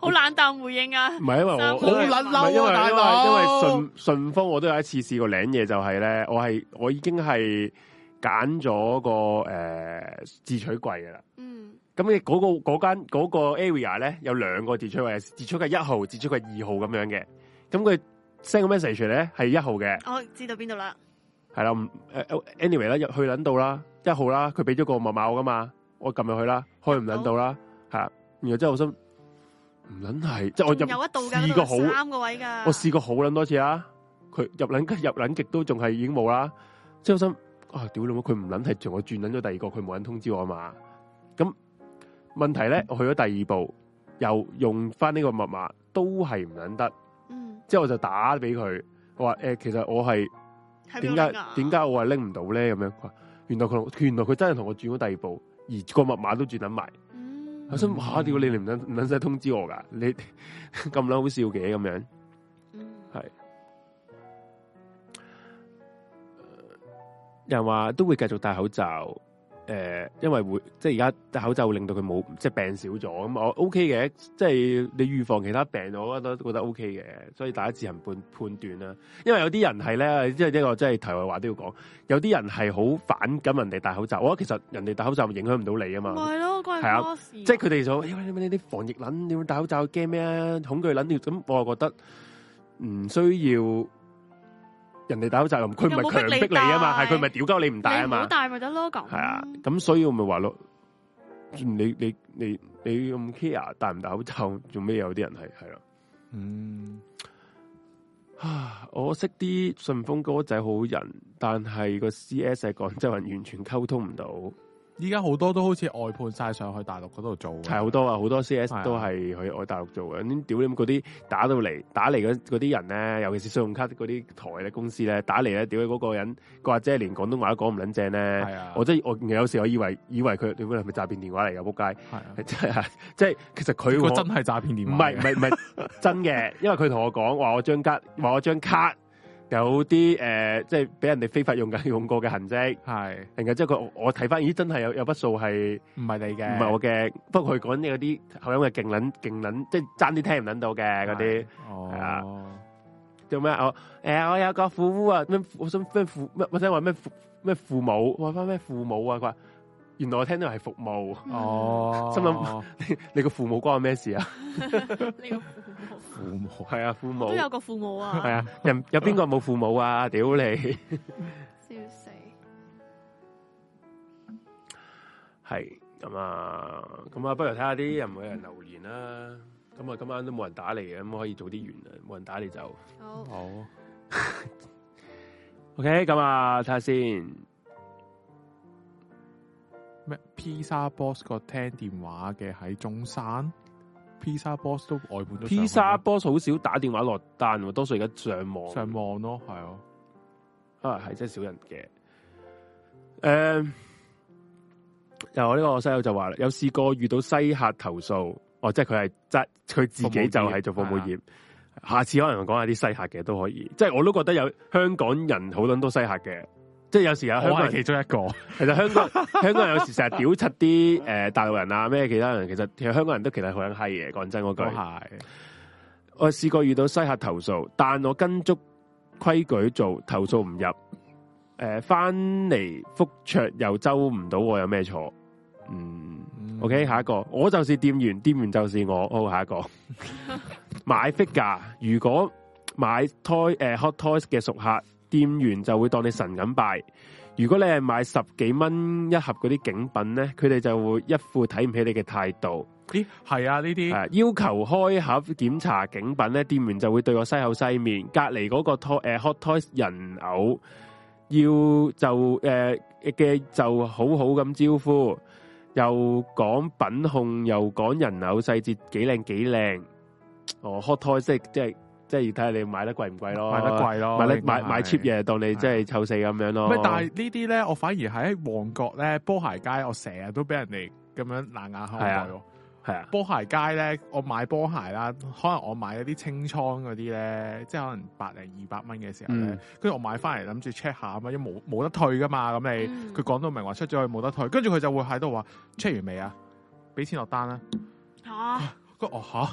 好冷淡 回應啊，唔係因為我好捻扭，因為因為因為順順豐我都有一次試過領嘢就係、是、咧，我係我已經係揀咗個誒、呃、自取櫃噶啦。嗯咁佢嗰個嗰間嗰個 area 咧有兩個接出，接出嘅一號，接出嘅二號咁樣嘅。咁佢 send 個 message 咧係一號嘅。我知道邊度、anyway，啦。係啦，誒，anyway 啦，入去捻到啦一號啦，佢俾咗個密碼我噶嘛，我撳入去啦，開唔捻到啦，吓到，然後真係我心唔捻係，即係我入有一度試過好啱個位噶，我試過好捻多次啦，佢入捻入捻極都仲係已經冇啦，即係我心啊，屌你媽，佢唔捻係，仲我轉捻咗第二個，佢冇人通知我嘛，咁。問題咧，嗯、我去咗第二步，又用翻呢個密碼，都係唔捻得。嗯，之後我就打俾佢，我話誒、欸，其實我係點解點解我話拎唔到咧？咁樣，佢話原來佢原來佢真係同我轉咗第二步，而個密碼都轉捻埋。嗯、我心吓，屌、嗯啊、你哋唔捻使通知我噶？你咁捻 好笑嘅咁樣，係、嗯呃。人話都會繼續戴口罩。誒，因為會即係而家戴口罩令到佢冇即係病少咗，咁我 OK 嘅，即係你預防其他病，我覺得覺得 OK 嘅，所以大家自行判判斷啦。因為有啲人係咧，即係一個即係題外話都要講，有啲人係好反感人哋戴口罩，我覺得其實人哋戴口罩影響唔到你啊嘛。係咯，關我、啊啊、即係佢哋就因為你啲防疫撚點戴口罩，驚咩啊？恐懼撚，咁我又覺得唔需要。人哋戴口罩，咁，佢唔係強逼你啊嘛，係佢咪屌鳩你唔戴啊嘛。你唔戴咪得咯咁。係啊，咁所以我咪話咯，你你你你咁 care 戴唔戴口罩，做咩有啲人係係咯？啊、嗯，啊，我識啲順豐哥仔好人，但係個 C S 係廣州人完全溝通唔到。依家好多都好似外判晒上去大陸嗰度做，係好多啊！好多 CS 都係去外大陸做嘅。屌你咁嗰啲打到嚟打嚟嗰啲人咧，尤其是信用卡嗰啲台咧公司咧打嚟咧，屌嗰個人，佢或者係連廣東話都講唔撚正咧。的我真、就是、我有時我以為以為佢點講係咪詐騙電話嚟㗎？撲街係啊！即係的、 就是、其實佢個真係詐騙電話，唔係唔係唔係真嘅，因為佢同我講話我張卡話我張卡。有啲誒，即係俾人哋非法用緊、用過嘅痕跡，係，然後即係佢我睇翻，咦，真係有有筆數係唔係你嘅？唔係我嘅，不過佢講啲嗰啲口音嘅勁撚勁撚，即係爭啲聽唔撚到嘅嗰啲，係、哦、啊，做咩？我誒、欸、我有個婦婦、啊、我我父，母父母啊，我想咩父，我聽話咩咩父母，話翻咩父母啊，佢話原來我聽到係服務，哦，心諗你個父母關我咩事啊？ 父母係啊，父母都有個父母啊。係啊，人有邊個冇父母啊？屌你！笑死。係咁啊，咁啊，不如睇下啲有冇人留言啦。咁啊，今晚都冇人打嚟嘅，咁可以早啲完啦。冇人打嚟就好。好 OK，咁啊，睇下先。咩？Pizza Boss 個聽電話嘅喺中山。Pizza boss 都外判，Pizza boss 好少打電話落單，多數而家上網上網咯，係哦，啊係真係少人嘅，誒、uh,，又我呢個細友就話啦，有試過遇到西客投訴，哦，即係佢係執佢自己就係做服務業，啊、下次可能講下啲西客嘅都可以，即係我都覺得有香港人好捻多西客嘅。即係有時有香港，港係其中一個。其實香港 香港人有時成日屌柒啲誒大陸人啊咩其他人。其實其實香港人都其實好想閪嘢，講真嗰句。是我試過遇到西客投訴，但我跟足規矩做投訴唔入。誒、呃，翻嚟覆卓又周唔到，我有咩錯？嗯，嗯，OK，下一個，我就是店員，店員就是我。好，下一個， 買 figure 如果買 toy 誒、呃、hot toys 嘅熟客。店員就會當你神咁拜，如果你係買十幾蚊一盒嗰啲景品咧，佢哋就會一副睇唔起你嘅態度。咦，係啊呢啲，要求開盒檢查景品咧，店員就會對我西口西面隔籬嗰個 toy 誒、呃、Hot Toys 人偶，要就誒嘅、呃、就好好咁招呼，又講品控，又講人偶細節幾靚幾靚。哦，Hot Toys 即係。即係睇下你買得貴唔貴咯，買得貴咯，買，買，買 che 當你 cheap 嘢到你即係臭死咁樣咯。但係呢啲咧，我反而喺旺角咧波鞋街，我成日都俾人哋咁樣冷眼看待係啊，波鞋街咧，我買波鞋啦，可能我買一啲清倉嗰啲咧，即係可能百零二百蚊嘅時候咧，跟住、嗯、我買翻嚟諗住 check 下啊嘛，因冇冇得退噶嘛。咁你佢講到明話出咗去冇得退，跟住佢就會喺度話 check 完未啊？俾錢落單啦吓？跟住我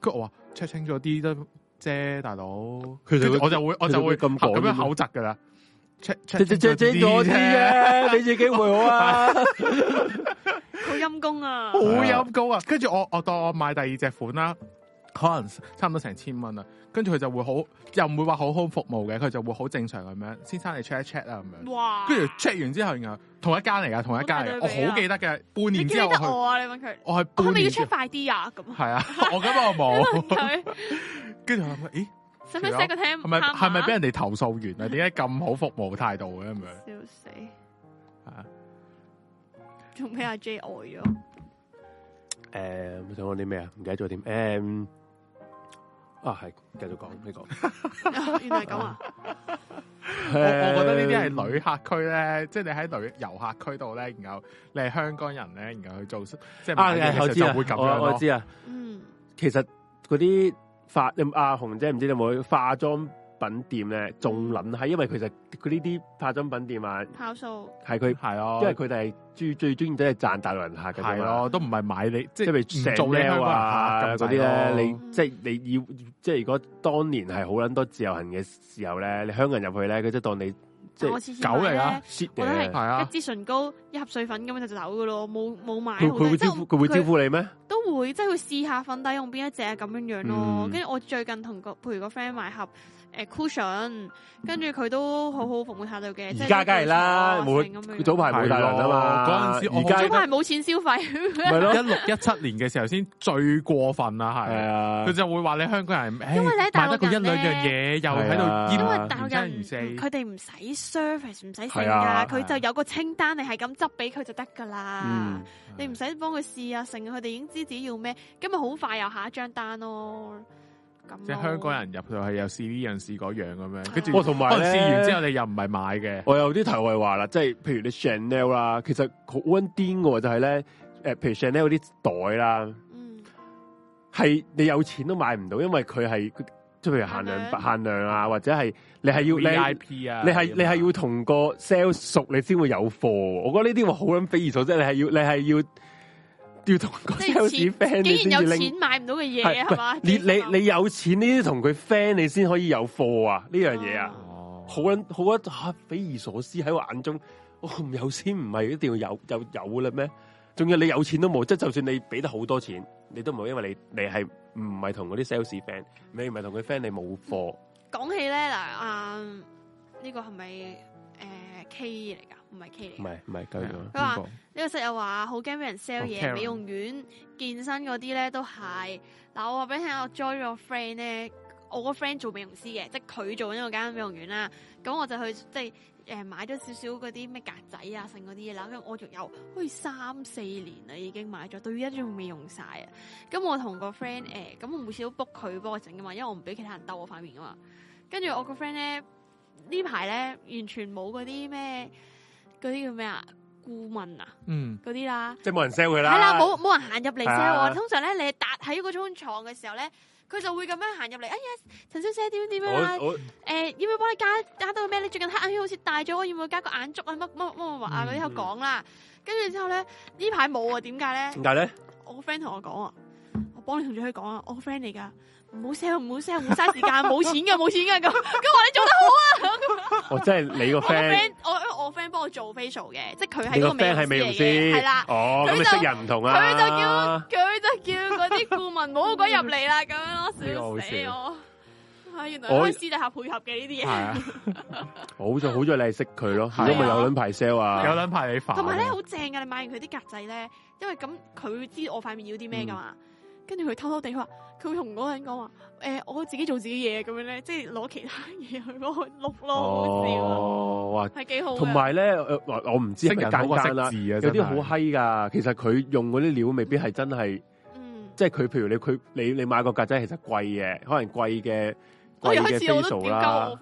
跟我話 check 清楚啲啫。啫，大佬，佢哋就我就會，就我就會咁咁樣口窒噶啦，check check check check 啲啫，俾自己會好啊，我 好陰功啊，好陰功啊，跟住我我，我當我買第二隻款啦。可能差唔多成千蚊啦，跟住佢就會好，又唔會話好好服務嘅，佢就會好正常咁樣，先生你 check 一 check 啊咁樣，跟住 check 完之後然後同一間嚟噶，同一間嚟，我好記得嘅，半年之後我你問佢，我係半年，你要 check 快啲啊，咁係啊，我咁我冇，跟住我話咦，使唔使個聽係咪係咪俾人哋投訴完啊？點解咁好服務態度嘅咁樣？笑死，啊，做咩啊？阿 J 呆咗，誒，想講啲咩啊？唔記得咗點誒。啊，係繼續講呢個，說 原來咁啊 我，我覺得呢啲係旅客區咧，即係 你喺旅遊客區度咧，然後你係香港人咧，然後去做即係，我、就、知、是、啊，啊，我知，我我知、嗯、啊，嗯，其實嗰啲化阿紅姐唔知你有冇化妝品店咧，仲諗係因為其實佢呢啲化妝品店啊，跑數係佢係咯，因為佢哋係最最鍾意都係賺大陸人客嘅，係咯，都唔係買你即係譬如做 sale 啊嗰啲咧，你即係你要即係如果當年係好撚多自由行嘅時候咧，你香港人入去咧，佢即係當你即係狗嚟啦，我係一支唇膏，一盒水粉咁就走噶咯，冇冇買，佢會招呼佢會招呼你咩？都會即係會試下粉底用邊一隻咁樣樣咯。跟住我最近同個譬如個 friend 買盒。誒，cushion，跟住佢都好好服務下到嘅。而家梗係啦，每早排冇大陸啊嘛，嗰陣時我早排係冇錢消費咪咯。一六一七年嘅時候先最過分啊，係。係啊。佢就會話你香港人，因為咧大陸咧，買得個一兩樣嘢又喺度，因為大陸人佢哋唔使 service，唔使剩㗎，佢就有個清單，你係咁執俾佢就得㗎啦。你唔使幫佢試啊，成日佢哋已經知自己要咩，咁咪好快又下一張單咯。啊、即係香港人入去係的著有試呢樣試嗰樣咁樣，跟住，我同埋咧，試完之後你又唔係買嘅。我有啲題外話啦，即係譬如你 Chanel 啦，其實好卵癲嘅，就係咧，誒，譬如 Chanel 嗰啲袋啦，係、嗯、你有錢都買唔到，因為佢係即譬如限量、嗯、限量啊，或者係你係要 VIP 啊，你係你係要同個 sales 熟，你先會有貨。嗯、我覺得呢啲話好卵匪夷所思，你係要，你係要。要同 sales friend 竟然有錢買唔到嘅嘢係嘛？你才你你，你有錢呢啲同佢 friend 你先可以有貨啊！呢、啊、樣嘢啊，好撚好撚、啊、匪夷所思喺我眼中。哦、有錢唔係一定要有有有嘅咩？仲要你有錢都冇，即係就算你俾得好多錢，你都冇，因為你你係唔係同嗰啲 sales friend、嗯、你唔係同佢 friend，你冇貨呢。講起咧嗱，啊、這、呢個係咪？K 嚟噶，唔係 K 嚟。唔係唔係咁樣。佢話：呢、就是、說那個室友話好驚俾人 sell 嘢，美容，美容院、健身嗰啲咧都係。嗱，我話俾你聽，我 join 咗個 friend 咧，我個 friend 做美容師嘅，即係佢做緊呢個間美容院啦。咁我就去即係誒、呃、買咗少少嗰啲咩格仔啊、剩嗰啲嘢啦。咁我仲有好似三四年啦，已經買咗，對於一樣未用晒。啊、欸。咁我同個 friend 誒，咁我每次都 book 佢幫我整噶嘛，因為我唔俾其他人兜我塊面噶嘛。跟住我個 friend 咧。呢排咧完全冇嗰啲咩嗰啲叫咩啊？顧問啊，嗯，嗰啲啦，即係冇人 sell 佢啦，係啦，冇冇人行入嚟 sell 喎。通常咧，你搭喺個張床嘅時候咧，佢就會咁樣行入嚟，哎呀，陳小姐點樣點樣啦，誒、啊欸，要唔要幫你加加多個咩？你最近黑眼圈好似大咗，要唔要加個眼足啊？乜乜乜乜話啲喺度講啦，跟住之後咧呢排冇啊？點解咧？點解咧？我個 friend 同我講啊，我幫你同住佢講啊，我個 friend 嚟噶。唔好 sell，唔好 sell，唔嘥時間，冇錢嘅，冇錢嘅咁。佢話你做得好啊！我真係你個 friend，我我 friend 幫我做 facial 嘅，即係佢喺度美容師係啦。哦，咁識人唔同啊。佢就叫佢就叫嗰啲顧問冇鬼入嚟啦，咁樣咯，笑死我。原來可以私底下配合嘅呢啲嘢。我好在好在你係識佢咯，如果唔有卵排 sell 啊，有卵排你煩。同埋咧好正嘅，你 m 完佢啲格仔咧，因為咁佢知我塊面要啲咩噶嘛。跟住佢偷偷地話，佢會同嗰個人講話，誒、欸，我自己做自己嘢，咁樣咧，即係攞其他嘢去攞去碌咯，哦，係幾好。同埋咧，我唔知係咪奸奸啦，啊、有啲好嗨噶其實佢用嗰啲料未必係真係，嗯，即係佢，譬如你佢你你買個格仔，其實貴嘅，可能貴嘅貴嘅飛數啦。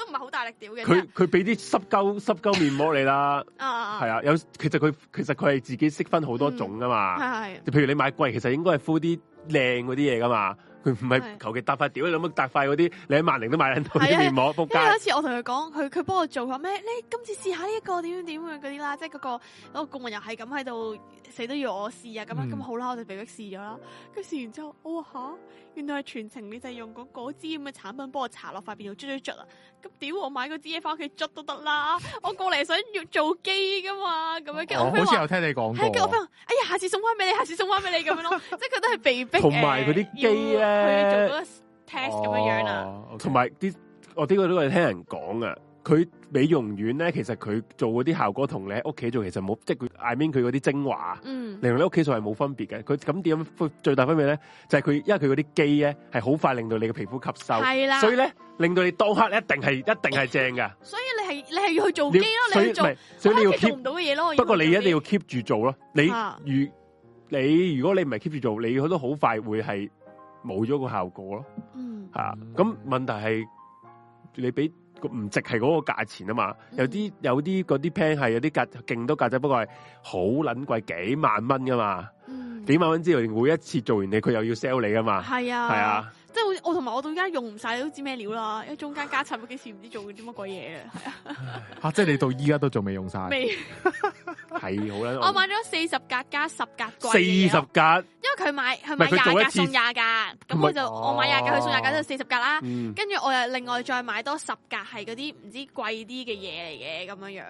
都唔係好大力屌嘅。佢佢俾啲濕溝濕溝面膜你啦。 啊啊係啊，啊，啊，有其實佢其實佢係自己識分好多種噶嘛。係係、嗯。是是是譬如你買貴，其實應該係敷啲靚嗰啲嘢噶嘛。佢唔係求其搭塊屌是是，你諗乜搭塊嗰啲，你喺萬寧都買得到啲面膜。因為有一次我同佢講，佢佢幫我做話咩？你今次試一下、這個、怎樣怎樣呢一個點點點嗰啲啦，即係、那、嗰個嗰、那個顧問又係咁喺度死都要我試啊咁樣。咁、嗯、好啦，我就俾佢試咗啦。佢試完之後，我話嚇、啊，原來全程你就用嗰支咁嘅產品幫我搽落塊面度，捽捽捽啊！咁屌我買嗰支嘢，翻屋企捽都得啦，我過嚟想要做機噶嘛，咁樣。跟住我、哦、好似有聽你講嘅，跟住我朋友，哎呀，下次送翻俾你，下次送翻俾你咁 樣咯，即係佢都係被逼，同埋佢啲機，佢做嗰個 test 咁、哦、樣樣啦，同埋啲，我、okay、啲、哦，這個都係聽人講噶，佢。 美容院咧，其實佢做嗰啲效果同你喺屋企做，其實冇即係，I mean 佢嗰啲精華，嗯你你，另外你屋企做係冇分別嘅。佢咁點最大分別咧，就係、是、佢因為佢嗰啲機咧係好快令到你嘅皮膚吸收，係啦，所以咧令到你當刻一定係一定係正噶。所以你係你係要去做機咯，你做，所以你要 keep 唔到嘅嘢咯。不過你一定要 keep 住做咯，你如、啊、你，你如果你唔係 keep 住做，你都好快會係冇咗個效果咯。吓咁、嗯啊、問題係你俾。唔值係嗰個價錢啊嘛、嗯有，有啲有啲嗰啲 plan 係有啲價勁多價值，不過係好撚貴幾萬蚊噶嘛，幾萬蚊、嗯、之後每一次做完你佢又要 sell 你噶嘛，係啊，係啊。即係我，我同埋我到而家用唔晒都知咩料啦，因為中間加插幾時，唔知做啲乜鬼嘢嘅，係啊、哦，吓，即係你到依家都仲未用晒，未係好啦。我買咗四十格加十格貴，四十格，因為佢買佢買廿格送廿格，咁我就我買廿格去送廿格，就四十格啦。跟住、嗯、我又另外再買多十格係嗰啲唔知貴啲嘅嘢嚟嘅咁樣樣。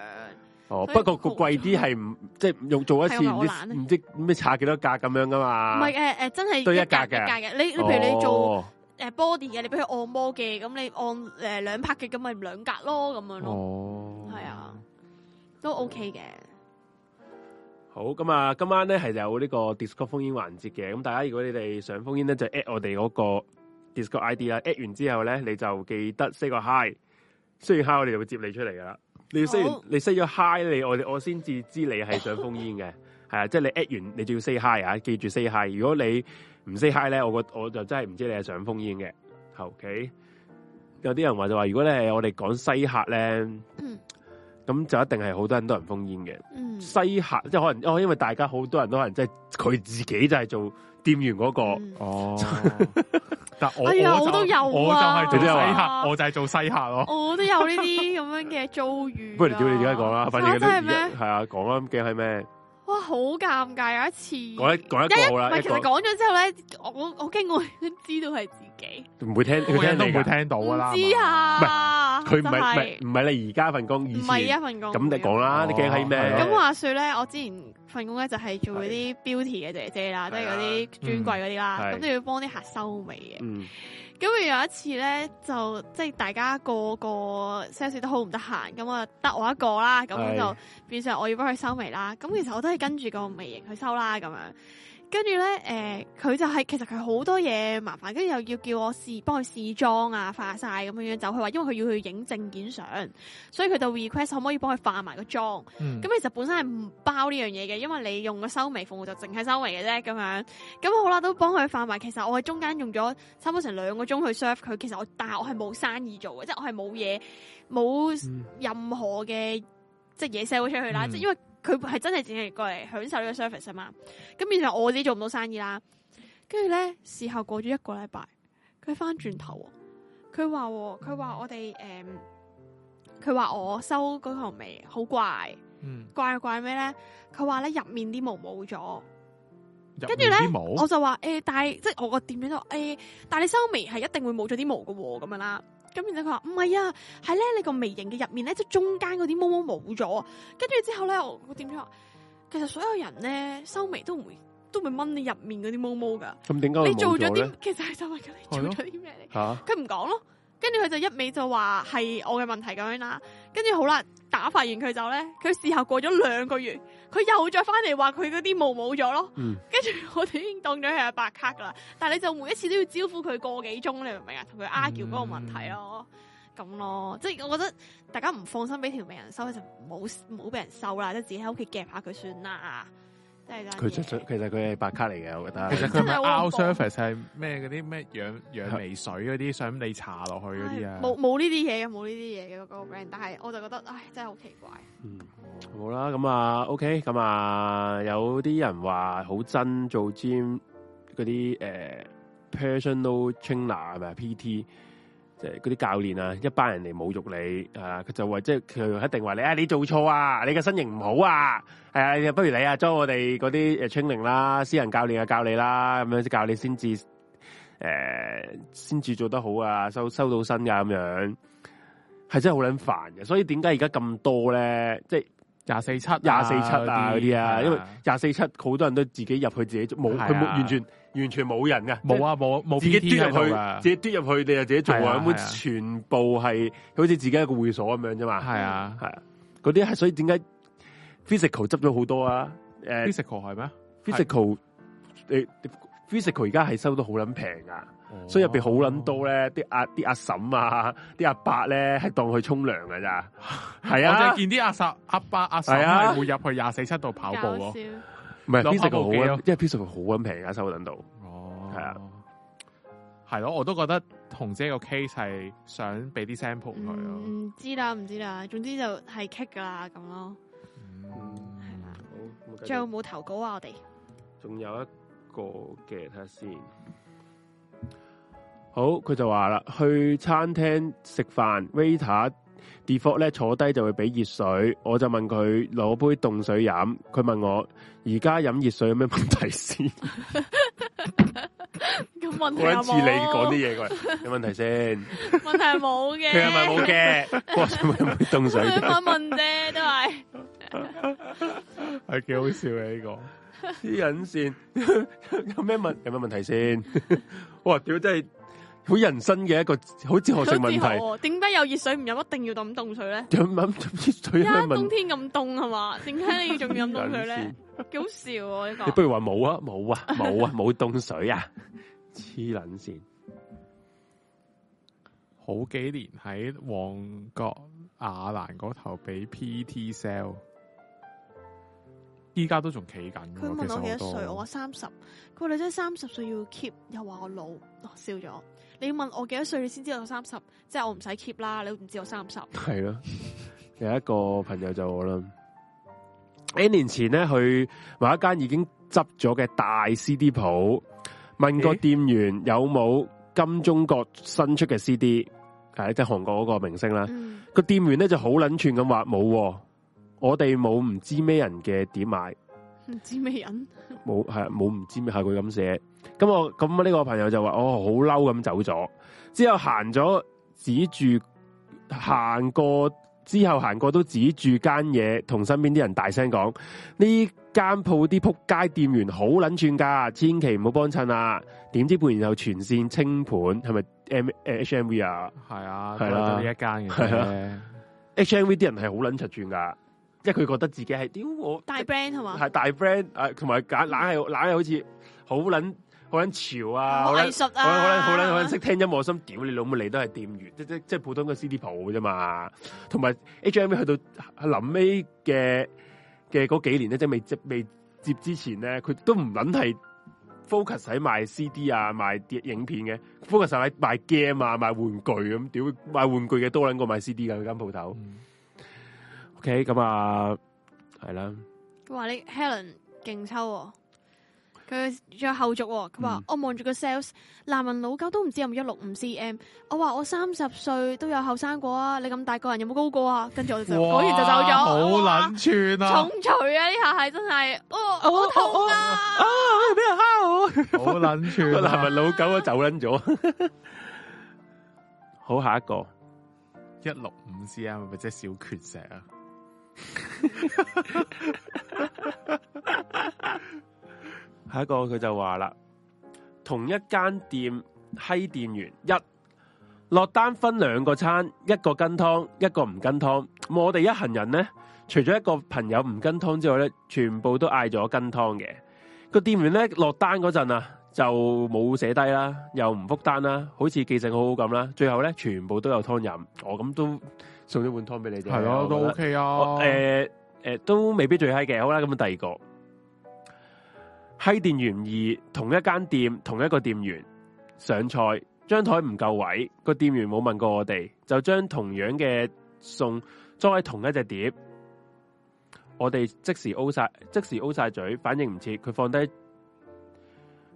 哦，不過個貴啲係唔即係用做一次唔知唔知咩差幾多格咁樣噶嘛？唔係誒誒，真係都一格嘅，你你譬如你做 body 嘅，你譬如按摩嘅，咁你按誒兩拍嘅咁咪兩格咯，咁樣咯，係啊，都 OK 嘅。好咁啊，今晚咧係有呢個 Discord 封煙環節嘅，咁大家如果你哋上封煙咧，就 at 我哋嗰個 Discord ID 啦，at 完之後咧你就記得 say 個 hi，say hi 我哋就會接你出嚟噶啦。你要 say 完，你 say 咗 hi 你，我我先至知你係想 phone in 嘅，係啊， 即係你 at 完，你就要 say hi 啊，記住 say hi, 如 hi、okay?。如果你唔 say hi 咧，我我我就真係唔知你係想 phone in 嘅。OK，有啲人話就話，如果咧我哋講西客咧，咁 就一定係好多人都人 phone in 嘅。 西客即係可能，因為大家好多人都可能即係佢自己就係做。店員嗰個哦，但係我我都有，我就係做西客，我就係做西客咯。我都有呢啲咁樣嘅遭遇。不如叫你而家講啦，反正都係咩？係啊，講啦，驚係咩？哇，好尷尬！有一次，講一講一個好啦，唔係其實講咗之後咧，我我驚我都知道係自己，唔會聽，我聽到唔會聽到啦。知啊，唔係佢唔係唔係你而家份工，唔係而家份工。咁你講啦，你驚係咩？咁話說咧，我之前，份工咧就係做啲 beauty 嘅姐姐啦，的即係嗰啲專櫃嗰啲啦，咁、嗯、都要幫啲客修眉嘅。咁而、嗯、有一次咧，就即係、就是、大家個個 sales 都好唔得閒，咁我就得我一個啦，咁的就變成我要幫佢修眉啦。咁其實我都係跟住個眉型去修啦，咁樣。跟住咧，誒佢、呃、就係、是、其實佢好多嘢麻煩，跟住又要叫我試幫佢試妝啊、化曬，咁樣就佢話因為佢要去影證件相，所以佢就 request 可唔可以幫佢化埋個妝。咁、嗯、其實本身係唔包呢樣嘢嘅，因為你用個修眉服務就淨係修眉嘅啫咁樣。咁好啦，都幫佢化埋。其實我喺中間用咗差唔多成兩個鐘去 serve 佢。其實我但我係冇生意做嘅，即係我係冇嘢冇任何嘅、嗯、即係嘢 sell 出去啦。即、嗯、因為佢係真係整嚟過嚟享受呢個 service 啊嘛，咁變咗我自己做唔到生意啦。跟住咧事後過咗一個禮拜，佢翻轉頭、哦，佢話佢話我哋誒，佢、嗯、話我收嗰頭眉好怪，嗯、怪怪咩咧？佢話咧入面啲毛冇咗，跟住咧我就話誒，但係即係我個店員都話誒，但係你收眉係一定會冇咗啲毛噶、哦，咁樣啦。咁然之後佢話唔係啊，喺咧你個眉型嘅入面咧，即係中間嗰啲毛毛冇咗。跟住之後咧，我點樣話？其實所有人咧修眉都唔會，都唔會掹你入面嗰啲毛毛噶。咁點解你做咗啲？其實係就係咁，你做咗啲咩嚟？吓、啊，佢唔講咯。跟住佢就一味就話係我嘅問題咁樣啦，跟住好啦，打發完佢就咧，佢事後過咗兩個月，佢又再翻嚟，話佢嗰啲毛冇咗咯，跟住、嗯、我哋已經當咗佢係白卡噶啦，但係你就每一次都要招呼佢個幾鐘，你明唔明啊？同佢拗撬嗰個問題咯，咁、嗯、咯，即係我覺得大家唔放心俾條命人收就唔好唔好俾人收啦，即係自己喺屋企夾下佢算啦。佢其實其實佢係白卡嚟嘅，我覺得。其實佢係 out service 係咩嗰啲咩養養眉水嗰啲，想你搽落去嗰啲啊。冇冇呢啲嘢嘅，冇呢啲嘢嘅嗰個 brand。但係我就覺得，唉、哎，真係好奇怪。嗯，好啦，咁啊，OK，咁啊，有啲人話好真做 gym 嗰啲誒 personal trainer 係咪 PT？即係嗰啲教練啊，一班人嚟侮辱你，啊佢就話即係佢一定話你啊，你做錯啊，你嘅身形唔好啊，係啊，不如你啊，將我哋嗰啲誒青檸啦，私人教練啊教你啦，咁樣教你先至誒，先、啊、至做得好啊，收收到身噶咁樣，係真係好捻煩嘅，所以點解而家咁多咧？即係廿四七、廿四七啊嗰啲啊，因為廿四七好多人都自己入去自己冇，佢冇是、啊、完全。完全冇人㗎，冇啊冇冇，自己端入去，自己端入去，你又自己做啊咁、啊、全部係好似自己一個會所咁樣啫嘛。係是啊，啊，係嗰啲係，所以點解 physical 執咗好多啊？誒，physical 係咩？physical 你是、啊、physical 而家係收到好捻平㗎，哦、所以入邊好捻多咧，啲、哦、阿啲阿嬸啊，啲阿伯咧係當去沖涼噶咋，係啊我，我就見啲阿叔阿伯阿嬸係會入去廿四七度跑步咯。唔係披薩好啱，因為披薩好啱平而家收緊度。哦了，係啊，係咯，我都覺得紅姐個 case 係想俾啲 sample 佢咯、嗯。唔、嗯、知啦，唔知啦，總之就係 kick 噶啦咁咯，係啊、嗯。仲了有冇投稿啊，我哋。仲有一個嘅，睇下先。好，佢就話啦，去餐廳食飯，waiter。熱伏咧坐低就會俾熱水，我就問佢攞杯凍水飲，佢問我而家飲熱水有咩問題先？冇 我一次你講啲嘢佢有問題先？ 問題冇嘅，佢係咪冇嘅？我使唔使凍水？我 問啫，都係係幾好笑嘅呢、這個啲隱線， 有咩問有咩問題先？ 題 哇！屌真係～好人生嘅一個好哲學性問題，點解、哦、有熱水唔飲，一定要飲凍水咧？飲飲熱水，而家冬天咁凍係嘛？點解 吧你要仲飲凍水咧？幾 好笑啊！你、這個、你不如話冇啊，冇啊，冇 啊，冇凍、啊、水啊！黐捻線，好幾年喺旺角雅蘭嗰頭俾 PT sell，依家都仲企緊。佢問我幾多歲，我話三十。佢話你真係三十歲要 keep，又話我老，我笑咗。你問我幾多歲，你先知道三十，即係我唔使 keep 啦。你唔知道我三十，係咯、啊。有一個朋友就我啦，幾年前咧去買一間已經執咗嘅大 CD 鋪，問個店員有冇金鐘國新出嘅 CD，係、欸啊、即係韓國嗰個明星啦。個、嗯、店員咧就好撚串咁話冇，我哋冇唔知咩人嘅點買。唔知咩人，冇係冇唔知咩係佢咁寫，咁我咁呢個朋友就話哦好嬲咁走咗，之後行咗指住行過之後行過都指住間嘢，同身邊啲人大聲講呢間鋪啲扑街店員好捻串噶，千祈唔好幫襯啊！點知半年後全線清盤，係咪 H M V 啊？係啊，係呀、啊，就呢一間嘅，係 H M V 啲人係好捻柒串噶。因為佢覺得自己係，屌 esper 我大 brand 係嘛，係大 brand，誒，同埋簡，懶係懶係，好似好捻好捻潮啊，好藝術啊，好捻好捻好捻識聽音樂，我心屌你老母嚟都係店員，即即即普通嘅 CD 鋪啫嘛。同埋 HMV 去到臨尾嘅嘅嗰幾年咧，即未未接之前咧，佢都唔捻係 focus 喺賣 CD 啊，賣碟影片嘅，focus 喺賣 game 啊，賣玩具咁，屌賣玩具嘅都捻過賣 CD 嘅嗰間鋪頭。O K，咁啊，係啦。佢話你 Helen 勁抽，哦，佢仲有後續，哦。佢話、嗯、我望住個 sales，男人老狗都唔知道有冇一六五 C M。我話我三十歲都有後生過啊，你咁大個人有冇高過啊？跟住我就哇果然就走咗。好捻串啊！哇重錘啊！呢下係真係，哦，哦好痛啊！哦哦、啊，人蝦好捻串，係咪、啊、男人老狗都了啊？走捻咗。好下一個，一六五 C M，咪即係小拳石啊！ 下一個佢就話啦，同一間店，嘿店員一落單分兩個餐，一個跟湯，一個唔跟湯。我哋一行人呢，除咗一個朋友唔跟湯之外，呢，全部都嗌咗跟湯嘅。個店員呢落單嗰陣啊，就冇寫低啦，又唔覆單啦，好似記性好好咁啦。最後呢，全部都有湯飲。我咁都。送一碗湯俾你哋，係咯都 OK 啊。誒誒、啊呃呃，都未必最嗨嘅。好啦，咁第二個，嗨店員二，同一間店同一個店員上菜，張台唔夠位，個店員冇問過我哋，就將同樣嘅餸裝喺同一隻碟，我哋即時 O 晒，即時 O 晒嘴，反應唔切，佢放低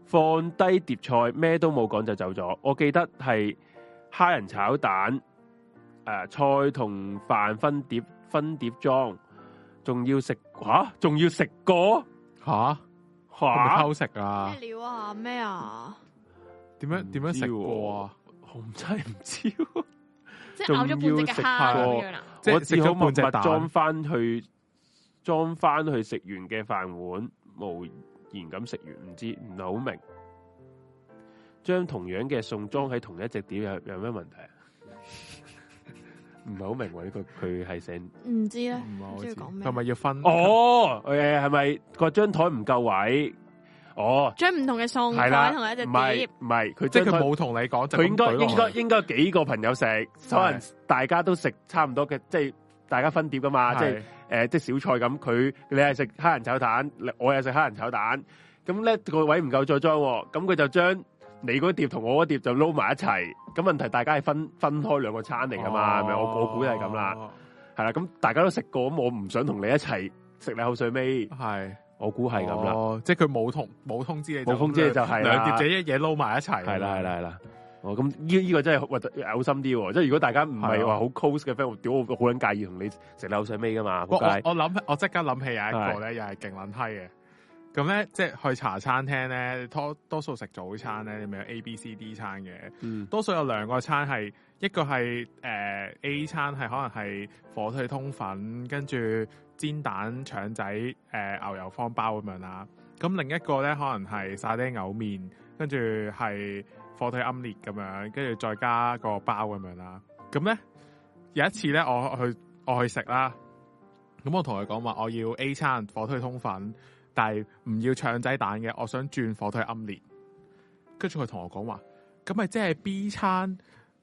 放低碟菜，咩都冇講就走咗。我記得係蝦仁炒蛋。誒、啊，菜同飯分碟分碟裝，仲要食吓？仲要食過吓？吓？偷食啊？咩哈、啊、料啊？咩啊？點麼樣點樣食過啊？我唔知唔知、啊。即係咬咗半隻嘅蝦啦，過即係食咗半隻蛋裝翻去裝翻去食完嘅飯碗，無言咁食完，唔知唔係好明。將同樣嘅餸裝喺同一隻碟有，有有咩問題啊？唔係好明喎，呢個佢係想唔知咧，唔知講咩？係咪要分？哦、oh, okay，誒，係咪個張台唔夠位？哦、oh, 的，將唔同嘅餸放喺同一隻碟？唔係，佢即係佢冇同你講，佢應該應該應該幾個朋友食，可能大家都食差唔多嘅，即係大家分碟噶嘛？的即係誒、呃，即係小菜咁。佢你係食蝦仁炒蛋，我又食蝦仁炒蛋。咁咧個位唔夠再裝、哦，咁佢就將你嗰碟同我嗰碟就撈埋一齊。咁問題，大家係分分開兩個餐嚟噶嘛？係咪、哦？我我估就係咁啦，係啦、哦。咁大家都食過，咁我唔想同你一齊食你口水尾，係的我估係咁啦。即係佢冇同冇通知你，冇通知你就係、是、兩兩的碟就一嘢撈埋一齊，係啦係啦係啦。哦，咁依呢個真係或者嘔心啲喎。即係如果大家唔係話好 close 嘅 f r 屌我好捻介意同你食你口水尾噶嘛？我我諗我即刻諗起有一個咧，又係勁捻閪嘅。咁咧，即係去茶餐廳咧，多多數食早餐咧，你咪有 A、B、C、D 餐嘅。嗯、多數有兩個餐，係一個係、呃、A 餐，係可能係火腿通粉，跟住煎蛋腸仔、呃、牛油方包咁樣啦。咁另一個咧，可能係沙爹牛麵，跟住係火腿奄列咁樣，跟住再加個包咁樣啦。咁咧有一次咧，我去我去食啦。咁我同佢講話，我要 A 餐火腿通粉。但係唔要腸仔蛋嘅，我想轉火腿奄列。他跟住佢同我講話，咁咪即係 B 餐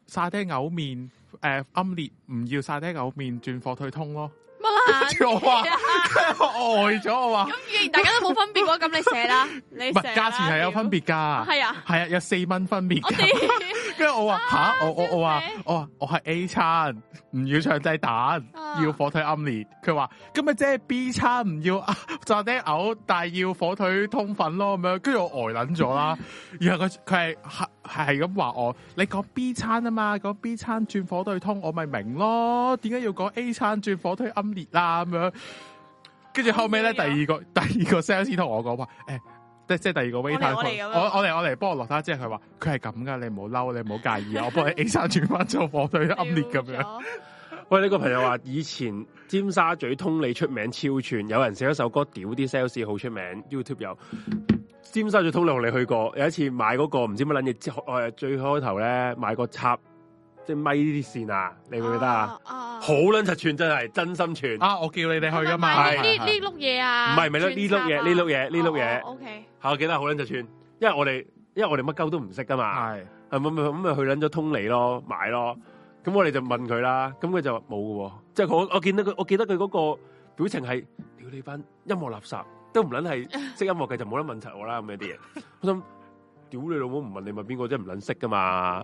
沙爹牛麵誒、呃，奄列，唔要沙爹牛麵，轉火腿通咯。事啊、我話呆咗，我話。咁既然大家都冇分別嘅話，咁 你寫啦。唔係，價不錢係有分別噶。係啊，係啊，有四蚊分別們。 跟住我話吓、啊，我知知我我話我我係 A 餐，唔要腸仔蛋，啊、要火腿奄列。佢話咁咪即係 B 餐，唔要炸爹牛，但係要火腿通粉咯咁樣。跟住我呆撚咗啦，然後佢佢係係係咁話我：你講 B 餐啊嘛，講 B 餐轉火腿通，我咪明咯。點解要講 A 餐轉火腿奄列啦、啊、咁樣。跟住後尾咧，嗯嗯、第二個、嗯、第二個 sales 同我講話：誒、哎。即即第二個 waiter，我嚟我嚟時我嚟幫我落單，即係佢話佢係咁㗎，你唔好嬲，你唔好介意， 我幫你 A 三轉返做火腿奄列咁樣。 喂，呢、呢個朋友話以前尖沙咀通利出名超串，有人寫咗一首歌屌啲 sales 好出名，YouTube 有。尖沙咀通利我哋去過，有一次買嗰個唔知乜撚嘢，我係最開頭咧買個插。即係咪呢啲線啊？你記唔記得啊？好撚柒串真係，真心串。啊！我叫你哋去噶嘛，呢呢碌嘢啊？唔係咪呢碌嘢呢碌嘢呢碌嘢。O K，我記得好撚柒串，因為我哋因為我哋乜鳩都唔識噶嘛，係係咪咁咪去捻咗通利咯，買咯，咁我哋就問佢啦，咁佢就冇噶，即係我我見到佢，我記得佢嗰個表情係屌你班音樂垃圾，都唔捻係識音樂嘅，就冇得問柒我啦咁樣啲嘢。我諗屌你老母，唔問你問邊個啫？唔捻識噶嘛。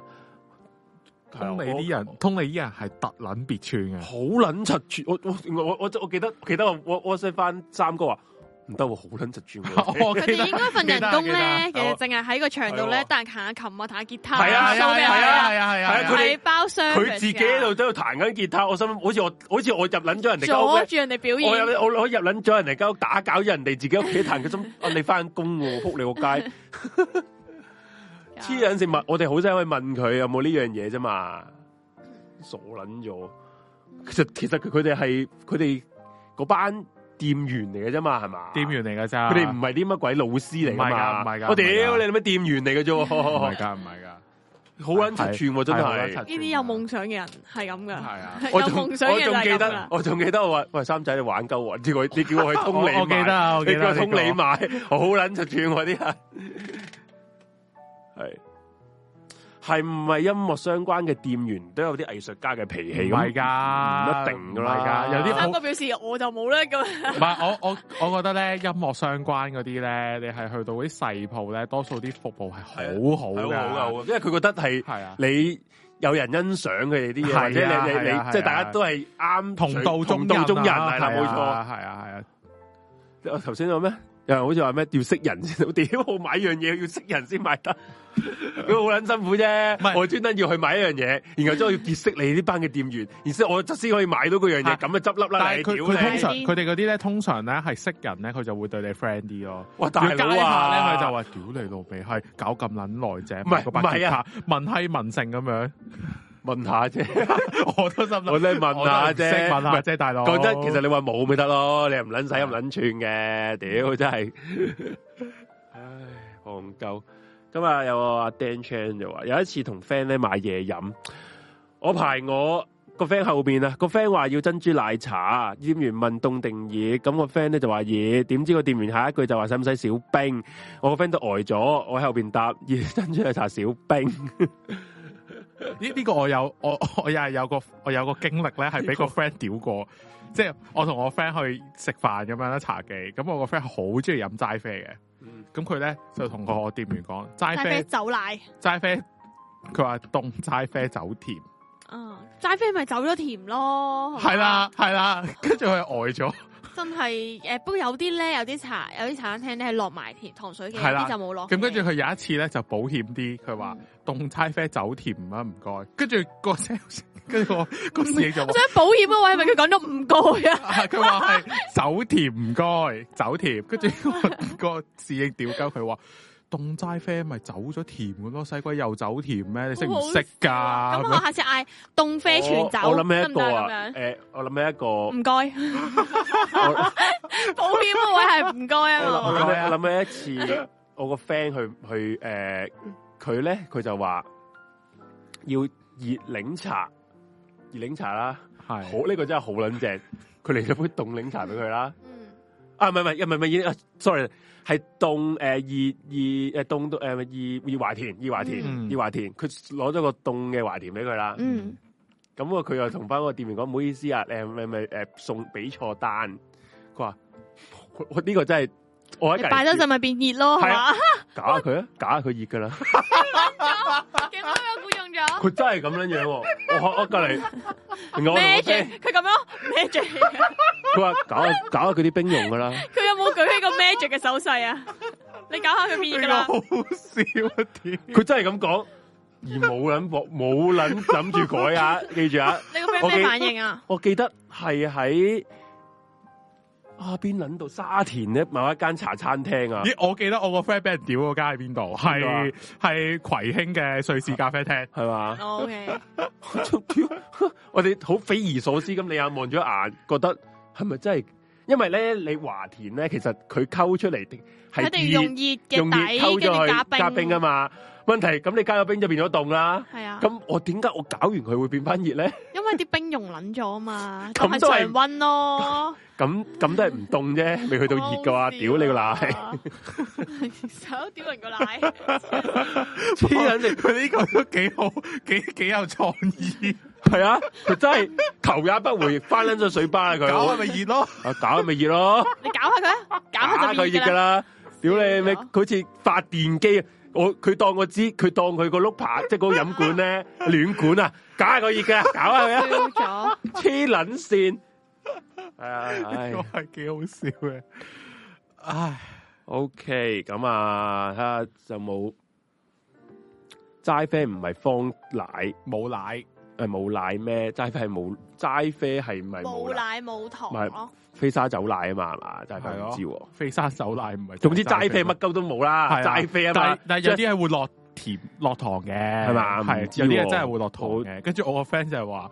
通利啲人，通利啲人係特捻別串嘅，好捻窒住。我我我我我記得，記得我我細翻三哥話唔得喎，好捻窒住。佢哋應該份人工咧，其實淨係喺個場度咧，彈下琴啊，彈下吉他。係啊係啊係啊係啊，係包廂。佢自己喺度都彈緊吉他，我心好似我，好似我入撚咗人哋，阻住人哋表演。我我我入撚咗人哋間屋，打攪咗人哋，自己屋企彈嘅鐘，我哋翻工喎，仆你個街。黐緊食物，我哋好想可以問佢有冇呢樣嘢啫嘛？傻捻咗，其實其實佢哋係佢哋嗰班店員嚟嘅啫嘛，係嘛？店員嚟噶咋？佢哋唔係啲乜鬼老師嚟噶嘛？唔係噶，我屌你哋咩店員嚟嘅啫？唔係噶，唔係噶，好捻柒串，真係。呢啲有夢想嘅人係咁噶，係啊，有夢想嘅就係咁啦。我仲記得我話喂，三仔你玩鳩我，你叫你叫我去通你買，你叫通你買，好捻柒串我啲人。係係唔係音樂相關嘅店員都有啲藝術家嘅脾氣咁啊？唔一定噶啦，而家有啲阿哥表示我就冇咧咁。唔係我我我覺得咧音樂相關嗰啲咧，你係去到啲細鋪咧，product，多數啲服務係好、啊、好噶，因為佢覺得係係啊，你有人欣賞佢哋啲嘢，或者你你你，即係大家都係啱同道中道中人，係冇錯，係啊係啊。我頭先有咩？又好似話咩要識人，屌，我買樣嘢要識人先買得，咁好捻辛苦啫。我專登要去買一樣嘢，然後都要結識你呢班嘅店員，然之後我先可以買到嗰樣嘢咁嘅執笠啦。但係佢通常佢哋嗰啲咧，通常咧係識人咧，佢就會對你 friend 啲咯。哇，大佬呀咧佢就話屌你老味，係搞咁捻耐啫，唔係唔係啊，文氣文性咁樣。問下啫， 我都心諗。我，我真，問下啫，唔係啫，大佬。講真，其實你話冇咪得咯，你又唔卵使，又唔卵串嘅，屌是的，真係， 唉，憨鳩。咁啊，有阿 Dan Chan 就話，有一次同 friend 咧買嘢飲，我排我個 friend 後邊啊，個 friend 話要珍珠奶茶，店員問凍定熱，咁個 friend 咧就話熱，知點知個店員下一句就話使唔使小冰，我個 friend 都呆咗，我喺後邊答熱珍珠奶茶小冰。 呢呢 個我有我我又係有個我有，個，我有個經歷咧，係俾個 friend 屌過， 即係我同我 friend 去食飯咁樣啦，茶記。咁我個 friend 好中意飲齋啡嘅，咁佢咧就同個店員講齋啡走奶，齋啡佢話凍齋啡走甜，嗯、呃、齋啡咪走咗甜咯，係啦係啦，跟住佢呆咗。 真係誒，不過、呃、有啲咧，有啲茶，有啲茶餐廳咧係落埋甜糖水嘅，有啲就冇落。咁跟住佢有一次咧就保險啲，佢話凍差啡走甜啊，唔該。跟住個 s 跟住、嗯、個侍應就我想保險啊，我係咪佢講咗唔該呀？佢話係走甜唔該，走甜。跟住個侍應屌鳩佢話。凍齋啡咪走咗甜嘅咯，四季又走甜咩？你識唔識噶？咁我下次嗌凍啡全走咁樣。誒，我諗起一個，唔該，抱歉啊，我係唔該啊。我諗起一次，我個 friend 去去誒，佢咧佢就話要熱檸茶，熱檸茶啦，係好呢個真係好撚正，佢嚟咗杯凍檸茶俾佢啦。嗯，啊唔係唔係唔係 sorry 係凍誒熱熱誒凍誒熱熱華田熱華田熱華田，佢攞咗個凍嘅華田俾佢啦。咁啊、嗯嗯，佢又同翻嗰個店員講唔、嗯、好意思啊，誒咪咪誒送俾錯單。佢話，呢、這個真係我一擺咗陣咪變熱咯，搞下佢熱啊，搞下佢熱噶啦。用咗，竟然開個古用咗，佢真係咁樣樣喎！我我隔籬，magic，佢咁樣，magic，佢話搞下搞下佢啲兵用噶啦，佢有冇舉起個 magic 嘅手勢啊？你搞下佢面啦，好笑一啲！屌，佢真係咁講而冇諗博，冇諗諗住改啊！記住啊，你個 friend 咩反應啊？我記得係喺。啊！邊諗到沙田咧，某一間茶餐廳啊？咦、欸！我記得我個 friend 俾人屌嗰間喺邊度？係係、啊、葵興嘅瑞士咖啡廳係嘛？O K，我哋好匪夷所思咁，你眼望咗眼，覺得係咪真係？因為咧，你華田咧，其實佢溝出嚟係熱，用熱嘅底跟住加冰加冰啊嘛！問題，咁你加咗冰就變咗凍啦，係啊，咁我點解我搞完佢會變翻熱咧？因為啲冰融捻咗啊嘛，咁就係溫咯。咁咁都係唔凍啫，未去到熱噶話！屌你個奶，手屌人個奶，黐人嚟。佢呢個都幾好，幾幾有創意。係啊，佢真係頭也不回翻捻咗水巴啊！佢搞咪熱咯，啊搞咪熱咯，你搞下佢，搞下就熱噶啦。屌你，你好似發電機啊！我佢當我知，佢當佢個碌扒即係嗰個飲管咧，暖 管啊，搞下個熱嘅，搞下佢啊，錯、哎，黐捻線，係、okay，啊，呢個係幾好笑嘅，唉，OK，咁啊，睇下就冇齋啡，唔係放奶，冇奶。係冇奶咩？齋啡係冇，齋啡係唔係冇奶冇糖咪咯？飛砂走奶啊嘛，係嘛？但係唔知，飛砂走奶唔係。總之齋啡乜鳩都冇啦，齋啡啊嘛。但係有啲係會落甜落糖嘅，係嘛？係有啲係真係會落糖嘅。跟住我個 friend 就係話。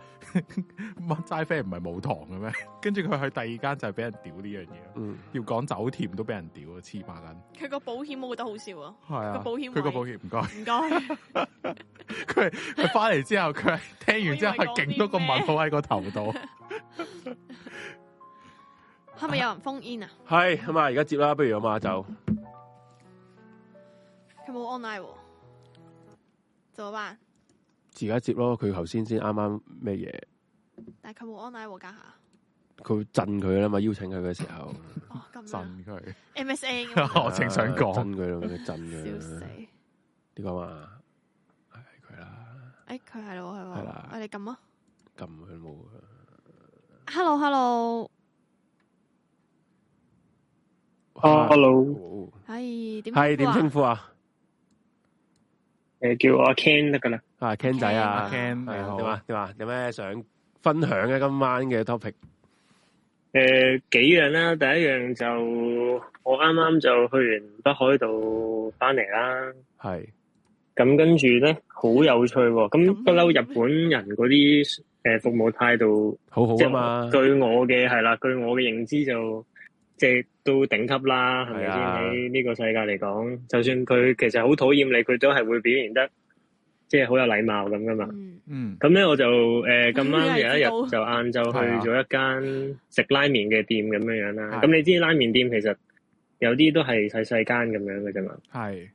麥齋啡唔係冇糖嘅咩？跟住佢去第二間就係俾人屌呢樣嘢，要講酒店都俾人屌，黐孖筋。佢個保險我覺得好笑啊，係啊，佢個保險唔該唔該。佢佢翻嚟之後，佢聽完之後係勁多個問號喺個頭度，係 咪有人 phone in 啊？係咁啊，而家接啦，不如我阿舅，佢冇、嗯、online 喎、啊，怎麼自家接咯，佢頭先先啱啱咩嘢？但係佢冇安奶喎家下。佢震佢啦嘛，邀請佢嘅時候， 哦啊、震佢他。M S N， 我正想講佢咯，震佢。笑死！點講啊？係佢啦。誒，佢係咯，係嘛？係啦。我哋撳啊！撳佢冇啊！Hello，Hello，Hello。係點？係點稱呼啊？誒，叫我 Ken 得噶啦。啊，Ken 仔啊，係點 Ken, 啊？點啊 Ken, 好？你有咩想分享咧、啊？今晚嘅 topic，誒，幾樣啦。第一樣就我啱啱就去完北海道翻嚟啦。係是。咁跟住咧，好有趣、啊。咁不嬲，日本人嗰啲誒服務態度好好啊嘛。就是、據我嘅係啦，據我嘅認知就即係都頂級啦，係咪先？喺呢、這個世界嚟講，就算佢其實好討厭你，佢都係會表現得。即係好有禮貌咁噶嘛，咁咧、嗯、我就誒、呃、今晚有一日就晏晝去咗一間食拉麵嘅店咁樣啦。咁的你知拉麵店其實有啲都係細細間咁樣嘅啫嘛。係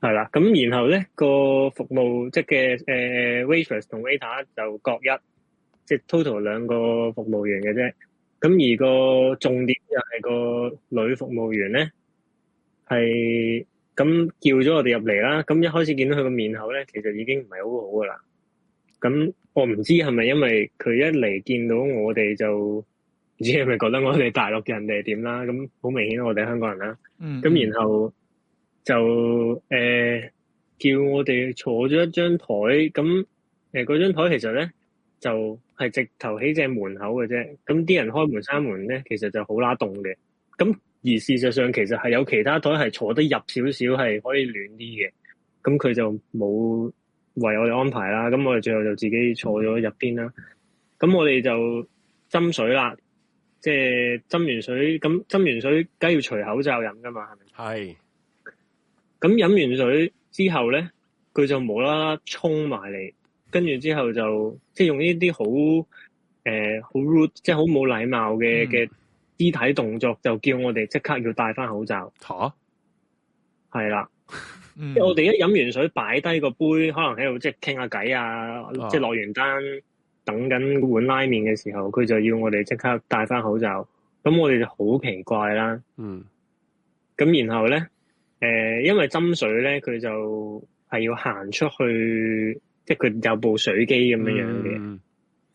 係啦，咁然後咧、個服務即係誒、呃、waitress 同 waiter 就各一，即係 total 兩個服務員嘅啫。咁而個重點就係個女服務員咧係。咁叫咗我哋入嚟啦，咁一開始見到佢個面口咧，其實已經唔係好好噶啦。咁我唔知係咪因為佢一嚟見到我哋就唔知係咪覺得我哋大陸人哋係點啦？咁好明顯我哋香港人啦。咁、嗯嗯、然後就誒、呃、叫我哋坐咗一張台，咁誒嗰張台其實咧就係、是、直頭喺正門口嘅啫。咁啲人開門閂門咧，其實就好拉凍嘅。咁而事實上其實係有其他台係坐得入少少係可以暖啲嘅，咁佢就冇為我哋安排啦。咁我哋最後就自己坐咗入邊啦。咁我哋就斟水啦，即係斟完水，咁斟完水，梗係要除口罩飲噶嘛，係咪？係是。咁飲完水之後咧，佢就無啦啦衝埋嚟，跟住之後就即係用呢啲好誒好 rude，即係好冇禮貌嘅嘅。嗯肢體動作就叫我哋即刻要戴翻口罩。吓，係啦，即我哋一飲完水擺低個杯，可能喺度即係傾下偈啊，啊即係落完單等緊碗拉麵嘅時候，佢就要我哋即刻戴翻口罩。咁我哋就好奇怪啦。嗯。咁然後咧，誒、呃，因為斟水咧，佢就係要行出去，即係佢有部水機咁樣樣嘅。嗯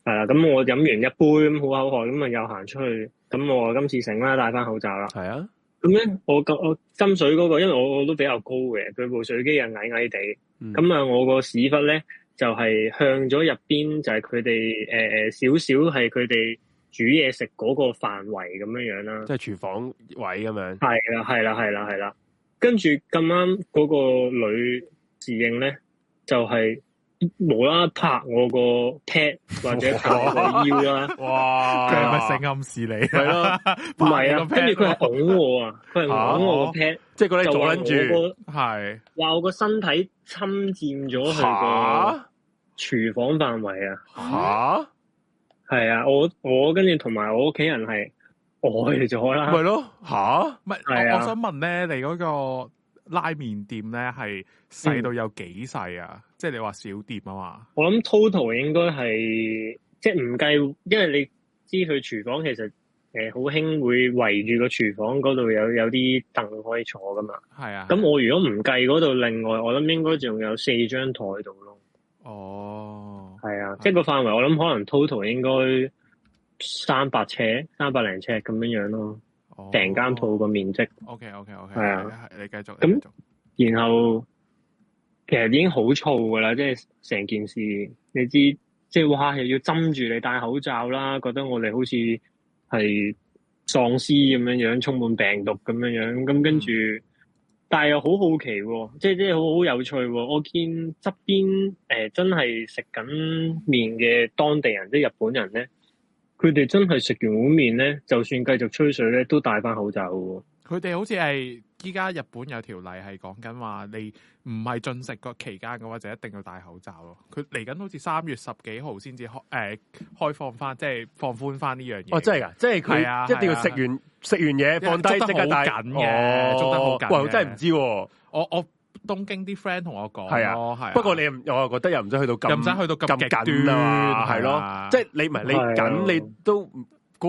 係啦，咁我飲完一杯咁好口渴，咁啊又行出去，咁我今次醒啦，戴翻口罩啦。係啊呢，咁咧我我斟水嗰個，因為我我都比較高嘅，佢部水機又矮矮地，咁啊、嗯、我個屎忽咧就係向咗入邊，就係佢哋誒少少係佢哋煮嘢食嗰個範圍咁樣樣啦。即係廚房位咁樣。係啦，係啦，係啦，係啦，跟住咁啱嗰個女侍應咧，就係。無啦拍我個 pad 或者拍我個腰啦，哇！佢係咪性暗示你？係咯吧，唔係 啊？跟住佢係拱我啊！佢係拱我 pad，即係嗰啲坐捻住，係話、啊、我個、啊、身體侵佔咗佢個廚房範圍啊！吓、啊，係、嗯、啊！我我跟住同埋我屋企人係呆咗啦，係咯吓？乜、啊、係？我想問咧，你嗰個拉麵店咧係細到有幾細啊？嗯即係你話小店啊嘛？我諗 total 應該係，即係唔計，因為你知佢廚房其實誒，好興會圍住個廚房嗰度有有啲凳可以坐噶嘛。係啊。咁我如果唔計嗰度，另外我諗應該仲有四張台度咯。哦，係啊，即係、啊、個範圍，我諗可能 total 應該三百尺、三百零尺咁樣樣咯。成間鋪個面積。O K，O K，O K。係啊，okay，啊你繼續。咁那然後。其實已經好燥噶啦，即係成件事，你知即係話係要針住你戴口罩啦，覺得我哋好似係喪屍咁樣樣，充滿病毒咁樣樣，咁跟住，但係又好好奇喎，即係即係好好有趣喎。我見側邊誒，真係食緊麵嘅當地人，即係日本人咧，佢哋真係食完碗麵咧，就算繼續吹水咧，都戴翻口罩。佢哋好似係。依家日本有條例係講緊話，你唔係進食個期間嘅話，就一定要戴口罩咯。佢嚟緊好似三月十幾號先至開，誒開放翻，即係放寬翻呢樣嘢。哦，真係㗎，即係佢一定要食完食完嘢放低，即刻戴。緊嘅，捉得好緊的。真係唔知喎。我的、啊、我，我東京啲 friend 同我講，係啊，啊啊不過你我又覺得又唔使去到咁，又唔使去到咁極端、啊，係咯、啊，即係、啊啊、你唔係你緊你都。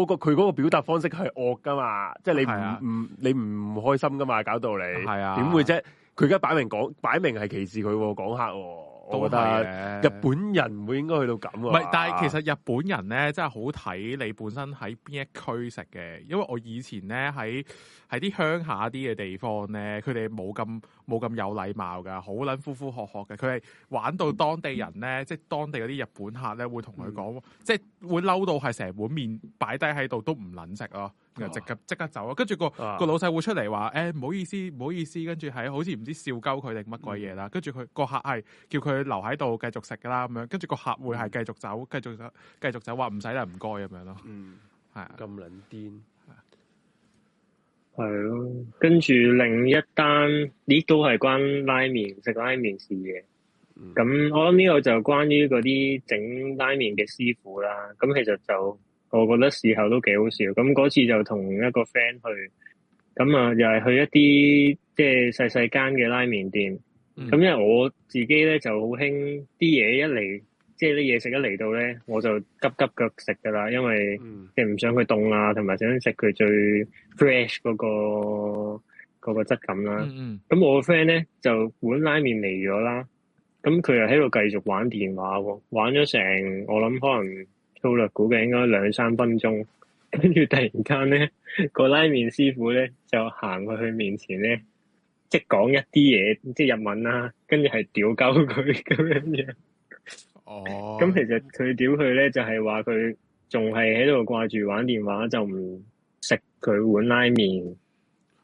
佢嗰個表達方式係惡噶嘛，即係你唔唔，係啊，你唔開心噶嘛，搞到你，係啊，點會啫？佢而家擺明講，擺明係歧視佢哦，講客哦，我覺得日本人唔會應該去到咁。唔係，但係其實日本人咧，真係好睇你本身喺邊一區食嘅，因為我以前咧喺喺啲鄉下啲嘅地方咧，佢哋冇咁。冇咁有禮貌噶，好撚呼呼喝喝嘅。佢係玩到當地人咧，嗯、即係當地嗰啲日本客咧，會同佢講，嗯、即會嬲到係成碗麵擺低喺度都唔撚食咯，然後即刻即刻走啊。跟住、那個、啊、個老細會出嚟話：誒、欸、唔好意思，唔好意思。跟住係好似唔知笑鳩佢定乜鬼嘢啦。跟住佢個客係叫佢留喺度繼續食㗎啦咁樣。跟住個客會係繼續走，繼續走，繼續走，話唔使啦，唔該咁樣咯。嗯，啊，咁撚癲。係咯，跟住、啊、另一單呢都係關拉麵，食拉麵事嘅。咁、嗯、我諗呢個就關於嗰啲整拉麵嘅師傅啦。咁其實就我覺得事後都幾好笑。咁嗰次就同一個 friend 去，咁啊又係去一啲即係細細間嘅拉麵店。咁、嗯、因為我自己咧就好興啲嘢一嚟。即係啲嘢食一嚟到咧，我就急急腳食噶啦，因為即係唔想佢凍啊，同埋想食佢最 fresh 嗰、嗰個嗰、嗰個質感啦。咁、mm hmm. 我個 friend 咧就碗拉麵嚟咗啦，咁佢又喺度繼續玩電話，玩咗成我諗可能粗略估計應該兩三分鐘，跟住突然間咧個拉麵師傅咧就行去佢面前咧，即係講一啲嘢，即係日文啦、啊，跟住係屌鳩佢咁樣樣。 哦，咁、oh, 嗯、其實佢屌佢咧，就係話佢仲係喺度掛住玩電話，就唔食佢碗拉麵，oh,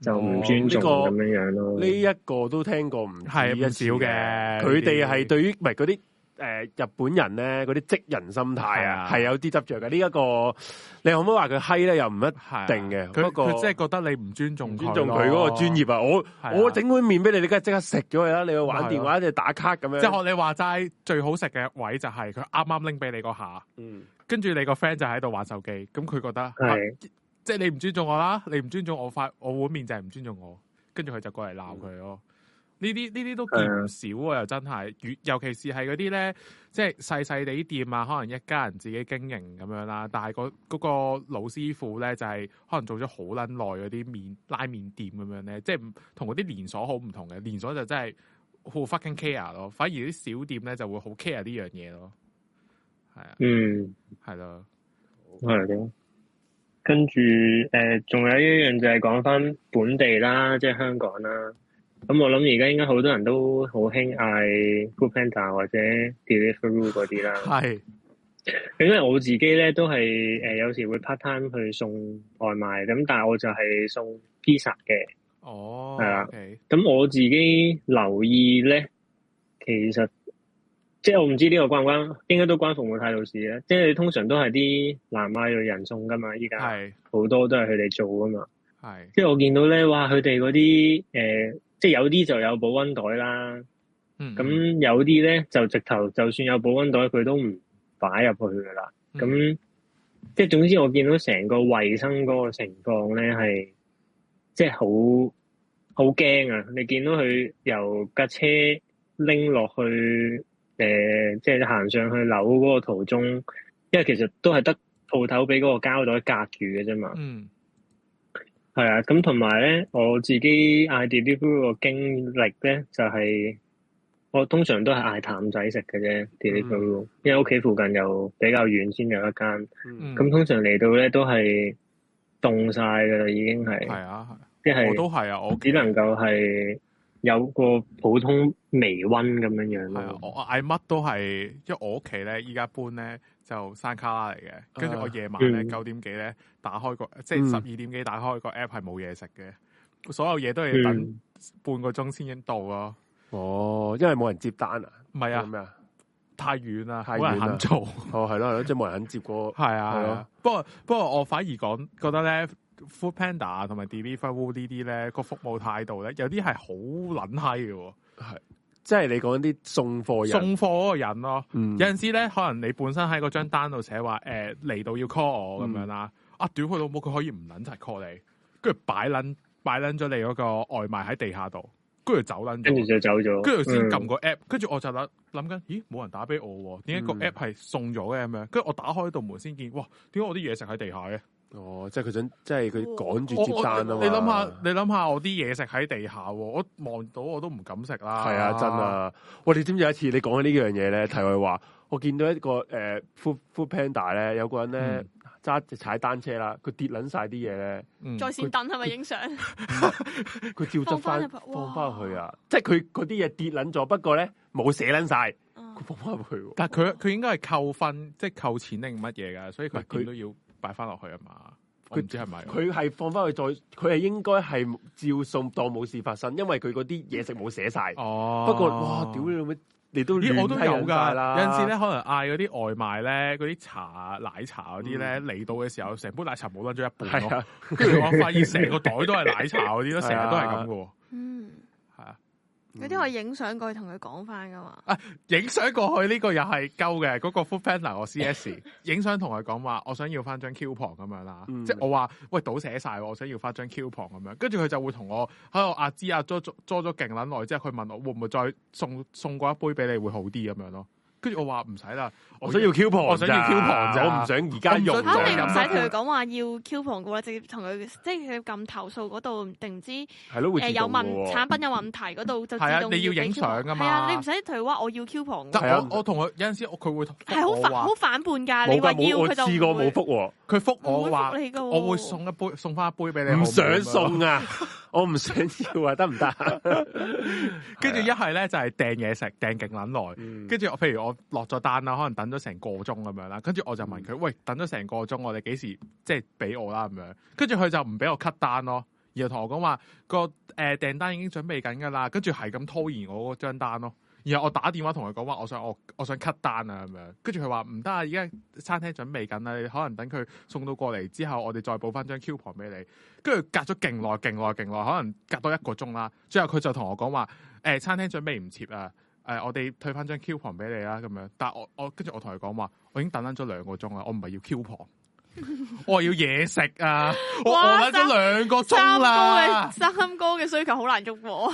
就唔尊重咁樣樣咯。呢一、這個這個都聽過唔係一少嘅，佢哋係對於唔係嗰啲。誒，日本人咧，嗰啲職人心態啊，係是、啊、有啲執着嘅。呢、這、一個你可唔可以話佢閪咧？又唔一定嘅。佢佢即係覺得你唔尊重他不尊重佢嗰、哦、個專業啊！我是啊我整碗麵俾你，你梗係即刻食咗佢啦！你要玩電話就是、啊、打卡咁樣。即係學你話齋，最好食嘅位就係佢啱啱拎俾你個下，跟住、嗯、你個 friend 就喺度玩手機，咁佢覺得係是、啊啊、即係你唔尊重我啦，你唔尊重我塊我碗麵就係唔尊重我，跟住佢就過嚟鬧佢咯。嗯。呢啲呢啲都見唔少喎，又真係尤其是係嗰啲咧，即係細細哋店啊，可能一家人自己經營咁樣啦。但係嗰個老師傅咧，就係可能做咗好撚耐嗰啲麵拉麵店咁樣咧，即係同嗰啲連鎖好唔同嘅，連鎖就真係好 fucking care 咯。反而啲小店咧就會好 care 呢樣嘢咯。係啊，嗯，係咯，係咯。跟住誒，仲有一樣就係講翻本地啦，即係香港啦。咁我諗而家應該好多人都好興嗌 Foodpanda 或者 Deliveroo 嗰啲啦。係， 因為我自己咧都係誒、呃、有時會 part time 去送外賣咁，但係我就係送 pizza 嘅。哦、oh, okay. 啊，係啦。咁我自己留意咧，其實即係我唔知呢個關唔關，應該都關服務態度事啊。即係通常都係啲南亞嘅人送噶嘛，依家係好多都係佢哋做噶嘛。係， 即係我見到咧，哇，佢哋嗰啲誒～即係有啲就有保溫袋啦，咁、嗯、有啲咧就直頭就算有保溫袋佢都唔擺入去噶啦。咁、嗯、即係總之我見到成個衛生嗰個情況咧係，即係好好驚啊！你見到佢由架車拎落去，誒即係行上去樓嗰個途中，因為其實都係得鋪頭俾嗰個膠袋隔住嘅啫嘛。嗯係啊，咁同埋咧，我自己嗌 delivery 個經歷咧，就係、是、我通常都係嗌淡仔食嘅啫 delivery，因為屋企附近又比較遠，先有一間。咁、嗯、通常嚟到咧，都係凍晒噶啦，已經係。係啊，係、啊。即係是我都係啊，我只能夠係。有個普通微溫咁樣樣，係啊，我嗌乜都係，因為我屋企咧依家，搬咧就山卡拉嚟嘅，跟住我夜晚咧九點幾咧打開個即係十二點幾打開個 app 係冇嘢食嘅，所有嘢都要等半個鐘先至到咯。哦，因為冇人接單啊。唔係啊，太遠啦，冇人肯做。 哦，係咯，啊，即係冇人肯接過。係啊，不過不過，不過我反而講覺得咧。Foodpanda 同埋 Deliveroo 咧、呢個服務態度咧，有啲係好撚嗨嘅，係即係你講啲送貨送貨個人咯，嗯、有陣時咧可能你本身喺嗰張單度寫話，誒、呃、嚟到要 call 我咁樣啦，嗯、啊屌佢老母佢可以唔捻就係 call 你，跟住擺捻擺捻咗你嗰個外賣喺地下度，跟住走捻，跟住就走咗，跟住先撳個 app，跟住、嗯、我就諗諗緊，咦冇人打俾我，點解個 app 係送咗嘅咁樣？跟住、嗯、我打開道門先見，哇，點解我啲嘢食喺地下嘅？哦，即係佢想，即係佢趕住接單啊嘛！你諗下，你諗下，我啲嘢食喺地下，我望到我都唔敢食啦。係啊，真啊！我哋知唔知有一次，你講緊呢樣嘢咧，題外話，我見到一個誒 Food Panda 咧，有個人咧揸隻踩單車啦，佢跌捻晒啲嘢咧。在線等係咪影相？佢照執返放翻去啊！即係佢嗰啲嘢跌捻咗，不過咧冇寫捻晒，佢放翻去。但係佢佢應該係扣分，即係扣錢定乜嘢噶？所以佢見到要。擺翻落去啊嘛，佢唔知係咪？佢係放翻去再，佢係應該係照送，當冇事發生。因為佢嗰啲嘢食冇寫晒。哦。不過，哇！屌你咩？嚟都亂批人晒啦。有陣時咧，可能嗌嗰啲外賣咧，嗰啲茶、奶茶嗰啲咧，嚟到嘅時候，成杯奶茶冇甩咗一半跟住、啊、我發現成個袋都係奶茶嗰啲咯，成日、啊、都係咁噶。嗯。有啲、嗯、我影相過去同佢講翻噶嘛？啊，影相過去呢個又係鳩嘅。嗰 個 food fan l 我 C S 影相同佢講話，我想要翻張 coupon 咁樣啦。即係我話喂，倒寫晒，我想要翻張 coupon 咁樣。跟住佢就會同我喺度「阿芝阿咗咗勁撚耐之後，佢問我會唔會再送送過一杯俾你會好啲咁樣咯。跟住我話唔使啦，我想要 coupon，我想要 coupon，我唔想而家用。嚇，你唔使同佢講話要 coupon 嘅話，直接同佢即係佢撳投訴嗰度，定唔知係咯，會誒有問產品有問題嗰度就係啊，你要影相啊嘛，係啊，你唔使同佢話我要 coupon。即係我我同佢有陣時，佢會係好反好反叛噶，你話要佢就冇冇，我試過冇覆，佢覆我話我會送一杯送翻一杯俾你，唔想送啊，我唔想要啊，得唔得？跟住一係咧就係掟嘢食，掟勁撚耐，跟住譬如我。落咗單啦，可能等咗成個鐘咁樣啦，跟住我就問佢，喂，等咗成個鐘，我哋幾時即係俾我啦？咁樣，跟住佢就唔俾我 cut 單咯，然後，同我講話個誒訂單已經準備緊噶啦，跟住係咁拖延我嗰張單咯。然後我打電話同佢講話，我想我我想 cut 單啊咁樣，跟住佢話唔得啊，而家餐廳準備緊啊，可能等佢送到過嚟之後，我哋再補翻張 coupon 俾你。跟住隔咗勁耐勁耐勁耐，可能隔多一個鐘啦。之後佢就同我講話，誒、呃，餐廳準備唔切啊。誒，我哋退返張 coupon 俾你啦，咁樣。但係我我跟住我同佢講話，我已經等緊咗兩個鐘啦，我唔係要 coupon，我係要嘢食啊！我等咗兩個鐘啦，三哥嘅需求好難捉㗋，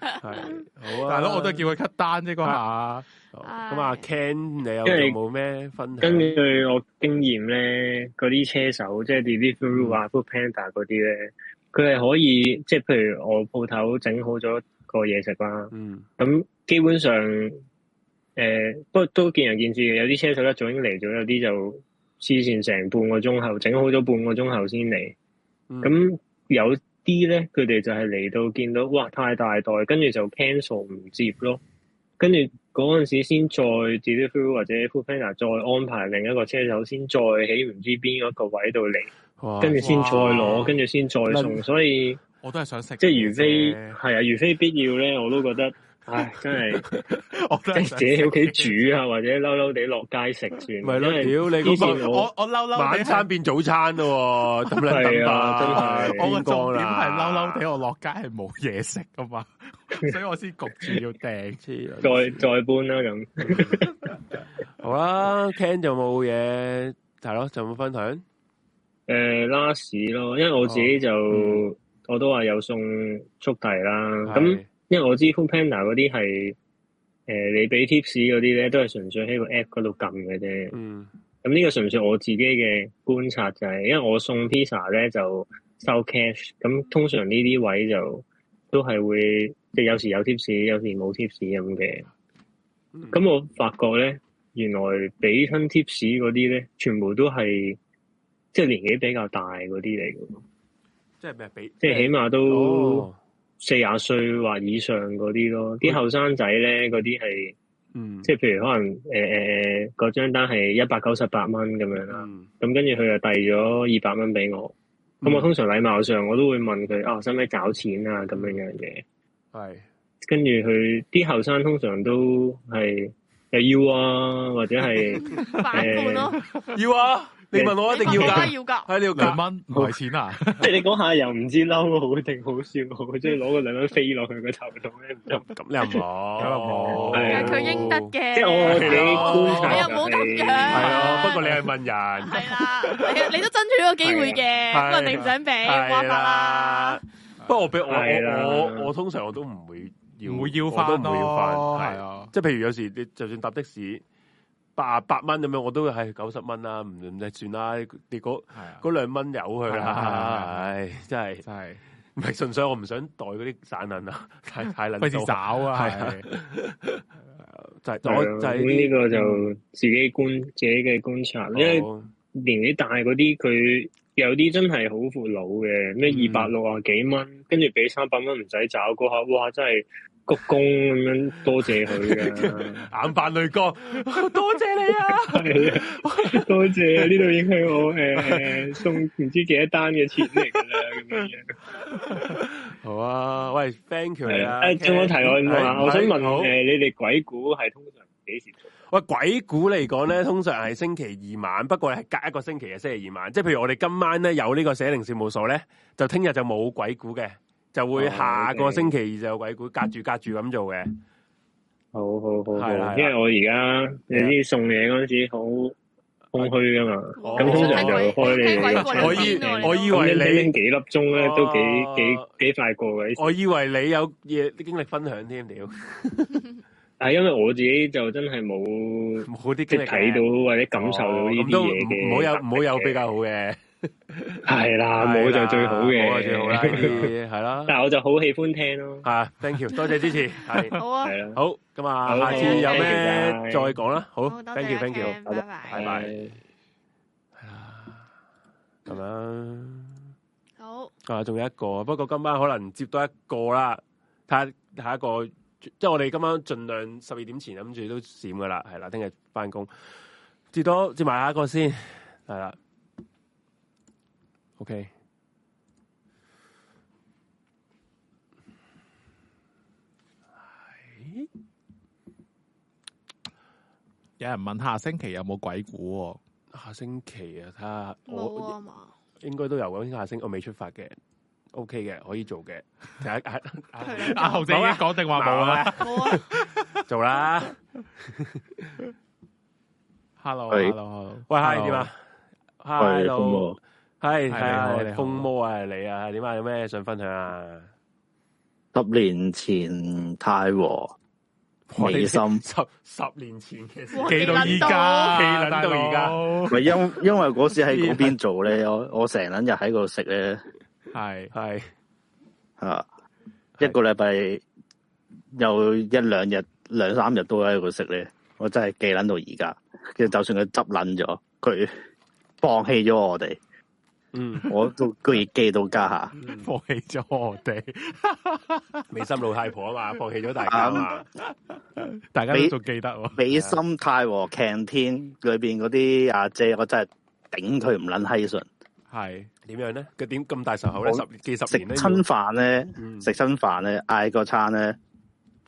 係好，大佬我都係叫佢 cut 單啫，哥下，咁啊，Ken，你有冇咩分享？根據我經驗呢，嗰啲車手即係 delivery 啊，food panda 嗰啲呢，佢係可以即係譬如我鋪頭整好咗。個嘢食啦，咁、嗯、基本上誒，不、呃、過都，都見仁見智嘅。有啲車手咧一早已經嚟咗，有啲就黐線成半個鐘後，整好咗半個鐘後先嚟。咁、嗯、有啲咧，佢哋就係嚟到見到哇太大袋，跟住就 cancel 唔接咯。跟住嗰陣時先再 delete food 或者 food planner 再安排另一個車手先再，再起唔知邊一個位度嚟，跟住先再攞，跟住先再送，哇所以。我都係想食，即係如非係啊，如非必要咧，我都覺得，唉，真係，我即係自己喺屋企煮啊，或者嬲嬲地落街食算，唔係咯，屌你咁多，我我嬲嬲，晚餐變早餐咯，抌兩抌下，我個重點係嬲嬲地，我落街係冇嘢食噶嘛，所以我先焗住要訂先，再再搬啦咁。好啦 Ken 就冇嘢，係咯，就冇分享？誒，last 咯，因為我自己就。我都話有送速遞啦，咁是因為我知 Foodpanda 嗰啲係誒、呃、你俾貼士嗰啲咧，都係純粹喺、嗯、個 app 嗰度撳嘅啫。咁呢個純粹我自己嘅觀察就係、是，因為我送 pizza 咧就收 cash，咁通常呢啲位就都係會即、就是、有時有貼士，有時冇貼士咁嘅。咁、嗯、我發覺咧，原來俾親貼士嗰啲咧，全部都係即、就是、年紀比較大嗰啲嚟㗎。即係咩？比即係起碼都四十歲或以上嗰啲咯，啲後生仔咧嗰啲係，那些那些是嗯，即係譬如可能誒誒，嗰、呃、張單係一百九十八蚊咁樣啦，咁、嗯、跟住佢就遞咗二百蚊俾我，咁、嗯、我通常禮貌上我都會問佢啊，使唔使找錢啊咁樣樣嘅，係、嗯，跟住佢啲後生通常都係又要啊，或者係反要啊。你問我一定要噶，喺，你要兩蚊，唔係錢啊？即係你講下又唔知嬲好定好笑佢，即係攞個兩蚊飛落去個頭度咁，你又唔攞？佢應得嘅，即係我你你又冇好咁樣。係咯，不過你係問人，係啦，你都爭取一個機會嘅，咁啊你唔想俾，你，啊得啦。不過我俾我我我通常我都唔會要，唔會要翻，我都唔會要翻。係啊，即係譬如有時你就算搭的士。八十八蚊咁樣，我都係九十蚊啦，唔唔使算啦，結果嗰兩蚊由佢啦，唉，真係，唔係純粹我唔想袋嗰啲散銀，啦，太太難找啊，就我就呢個就自己觀自己嘅觀察，因為年紀大嗰啲佢有啲真係好闊佬嘅，咩二百六啊幾蚊，跟住俾三百蚊唔使找嗰下，哇，真係～鞠躬咁樣，多謝佢嘅，眼泛淚光，多謝你啊！係啊，多謝呢度影響我誒，送唔知幾多單嘅錢嚟噶啦咁樣。好啊，喂，thank you 啊！誒，仲有冇提我啊？我想問，誒，你哋鬼故係通常幾時做？喂，鬼故嚟講咧，通常係星期二晚，不過係隔一個星期嘅星期二晚。即係譬如我哋今晚咧有呢個410事務所咧，就聽日就冇鬼故嘅。就會下個星期二就鬼故，隔住隔住咁做嘅，好好好，係啦，因為我而家你知送嘢嗰陣時好空虛啊嘛，咁、oh, okay. 通常就開你啲，我依我以為你拎幾粒鐘咧都幾、oh, okay. 都幾幾，幾快過嘅，我以為你有嘢經歷分享添，料，係因為我自己就真係冇好啲即睇到或者感受到呢啲嘅，冇有冇有比較好嘅。係啦，冇就最好嘅，冇就最好啦，係啦。但係我就好喜歡聽咯，係啊，thank you，多謝支持，係，好啊，好。咁啊，下次有咩再講啦，好，thank you，thank you，拜拜，拜拜。係啊，咁樣，好啊，仲有一個，不過今晚可能接多一個啦，睇下下一個，即係我哋今晚盡量十二點前諗住都閃噶啦，係啦，聽日翻工，接多接埋下一個先，係啦。OK，有人問下星期有冇鬼故？下星期啊，睇下我應該都有嘅。應該下星我未出發嘅，OK 嘅，可以做嘅。阿豪阿豪仔講定話冇啦，做啦。Hello，hello，hello，喂，Hi，點啊？Hello。係係，我哋瘋魔啊！你啊，點解有咩想分享啊？十年前太和開心十十年前，嘅事記到而家，記捻到而家。咪因因為嗰時喺嗰邊做咧，我我成日又喺度食咧。係係啊，一個禮拜有一兩日、兩三日都喺度食咧。我真係記捻到而家。其實就算佢執捻咗，佢放棄咗我哋。嗯，我都居然記到家下，放棄咗我哋，美心老太婆啊嘛，放棄咗大家嘛，大家都記得？美心太和 canteen 裏邊嗰啲阿姐，我真係頂佢唔撚閪順。係點樣咧？佢點咁大仇口咧十幾十，食親飯咧，食新飯咧，嗌個餐咧，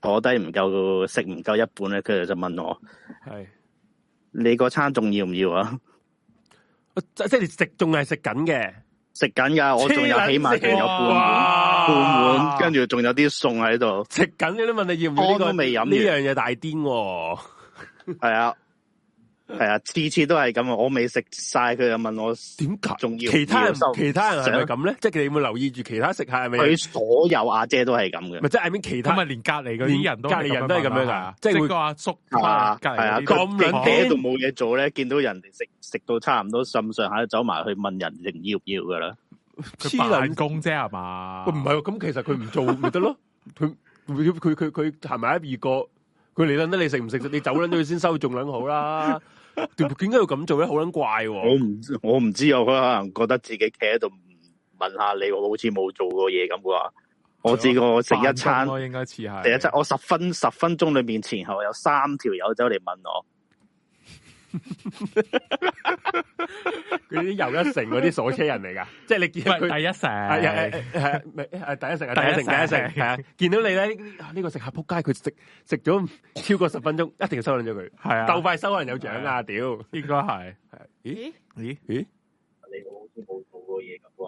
我低唔夠食唔夠一半咧，佢就就問我：係你個餐仲要唔要啊？即係你食，仲係食緊嘅，食緊噶，我仲有起碼仲有半碗，哇半碗跟住仲有啲餸喺度食緊。你問你要唔要？我、這個、都未飲嘢，呢樣嘢大癲，係啊。 係啊，次次都係咁啊！我未食晒，佢就問我點解仲要？其他人其他人係咪咁咧？即係你有冇留意住其他食客係咪？佢所有阿姐都係咁嘅。即係，阿其他咪連隔籬嘅人都隔籬人都係咁樣噶。即係個阿叔係啊，係啊，咁捻喺度冇嘢做咧，見到人哋食食到差唔多，甚上下走埋去問人要唔要噶啦？黐捻工啫係嘛？唔係喎，咁其實佢唔做咪得咯？佢佢佢佢佢係咪一二個？佢理捻得你食唔食？你走捻咗佢先收，仲捻好啦。點解 要咁做咧？好撚怪喎我！我唔我唔知，我可能覺得自己企喺度問下你，我好似冇做過嘢咁話。我試過食一餐，啊，應該似係第一餐。我十分十分鐘裏面前後有三條友走嚟問我。佢啲又一城嗰啲鎖車人嚟噶，即係你見到佢第一城係係係係第一城係第一城第一城係啊！見到你咧呢個食客扑街，佢食食咗超過十分鐘，一定要收捻咗佢係啊！鬥快收人有獎啊！屌，應該係係咦咦咦？你好似冇做過嘢咁啩？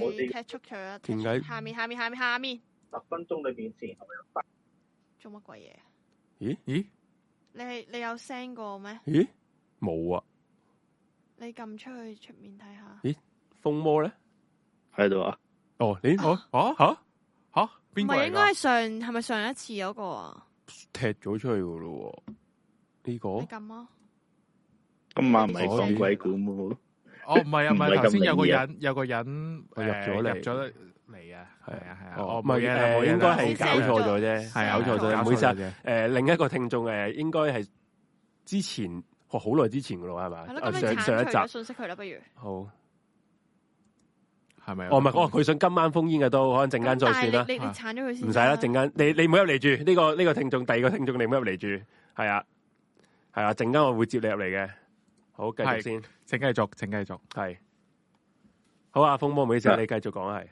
我踢出佢啊！點解下面下面下面下面十分鐘裏面前後有分，做乜鬼嘢？咦咦？你係你有 send 過咩？咦？冇啊！你撳出去出面睇下。咦，瘋魔咧喺度啊！哦，你好，吓吓吓，邊個？唔係應該係上，係咪上一次嗰個啊？踢咗出去噶咯？呢個你撳啊？今晚唔係講鬼古魔咯？哦，唔係啊，唔係頭先有個人，有個人誒入咗入咗嚟啊！係啊係啊，我唔係，我應該係搞錯咗啫，係搞錯咗。唔好意思誒，另一個聽眾誒，應該係之前。哦，好耐之前噶咯，係咪、啊？上上一集信息佢啦，不如好係咪？我唔係佢想今晚封煙嘅都可能陣間再算啦。你你鏟咗佢先，唔使啦，陣間你你唔好入嚟住。呢個呢個聽眾，第二個聽眾你唔好入嚟住。係啊，係啊，陣間我會接你入嚟嘅。好，繼續先，請繼續，請繼續。係好啊，風波唔好意思，是你繼續講係。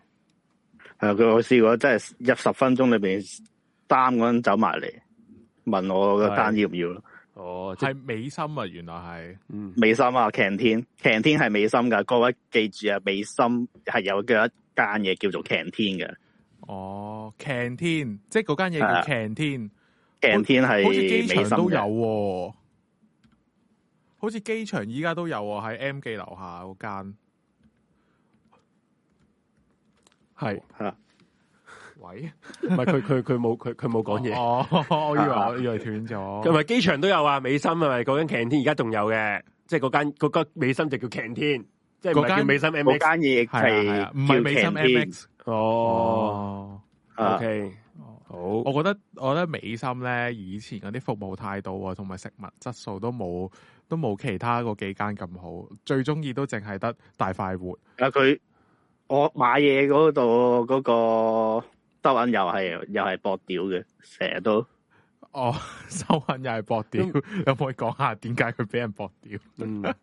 係佢我試過，真係、嗯、一十分鐘裏邊單嗰陣走埋嚟問我個單要唔要咯。哦，係美心啊，原來係，嗯、美心啊，canteen，canteen 係美心噶各位記住啊，美心係有嘅一間嘢，叫做 canteen 嘅。哦，canteen，即係嗰間嘢叫 canteen，canteen 係，啊、好似機場都有、啊，好似機場依家都有喎、啊，喺 M 記樓下嗰間，係吓。是啊喂，唔係佢佢佢冇佢佢冇講嘢，我以為我以為斷咗。同咪機場都有啊，美心係咪嗰間強天？而家仲有嘅，即係嗰間嗰間美心就叫強天，間即係嗰間美心 M X，嗰間嘢係唔係美心 M X 哦。OK，好，我覺得我覺得美心咧，以前嗰啲服務態度同埋食物質素都冇都冇其他嗰幾間咁好，最中意都淨係得大快活。啊，佢我買嘢嗰度嗰個。德銀又係又係博屌嘅，成日都。哦，收銀又係博屌，嗯、有冇可以講下點解佢俾人博屌？唔係、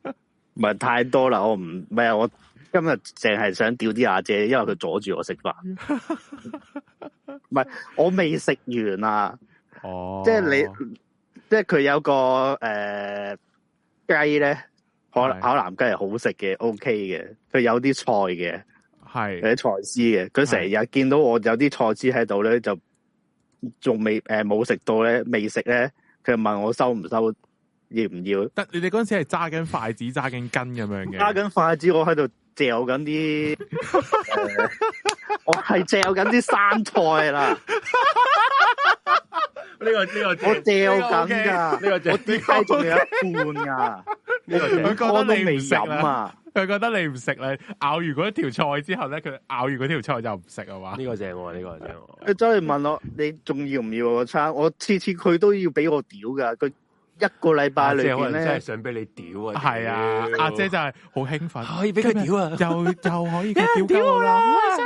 嗯、太多啦，我唔，唔係我今日淨係想吊啲阿姐，因為佢阻住我食飯。唔係， 我未食完啊。哦，即係你，即係佢有個誒雞咧，能、呃，烤的南雞係好食嘅，OK 嘅，佢有啲菜嘅。係嗰啲菜絲嘅，佢成日見到我有啲菜絲喺度咧，就仲未誒冇食到咧，未食咧，佢就問我收唔收，要唔要？但你哋嗰陣時係揸緊筷子揸緊根咁樣嘅，揸緊筷子我喺度嚼緊啲，我係嚼緊啲生菜啦。呢個呢個我嚼緊噶，呢個我點解仲有一半啊？呢個幾多都未飲啊？佢覺得你唔食你咬完嗰一條菜之後咧，佢咬完嗰條菜,菜就唔食係嘛？呢個正喎、啊，呢、呢個正、啊。佢再 問我，你仲要唔要個餐？我次次佢都要俾我屌噶。佢一個禮拜裏邊咧，即係想俾你屌啊！係啊，阿姐真係好興奮，可以俾佢屌啊！又又可以屌我啦，好 了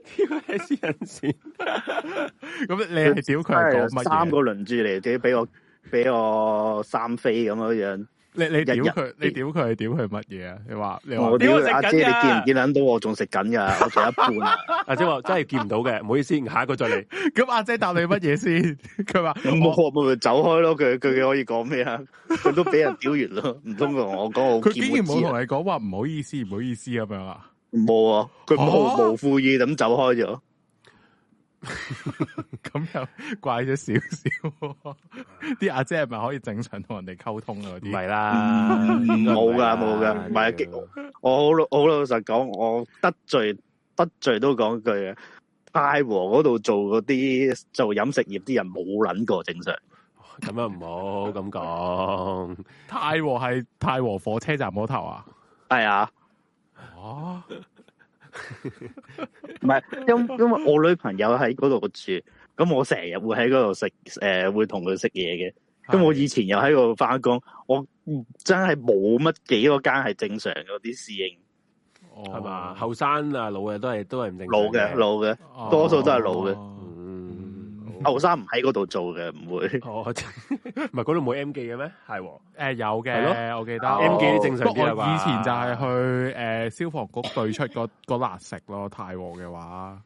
開心啊！屌 你私人事，咁你係屌佢係講乜嘢？三個輪住嚟，即係俾我俾我三飛咁樣樣。你你屌佢，你屌佢，屌佢乜嘢啊？你話你話，我屌阿姐，你見唔見到我仲食緊嘅？我食一半。阿姐話真係見唔到嘅，唔好意思，下一個再嚟。咁阿姐答你乜嘢先？佢話我我咪走開咯。佢佢可以講咩啊？佢都俾人屌完咯，唔通，同我講我。佢竟然冇同你講話，唔好意思，唔好意思咁樣啊？冇啊，佢毫無悔意咁走開咗。咁 又怪咗少少，啲 阿姐係咪可以正常同人哋溝通啊？啲唔係啦，冇噶冇噶，唔係我好老好老實講，我得罪，我得，罪得罪都講句啊！太和嗰度做嗰啲做飲食業啲人冇撚過正常，咁 樣唔好咁講。 太和係太和火車站嗰頭啊？係啊。哦。唔係，因 因為我女朋友喺嗰度住，咁我成日會喺嗰度食，誒、呃、會同佢食嘢嘅。咁的我以前又喺嗰度翻工，我真係冇乜幾多間係正常嗰啲侍應，係嘛？後生、哦、啊，老嘅都係都係唔正常，老嘅、哦、老嘅，多數都係老嘅。牛生唔喺嗰度做嘅，唔會。哦，唔係嗰度冇 M 記嘅咩？太和，誒有嘅。係我記得。M 記正常啲啊。以前就係去誒消防局對出個辣食咯，太和嘅話。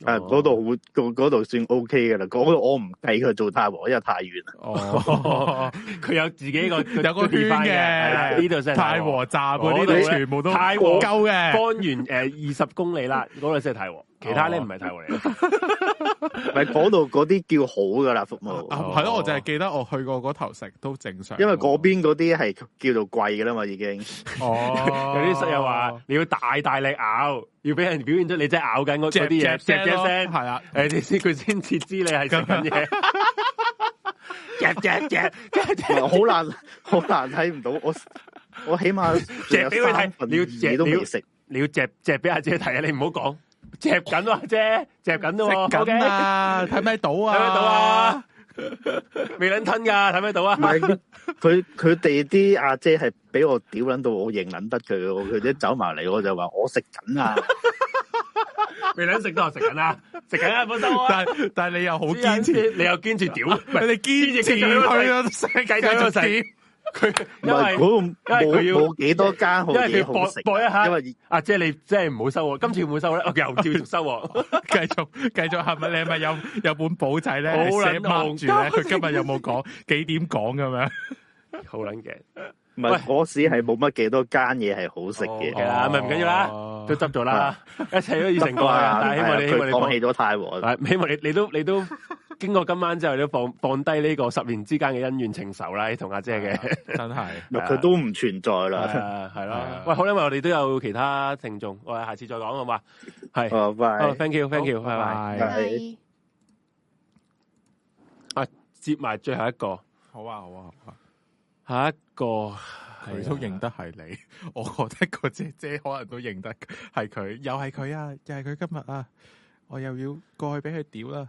誒，嗰度會，嗰度算 O K 嘅啦。嗰度我唔計佢做太和，因為太遠啦。哦，佢有自己個有個圈嘅。呢度太和站，呢度全部都太和溝嘅。方圓誒二十公里啦，嗰度真係太和。其他咧唔係泰國嚟，係嗰度嗰啲叫好噶啦服務，係咯，哦哦，我淨係記得我去過嗰頭食都正常，因為嗰邊嗰啲係叫做貴噶啦嘛已經。哦， 有啲室友話你要大大力咬，要俾人表現出你真係咬緊嗰嗰啲嘢咯。嚼嚼聲係啦，誒，你先佢先至知你係咁緊嘢。嚼嚼嚼嚼嚼，好難好難睇唔到我，我起碼嚼俾佢睇，你要嚼嚼食，你要嚼嚼俾阿姐睇啊，你唔好講。食緊啊，啊，姐食緊啊，睇咩到啊？睇咩到啊？未捻 吞噶，睇咩到啊？唔係佢佢哋啲阿姐係俾我屌捻到我認捻得佢佢哋走埋嚟我就話我食緊啊，未捻食都係食緊啊，食緊啊，冇錯啊！但係但係你又好堅持，你又堅持屌，佢哋堅持去世界計出點。佢因為嗰個，因為佢要幾多間好，因為佢搏搏一下，因為阿姐你即係唔好收喎，今次唔好收咧，又照收喎，繼續繼續行乜？你係咪有有本簿仔咧寫望住咧？佢今日有冇講幾點講咁樣？好撚嘅，唔係嗰時係冇乜幾多間嘢係好食嘅，係啦，咪唔緊要啦，都執咗啦，一切都完成過啦。但係希望你希望你放棄咗太和，係希望你你都你都。經過今晚之後你都放放低呢個十年之間嘅恩怨情仇啦，同阿姐嘅真係，佢都唔存在啦，係咯。喂，好啦，因為我哋都有其他聽眾，我哋下次再講好嘛？係，好，拜，thank you，thank you，拜拜。係接埋最後一個，好啊，好啊，好啊。下一個佢都認得係你，我覺得個姐姐可能都認得係佢，又係佢啊，又係佢今日啊，我又要過去俾佢屌啦。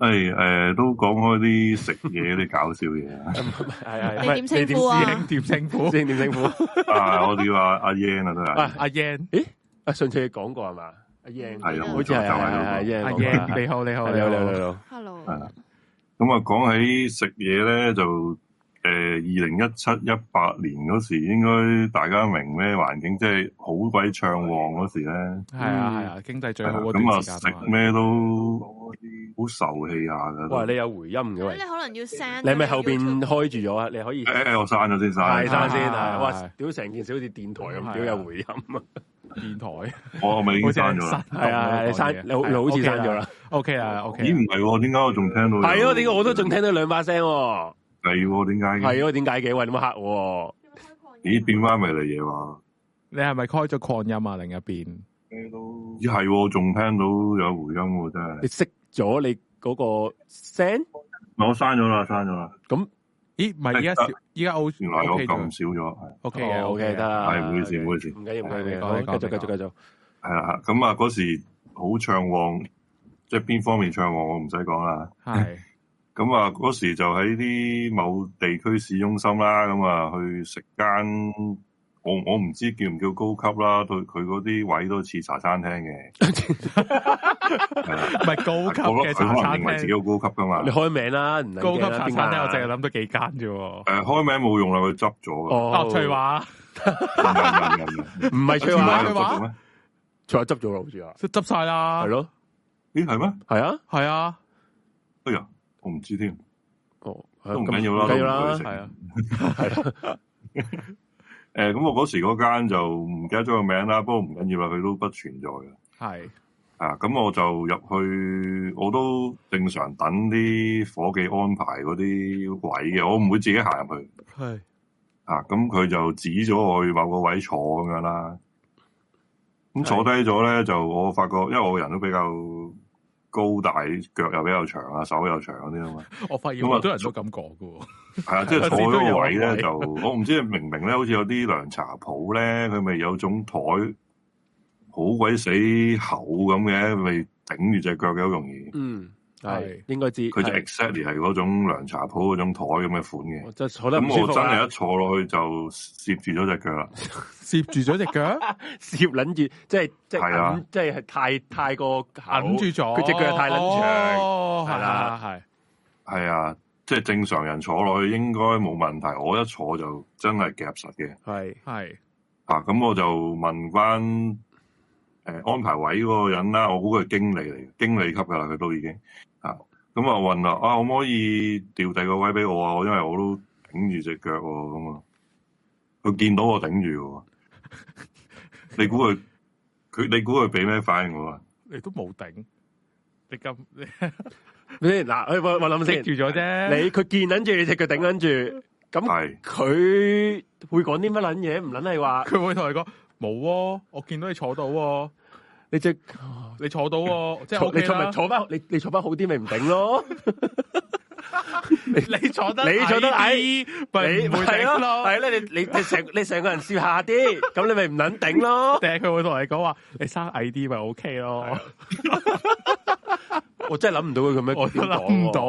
誒，誒，都講開啲食嘢啲搞笑嘢啊！係啊，甜稱呼啊，師兄甜稱呼，師兄甜稱呼。啊，我哋話阿 Yan 啦都係，啊阿 Yan，誒，阿上次你講過係嘛？阿 Yan 係咯，好似係就係咯，阿 Yan，你好，你好，你好，你好，Hello。啊，咁啊，講起食嘢咧就。誒，二零一七一八年嗰時，應該大家明咩環境，即係好鬼暢旺嗰時咧。係啊係啊，經濟最好嗰段時間。咁啊，食咩都好受氣下嘅。喂，你有回音嘅。喂，你可能要閂。你咪後邊開住咗啊？你可以。我閂咗先晒。閂先啊！哇，屌成件事好似電台咁，屌有回音啊！電台。我咪已經閂咗啦。係啊，你好你好似閂咗啦。O K 啊，O K。咦？唔係喎，點解我仲聽到？係啊，點解我都仲聽到兩把聲？係，點解？係，點解幾位咁黑？咦，變翻咪嚟嘢話？你係咪開咗擴音啊？另一邊，係咯，咦係，仲聽到有回音喎，真係。你熄咗你嗰個聲？我刪咗啦，刪咗啦。咁，咦？咪依家依家好，原來我咁少咗。O K 啊，O K 得。係唔好意思，唔好意思，唔緊要，唔緊要，繼續，繼續，繼續。係啦，咁啊，嗰時好暢旺，即係邊方面暢旺，我唔使講啦。係。咁啊，嗰、嗯、時就喺啲某地區市中心啦，咁、嗯、啊去食間，我我唔知叫唔叫高級啦，佢佢嗰啲位都似茶餐廳嘅，係唔、 嗯、高級嘅茶餐廳。佢可能認為自己好高級噶嘛。你開名啦，高級茶餐廳，我淨係諗到幾間啫。誒、嗯，開名冇用啦，佢執咗嘅。哦，翠華唔係翠華，佢執咗咩？除下執咗留住啊，都執晒啦。係咯？咦，係咩？係啊，係啊。哎呀！我唔知添，哦，都唔緊要啦，都唔食。係啊，係啦。誒，咁我嗰時嗰間就唔記得咗個名啦，不過唔緊要啦，佢都不存在係是啊，咁我就入去，我都正常等啲伙計安排嗰啲位嘅，我唔會自己行入去。係是啊，咁佢就指咗我去某個位坐咁樣啦。咁坐低咗咧，是就我發覺，因為我個人都比較～高大，腳又比較長啊，手又長嗰啲啊嘛。我發現咁多人都係咁講噶。係啊麼，即係坐咗個位咧，就，是、呢 就我唔知明明咧，好似有啲涼茶鋪咧，佢咪有種台好鬼死厚咁嘅，咪頂住隻腳好容易。嗯。係，應該知佢就 exactly 係嗰種涼茶鋪嗰種台咁嘅款嘅，即係坐得唔舒服啦咁、啊、我真係一坐落去就攝住咗隻腳啦，攝住咗隻腳，攝捻住，即係即係，即、就、係、是啊就是、太太過，捻住咗，佢隻腳太捻長，係啦、哦，係，係啊，即係、啊啊就是、正常人坐落去應該冇問題，我一坐就真係夾實嘅。係係是，嗱是，咁我就問翻，誒，安排位嗰個人啦，我估佢係經理嚟嘅，經，經理級噶啦，佢都已經。咁啊，雲啊，啊，可唔可以調第個位俾我啊？我因為我都頂住隻腳喎，咁啊，佢見到我頂住喎，你估佢佢？你估佢俾咩反應我啊？你都冇頂，你咁你嗱，我我諗住識住咗啫。你佢見緊住你隻腳頂緊住，咁係佢會講啲乜撚嘢？唔撚係話，佢會同你講冇喎，我見到你坐到喎，你只。你坐到即係你坐咪坐翻你你坐翻好啲咪唔頂咯？你坐得你坐得矮咪唔頂咯？係咧你你你成你成個人笑下啲，咁你咪唔撚頂咯？定係佢會同你講話你生矮啲咪 OK 咯？我真係諗唔到佢咁樣，我都諗唔到。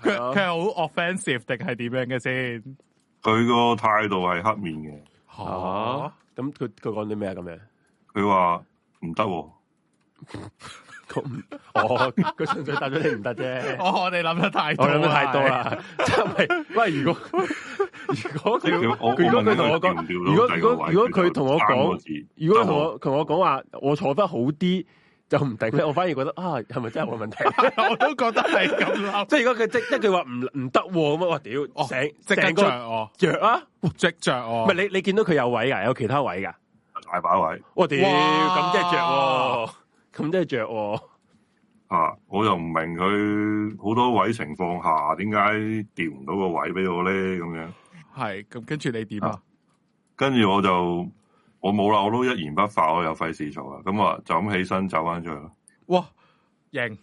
佢佢係好 offensive 定係點樣嘅先？佢個態度係黑面嘅。吓，咁佢佢講啲咩啊？咁樣佢話唔得。咁我佢純粹答咗你唔得啫，我哋諗得太我諗得太多啦。即係喂，如果如果佢，如果佢同我講，如果如果如果佢同我講，如果同我同我講話，我坐得好啲就唔定咧。我反而覺得啊，係咪真係冇問題？我都覺得係咁諗。即係如果佢即一句話唔唔得咁啊？我屌，醒，即著着。」著啊，即著唔係你你見到佢有位噶，有其他位噶，大把位。我屌，咁即係着。咁真係著我啊？啊，我又唔明佢好多位情況下，點解調唔到個位俾我咧？咁樣係咁，跟住你點啊？跟住、啊、我就我冇啦，我都一言不發，我又費事做啦。咁啊，就咁起身走翻出去咯。哇！贏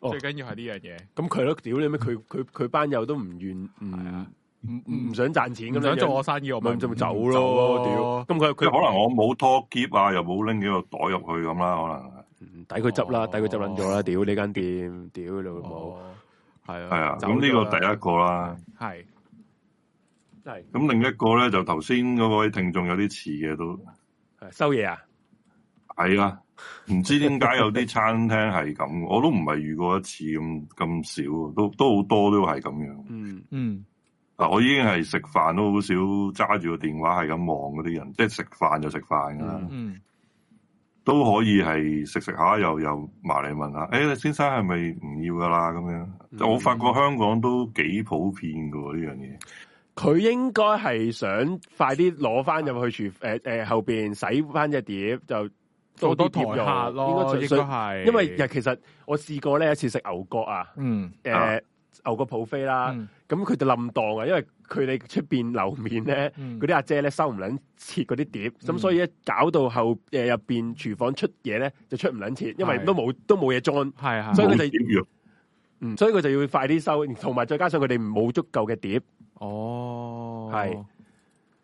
最緊要係呢樣嘢。咁佢、哦、 都屌你咩？佢佢佢班友都唔願，唔係啊。唔唔想賺錢，咁想做我生意，我咪咁就咪走咯。屌！咁佢佢可能我冇拖 keep 啊，又冇拎幾個袋入去咁啦，可能抵佢執啦，抵佢執捻咗啦。屌呢間店，屌你老母，係啊。係啊。咁呢個第一個啦，係，係。咁另一個咧就頭先嗰位聽眾有啲似嘅都收嘢啊，係啊。唔知點解有啲餐廳係咁，我都唔係遇過一次咁咁少，都都好多都係咁樣。嗯嗯。嗱，我已經係食飯都好少揸住個電話，係咁望嗰啲人，即係食飯就食飯噶啦，嗯嗯、都可以係食食下，又又麻利問下，誒、哎，先生係咪唔要噶啦？咁樣、嗯，我發覺香港都幾普遍噶喎呢樣嘢。佢、嗯、應該係想快啲攞翻入去廚，誒誒、啊呃、後邊洗翻隻碟，就多啲台下咯，應該係。因為其實我試過呢一次食牛角、嗯呃、啊，角嗯，誒，牛角普 u 啦。咁佢就冧檔啊，因為佢哋出邊樓面咧，嗰啲阿姐咧收唔捻切嗰啲碟，咁所以咧搞到後誒入邊廚房出嘢咧，就出唔捻切，因為都冇都冇嘢裝，係係，所以佢就要，嗯，所以佢就要快啲收，同埋再加上佢哋冇足夠嘅碟，哦，係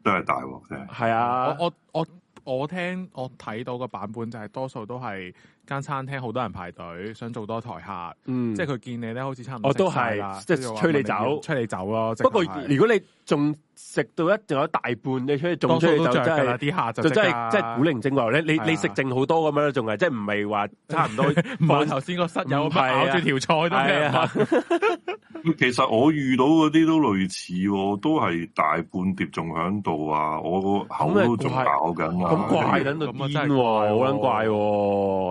都係大鑊啫，係啊，我我我我聽我睇到個版本就係多數都係。間餐廳好多人排隊，想做多台客，嗯，即係佢見你咧，好似差唔多，我都係，即係催你走，催你走咯。不過如果你仲食到一仲有一大半，你出去仲出去走，真係啲蝦就真係即係古靈精怪咧。你你食剩好多咁樣仲係即係唔係話差唔多。唔好頭先個室友咬住條菜都唔得。其實我遇到嗰啲都類似，都係大半碟仲響度啊，我口都仲咬緊啊，咁怪喺好卵怪，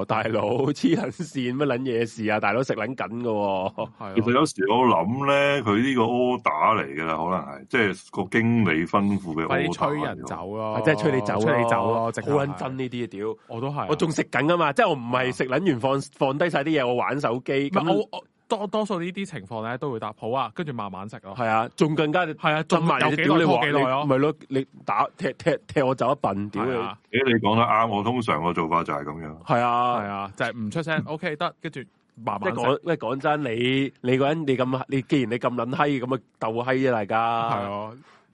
但係。老黐捻線，乜捻嘢事啊！大佬食捻緊嘅喎，哦是哦、其實有時我諗咧，佢呢個 order 嚟嘅啦，可能係即係個經理吩咐嘅，快啲催人走咯，即係催你走，催你走咯，好撚憎呢啲啊！屌，我都係，我仲食緊啊嘛，即係我唔係食捻完放放低晒啲嘢，我玩手機。是這樣 多多數呢啲情況咧都會答好啊，跟住慢慢食咯。係啊，仲更加係啊，進埋啲屌幾耐啊唔係咯，你打踢踢踢我走一笨屌啊！誒，你講得啱，我通常個做法就係咁樣。係啊，係啊，就係、是、唔出聲。 OK，得，跟住慢慢即係講，講真，你你個人你咁，你，你既然你咁撚閪，咁啊鬥閪啫，大家係啊，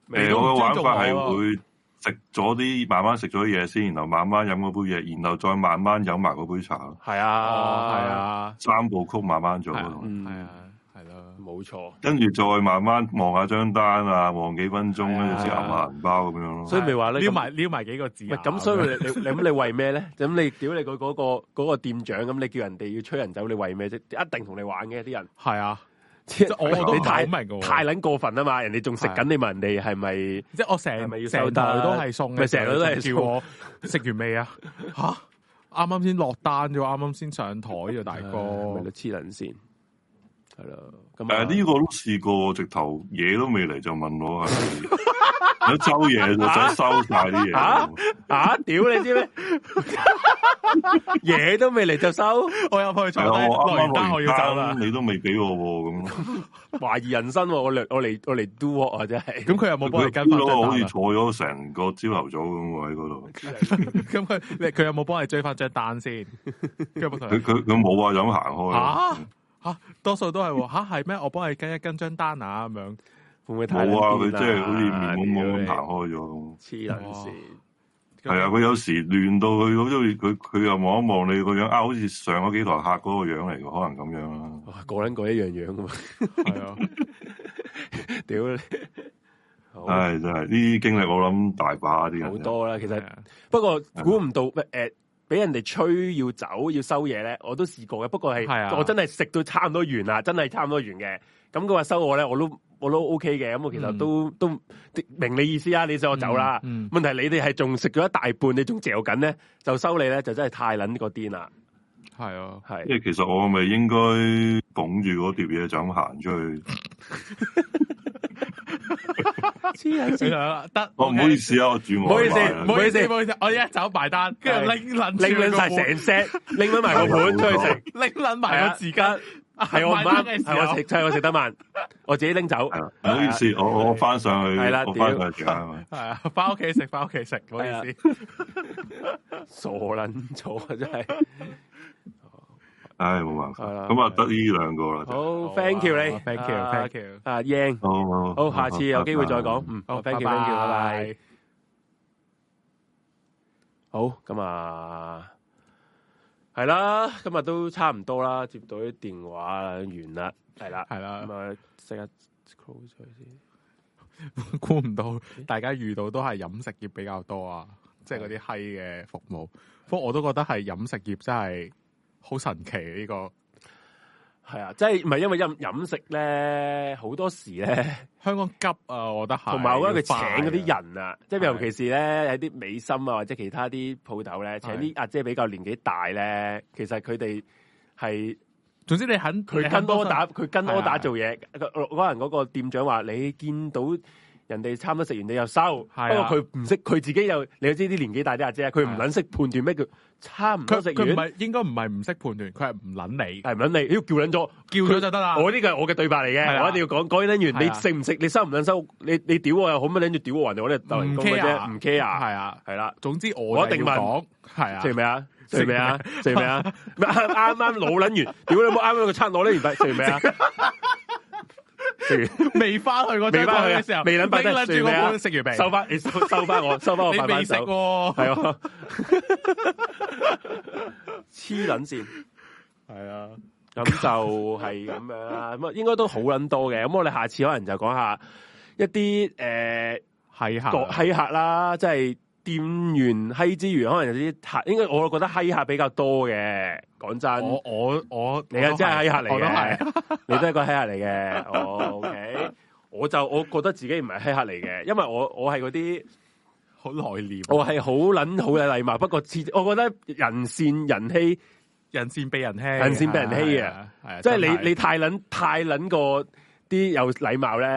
你嘅、啊欸、玩法係會。食咗啲，慢慢食咗啲嘢先，然後慢慢飲嗰杯嘢，然後再慢慢飲埋嗰杯茶咯。係啊，哦，係啊，三部曲慢慢做咯，係啊，係咯，冇錯。跟住再慢慢望下張單啊，望幾分鐘，跟住之後揦銀包咁樣咯。所以咪話咧，撩埋撩埋幾個字。咁，所以你你咁為咩咧？咁你屌你個嗰個店長，咁你叫人哋要催人走，你為咩啫？一定同你玩嘅啲人。係啊。即，即我都唔好太捻過是分了啊嘛！人哋仲食緊，你問人哋係咪？即係我成日咪要收單，都係送的，咪成日都係叫我食完未啊？吓， 啱啱先落單，就啱啱先上台啊！大哥，咪你黐捻線。係咁誒呢個都試過，直頭嘢都未嚟就問我啊，周收嘢，想收晒啲嘢，啊屌你知咩？嘢都未嚟就收，我又去床單內單，我要走啦。你都未俾我喎，咁懷疑人生，我嚟我嚟我嚟 do what 啊，真係。咁佢有冇幫你跟翻單啊？好似坐咗成個朝頭早咁喎喺嗰度。咁佢佢有冇幫你追翻張單先？佢佢佢冇啊，咁行開啊。吓、啊，多數都係、啊，吓係咩？我幫你跟一跟張單啊，咁樣會唔會睇？冇啊，佢即係好似面懵咁彈開咗。黐卵線！係啊，佢有時亂到佢，好中意佢佢又望一望你個樣，啊，好似上嗰幾台客嗰個樣嚟噶，可能咁樣啦、啊。啊、過過個人 individual 樣噶嘛，屌你！唉，真係呢啲經歷，我諗大把啲好多啦，其實、啊、不過估唔、啊、到，唔、欸、誒。俾人哋吹要走要收嘢咧，我都試過嘅。不過係是、啊、我真係食到差唔多完啦，真係差唔多完嘅。咁佢話收我咧，我都我都 O K 嘅。咁我其實都、嗯、都明你意思啊，你想我走啦。嗯嗯、問題你哋係仲食咗一大半，你仲嚼緊咧，就收你咧就真係太捻嗰癲啦。係是啊，即係其實我咪應該捧住嗰碟嘢就咁行出去。 黐人住啦，得。我唔好意思啊，我住唔好意思，唔好意思，唔好意思，我一走埋單，跟住拎拎拎晒成 set，拎拎埋個盤出去食，拎拎埋個紙巾，係我唔啱嘅事，係我食，菜，我食得慢，我自己拎走。唔好意思，我我翻上去，係啦，點啊？係啊，翻屋企食，翻屋企食，唔好意思，傻捻草啊，真係。唉，冇辦法啦。咁啊，得呢兩個啦。好，thank you 你，thank you，thank you。阿 Yan 好，好，下次有機會再講。嗯，好，thank you，thank you，拜拜。好，咁啊，係啦，今日都差唔多啦，接到啲電話完啦，係啦，係啦，咁啊，即刻 close 佢先。估唔到大家遇到都係飲食業比較多啊，即係嗰啲閪嘅服務，不過我都覺得係飲食業真係。好神奇呢、啊、個係啊，即係唔係因為飲飲食咧，好多時咧香港急啊，我覺得係同埋我覺得佢請嗰啲人快啊，即係尤其是咧有啲美心啊或者其他啲鋪頭咧，請啲阿姐比較年紀大咧，其實佢哋係，總之你肯佢跟多打，佢跟多打做嘢。可能嗰個店長話，你見到。人哋差唔多食完，你又收。不過佢唔識，佢自己又，你又知啲年紀大啲阿姐佢唔捻識判斷咩叫差唔多食完。佢佢唔係應該唔係唔識判斷，佢係唔捻你，係唔捻你，要叫捻咗，叫咗就得啦。我呢個係我嘅對白嚟嘅，我一定要講講完捻完，你食唔食？你收唔捻收？你你屌我又好乜捻住屌我云？我哋唔 care，唔 care，係啊，係啦。總之我一定講，係啊。食完未啊？食完未啊？食完未啊？啱啱老捻完，屌你冇啱啱佢拆攞呢？而家食完未啊？未翻去我，未翻去嘅時候，未諗住我食完收翻，收翻我，收翻我，未食，係啊，黐捻線，係啊，咁就係咁樣啦，咁啊，應該都好捻多嘅，咁我哋下次可能就講下一啲誒，係客，係客啦，即係。店員閪之餘，可能有啲客，應該我覺得閪客比較多嘅。講真，我我我你係真係閪客嚟嘅，我都係，你都係個閪客嚟嘅。我 OK，我就我覺得自己唔係閪客嚟嘅，因為我我係嗰啲好內斂，我係好撚好有禮貌。不過，我覺得人善人欺，人善被人欺，人善被人欺啊！即係你你太撚太撚個啲有禮貌咧，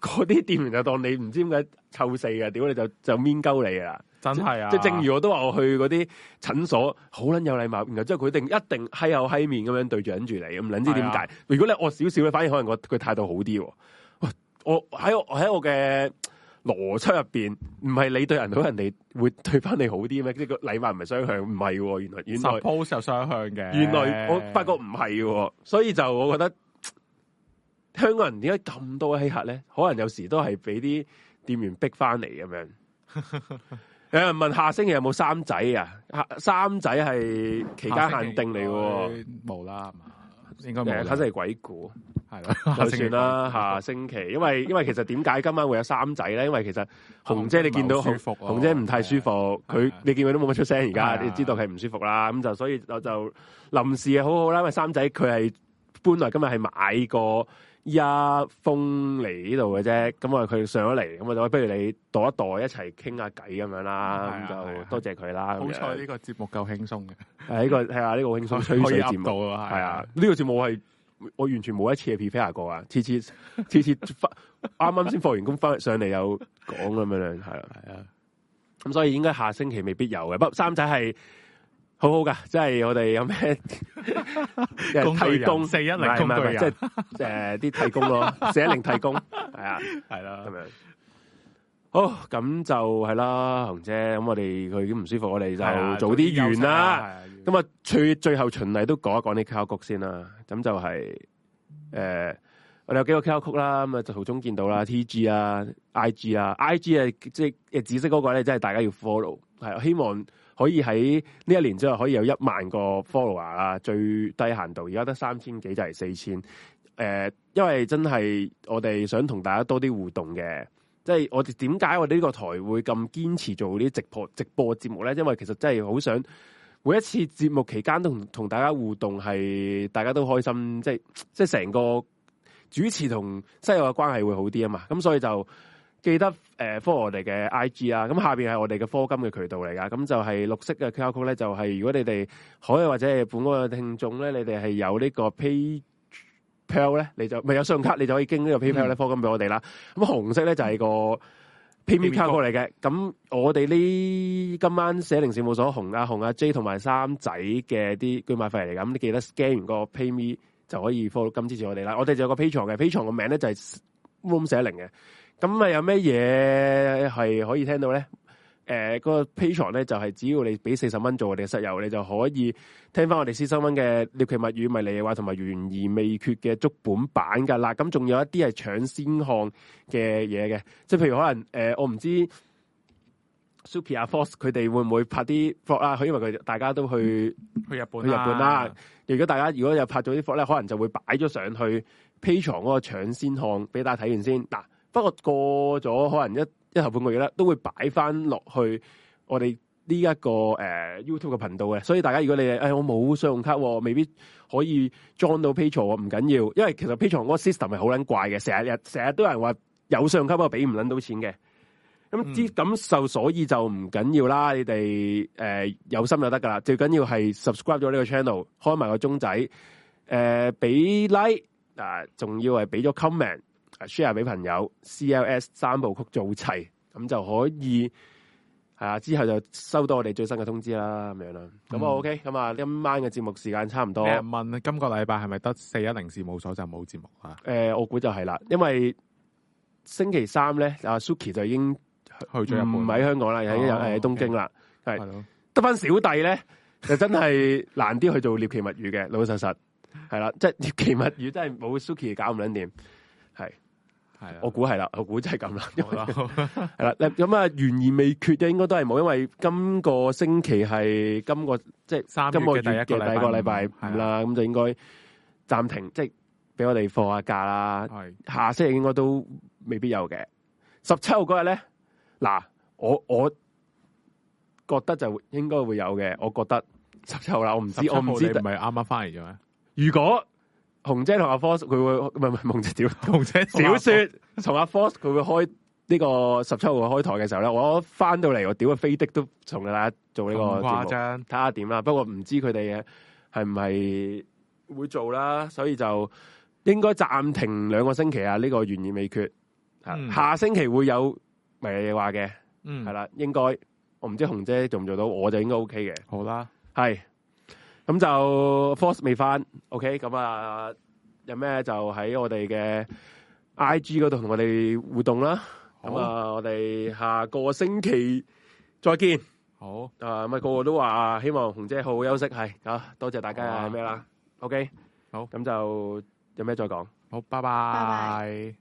嗰啲店員就當你唔知點解。臭死嘅，屌你就就面鳩你㗎喇！真係啊！即係正如我都話是、啊，我去嗰啲診所好捻有禮貌，然後之後佢定一定閪有閪面咁樣對住忍住你，咁捻知點解？如果你惡少少咧，反而可能個佢態度好啲喎。我喺我喺我嘅邏輯入邊，唔係你對人好，人哋會對翻你好啲咩？即係個禮貌唔係雙向，唔係原來原來 post 有雙向嘅。原來我發覺唔係，所以就我覺得香港人點解咁多欺客咧？可能有時都係俾啲。店員逼翻嚟咁樣，有人問下星期有冇三仔啊？三仔係期間限定嚟喎，冇啦，應該冇。睇真係鬼故，係啦的，就算啦。下星，下星期，因為因為其實點解今晚會有三仔咧？因為其實紅姐，你見到好紅姐唔太舒服，佢你見佢都冇乜出聲，而家你知道佢唔舒服啦。咁就所以我就臨時啊，好好啦。因為三仔佢係本來今日係買過。一封嚟呢度嘅啫，咁啊佢上咗嚟，咁啊不如你度一度，一齊傾下偈咁樣啦，咁就多謝佢啦。好彩呢個節目夠輕鬆嘅，係呢個係啊呢個輕鬆吹水節目，係啊呢個節目係我完全冇一次嘅 prefer 過啊，次次次次翻啱啱先放完工翻上嚟有講咁樣咧，係啊，咁所以應該下星期未必有嘅，不過三仔係。好好噶，即係我哋有咩提供四一零工具人即係誒啲提供咯，四一零提供係啊，係啦咁樣。好，咁就係啦，紅、啊、姐，咁我哋佢已經唔舒服，我哋就早啲完啦。咁啊，最、啊啊、最後循例都講一講啲卡曲先啦、啊。咁就係、是、誒、呃，我哋有幾個卡曲啦。咁啊，途中見到啦，T G 啊，I G 啊，I G 啊，即係誒紫色嗰、那個咧，真、就、係、是、大家要 follow，係、啊、希望。可以喺呢一年之後可以有一萬個 follower 啊，最低限度而家得三千幾就係四千。誒，因為真係我哋想同大家多啲互動嘅，即係我哋點解我哋呢個台會咁堅持做啲直播直播節目呢？因為其實真係好想每一次節目期間都同大家互動，係大家都開心，即係即係成個主持同西友嘅關係會好啲啊嘛。咁所以就。記得 follow 我哋嘅 IG 啊，咁下面係我哋嘅科金嘅渠道嚟噶，咁就係綠色嘅 c a l a c a o 咧，就係、是、如果你哋可以，或者係本個嘅聽眾咧，你哋係有呢個 PayPal 咧，你就咪有信用卡，你就可以經呢個 PayPal 咧科金俾我哋啦。咁紅色咧就係個 PayMe 卡過嚟嘅，咁我哋呢今晚寫零事務所紅啊紅啊 J 同埋三仔嘅啲捐賣費嚟㗎，咁你記得 scan 完個 PayMe 就可以 follow 金支持我哋啦。我哋就有個 p a t r o n 嘅了 p a t o n 個名咧就係 Moom 寫零嘅。咁啊，有咩嘢係可以聽到咧？誒、呃，嗰個 Patreon 咧就係、是、只要你俾四十蚊做我哋嘅室友，你就可以聽翻我哋私生芬嘅獵奇物語迷你嘅話，同埋懸而未決嘅足本版噶啦。咁仲有一啲係搶先看嘅嘢嘅，即、就、係、是、譬如可能誒、呃，我唔知 Superior Force 佢哋會唔會拍啲 vlog 啦？佢因為佢大家都去、嗯、去日本去日本啦。如果大家如果有拍咗啲 vlog 咧，可能就會擺咗上去 Patreon 嗰個搶先看，俾大家睇完先嗱。不過過咗可能一一頭半個月啦，都會擺翻落去我哋呢一個誒、呃、YouTube 嘅頻道嘅。所以大家如果你誒、哎、我冇信用卡，未必可以裝到 Patreon 唔緊要，因為其實 Patreon 嗰個 system 係好撚怪嘅，成日日成日都有人話有信用卡，不過俾唔捻到錢嘅。咁啲、嗯、感受，所以就唔緊要啦。你哋誒、呃、有心就得噶啦，最緊要係 subscribe 咗呢個 channel，開埋個鐘仔，誒、呃、俾 like 啊、呃，仲要係俾咗 comment。share 俾朋友，C L S 三部曲做齊，咁就可以係啊。之後就收到我哋最新嘅通知啦，咁樣啦。咁啊，OK，咁啊，今晚嘅節目時間差唔多。嗯、問，今個禮拜係咪得四一零事務所就冇節目啊？誒、呃，我估就係啦，因為星期三咧，阿、啊、Suki 就已經去咗日本，唔喺香港啦，喺喺東京啦，係得翻小弟咧， 就真係難啲去做獵奇物語嘅，老老實實係啦，即係獵奇物語真係冇 Suki 搞唔撚掂，係。係，我估係啦，我估就係咁啦。好啦了，係啦，咁啊，懸而未決嘅應該都係冇，因為今個星期係今、這個即係三月嘅第一個禮拜五啦，咁就應該暫停，即係俾我哋放下假啦。係的，下星期應該都未必有嘅。十七號嗰日咧，嗱，我我覺得就應該會有嘅。我覺得十七號啦，我唔知，我唔知你唔係啱啱翻嚟咗咩？如果紅姐同阿 Force 佢會唔係唔係夢姐屌紅姐小說同阿 Force 佢會開呢個十七號開台嘅時候咧，我翻到嚟，我屌啊飛的都同大家做呢個，誇張睇下點啦。不過唔知佢哋係唔係會做啦，所以就應該暫停兩個星期啊。呢、這個懸而未決吓，嗯、下星期會有咪你話嘅，嗯，係啦，應該我唔知道紅姐做唔做到，我就應該 OK 嘅。好啦，係。咁就 force 未翻，OK，咁啊有咩就喺我哋嘅 IG 嗰度同我哋互動啦。咁啊，我哋下個星期再見。好，啊咪個個都話希望紅姐好好休息，係啊，多謝大家啊咩啦，OK，好，咁就有咩再講，好，拜拜。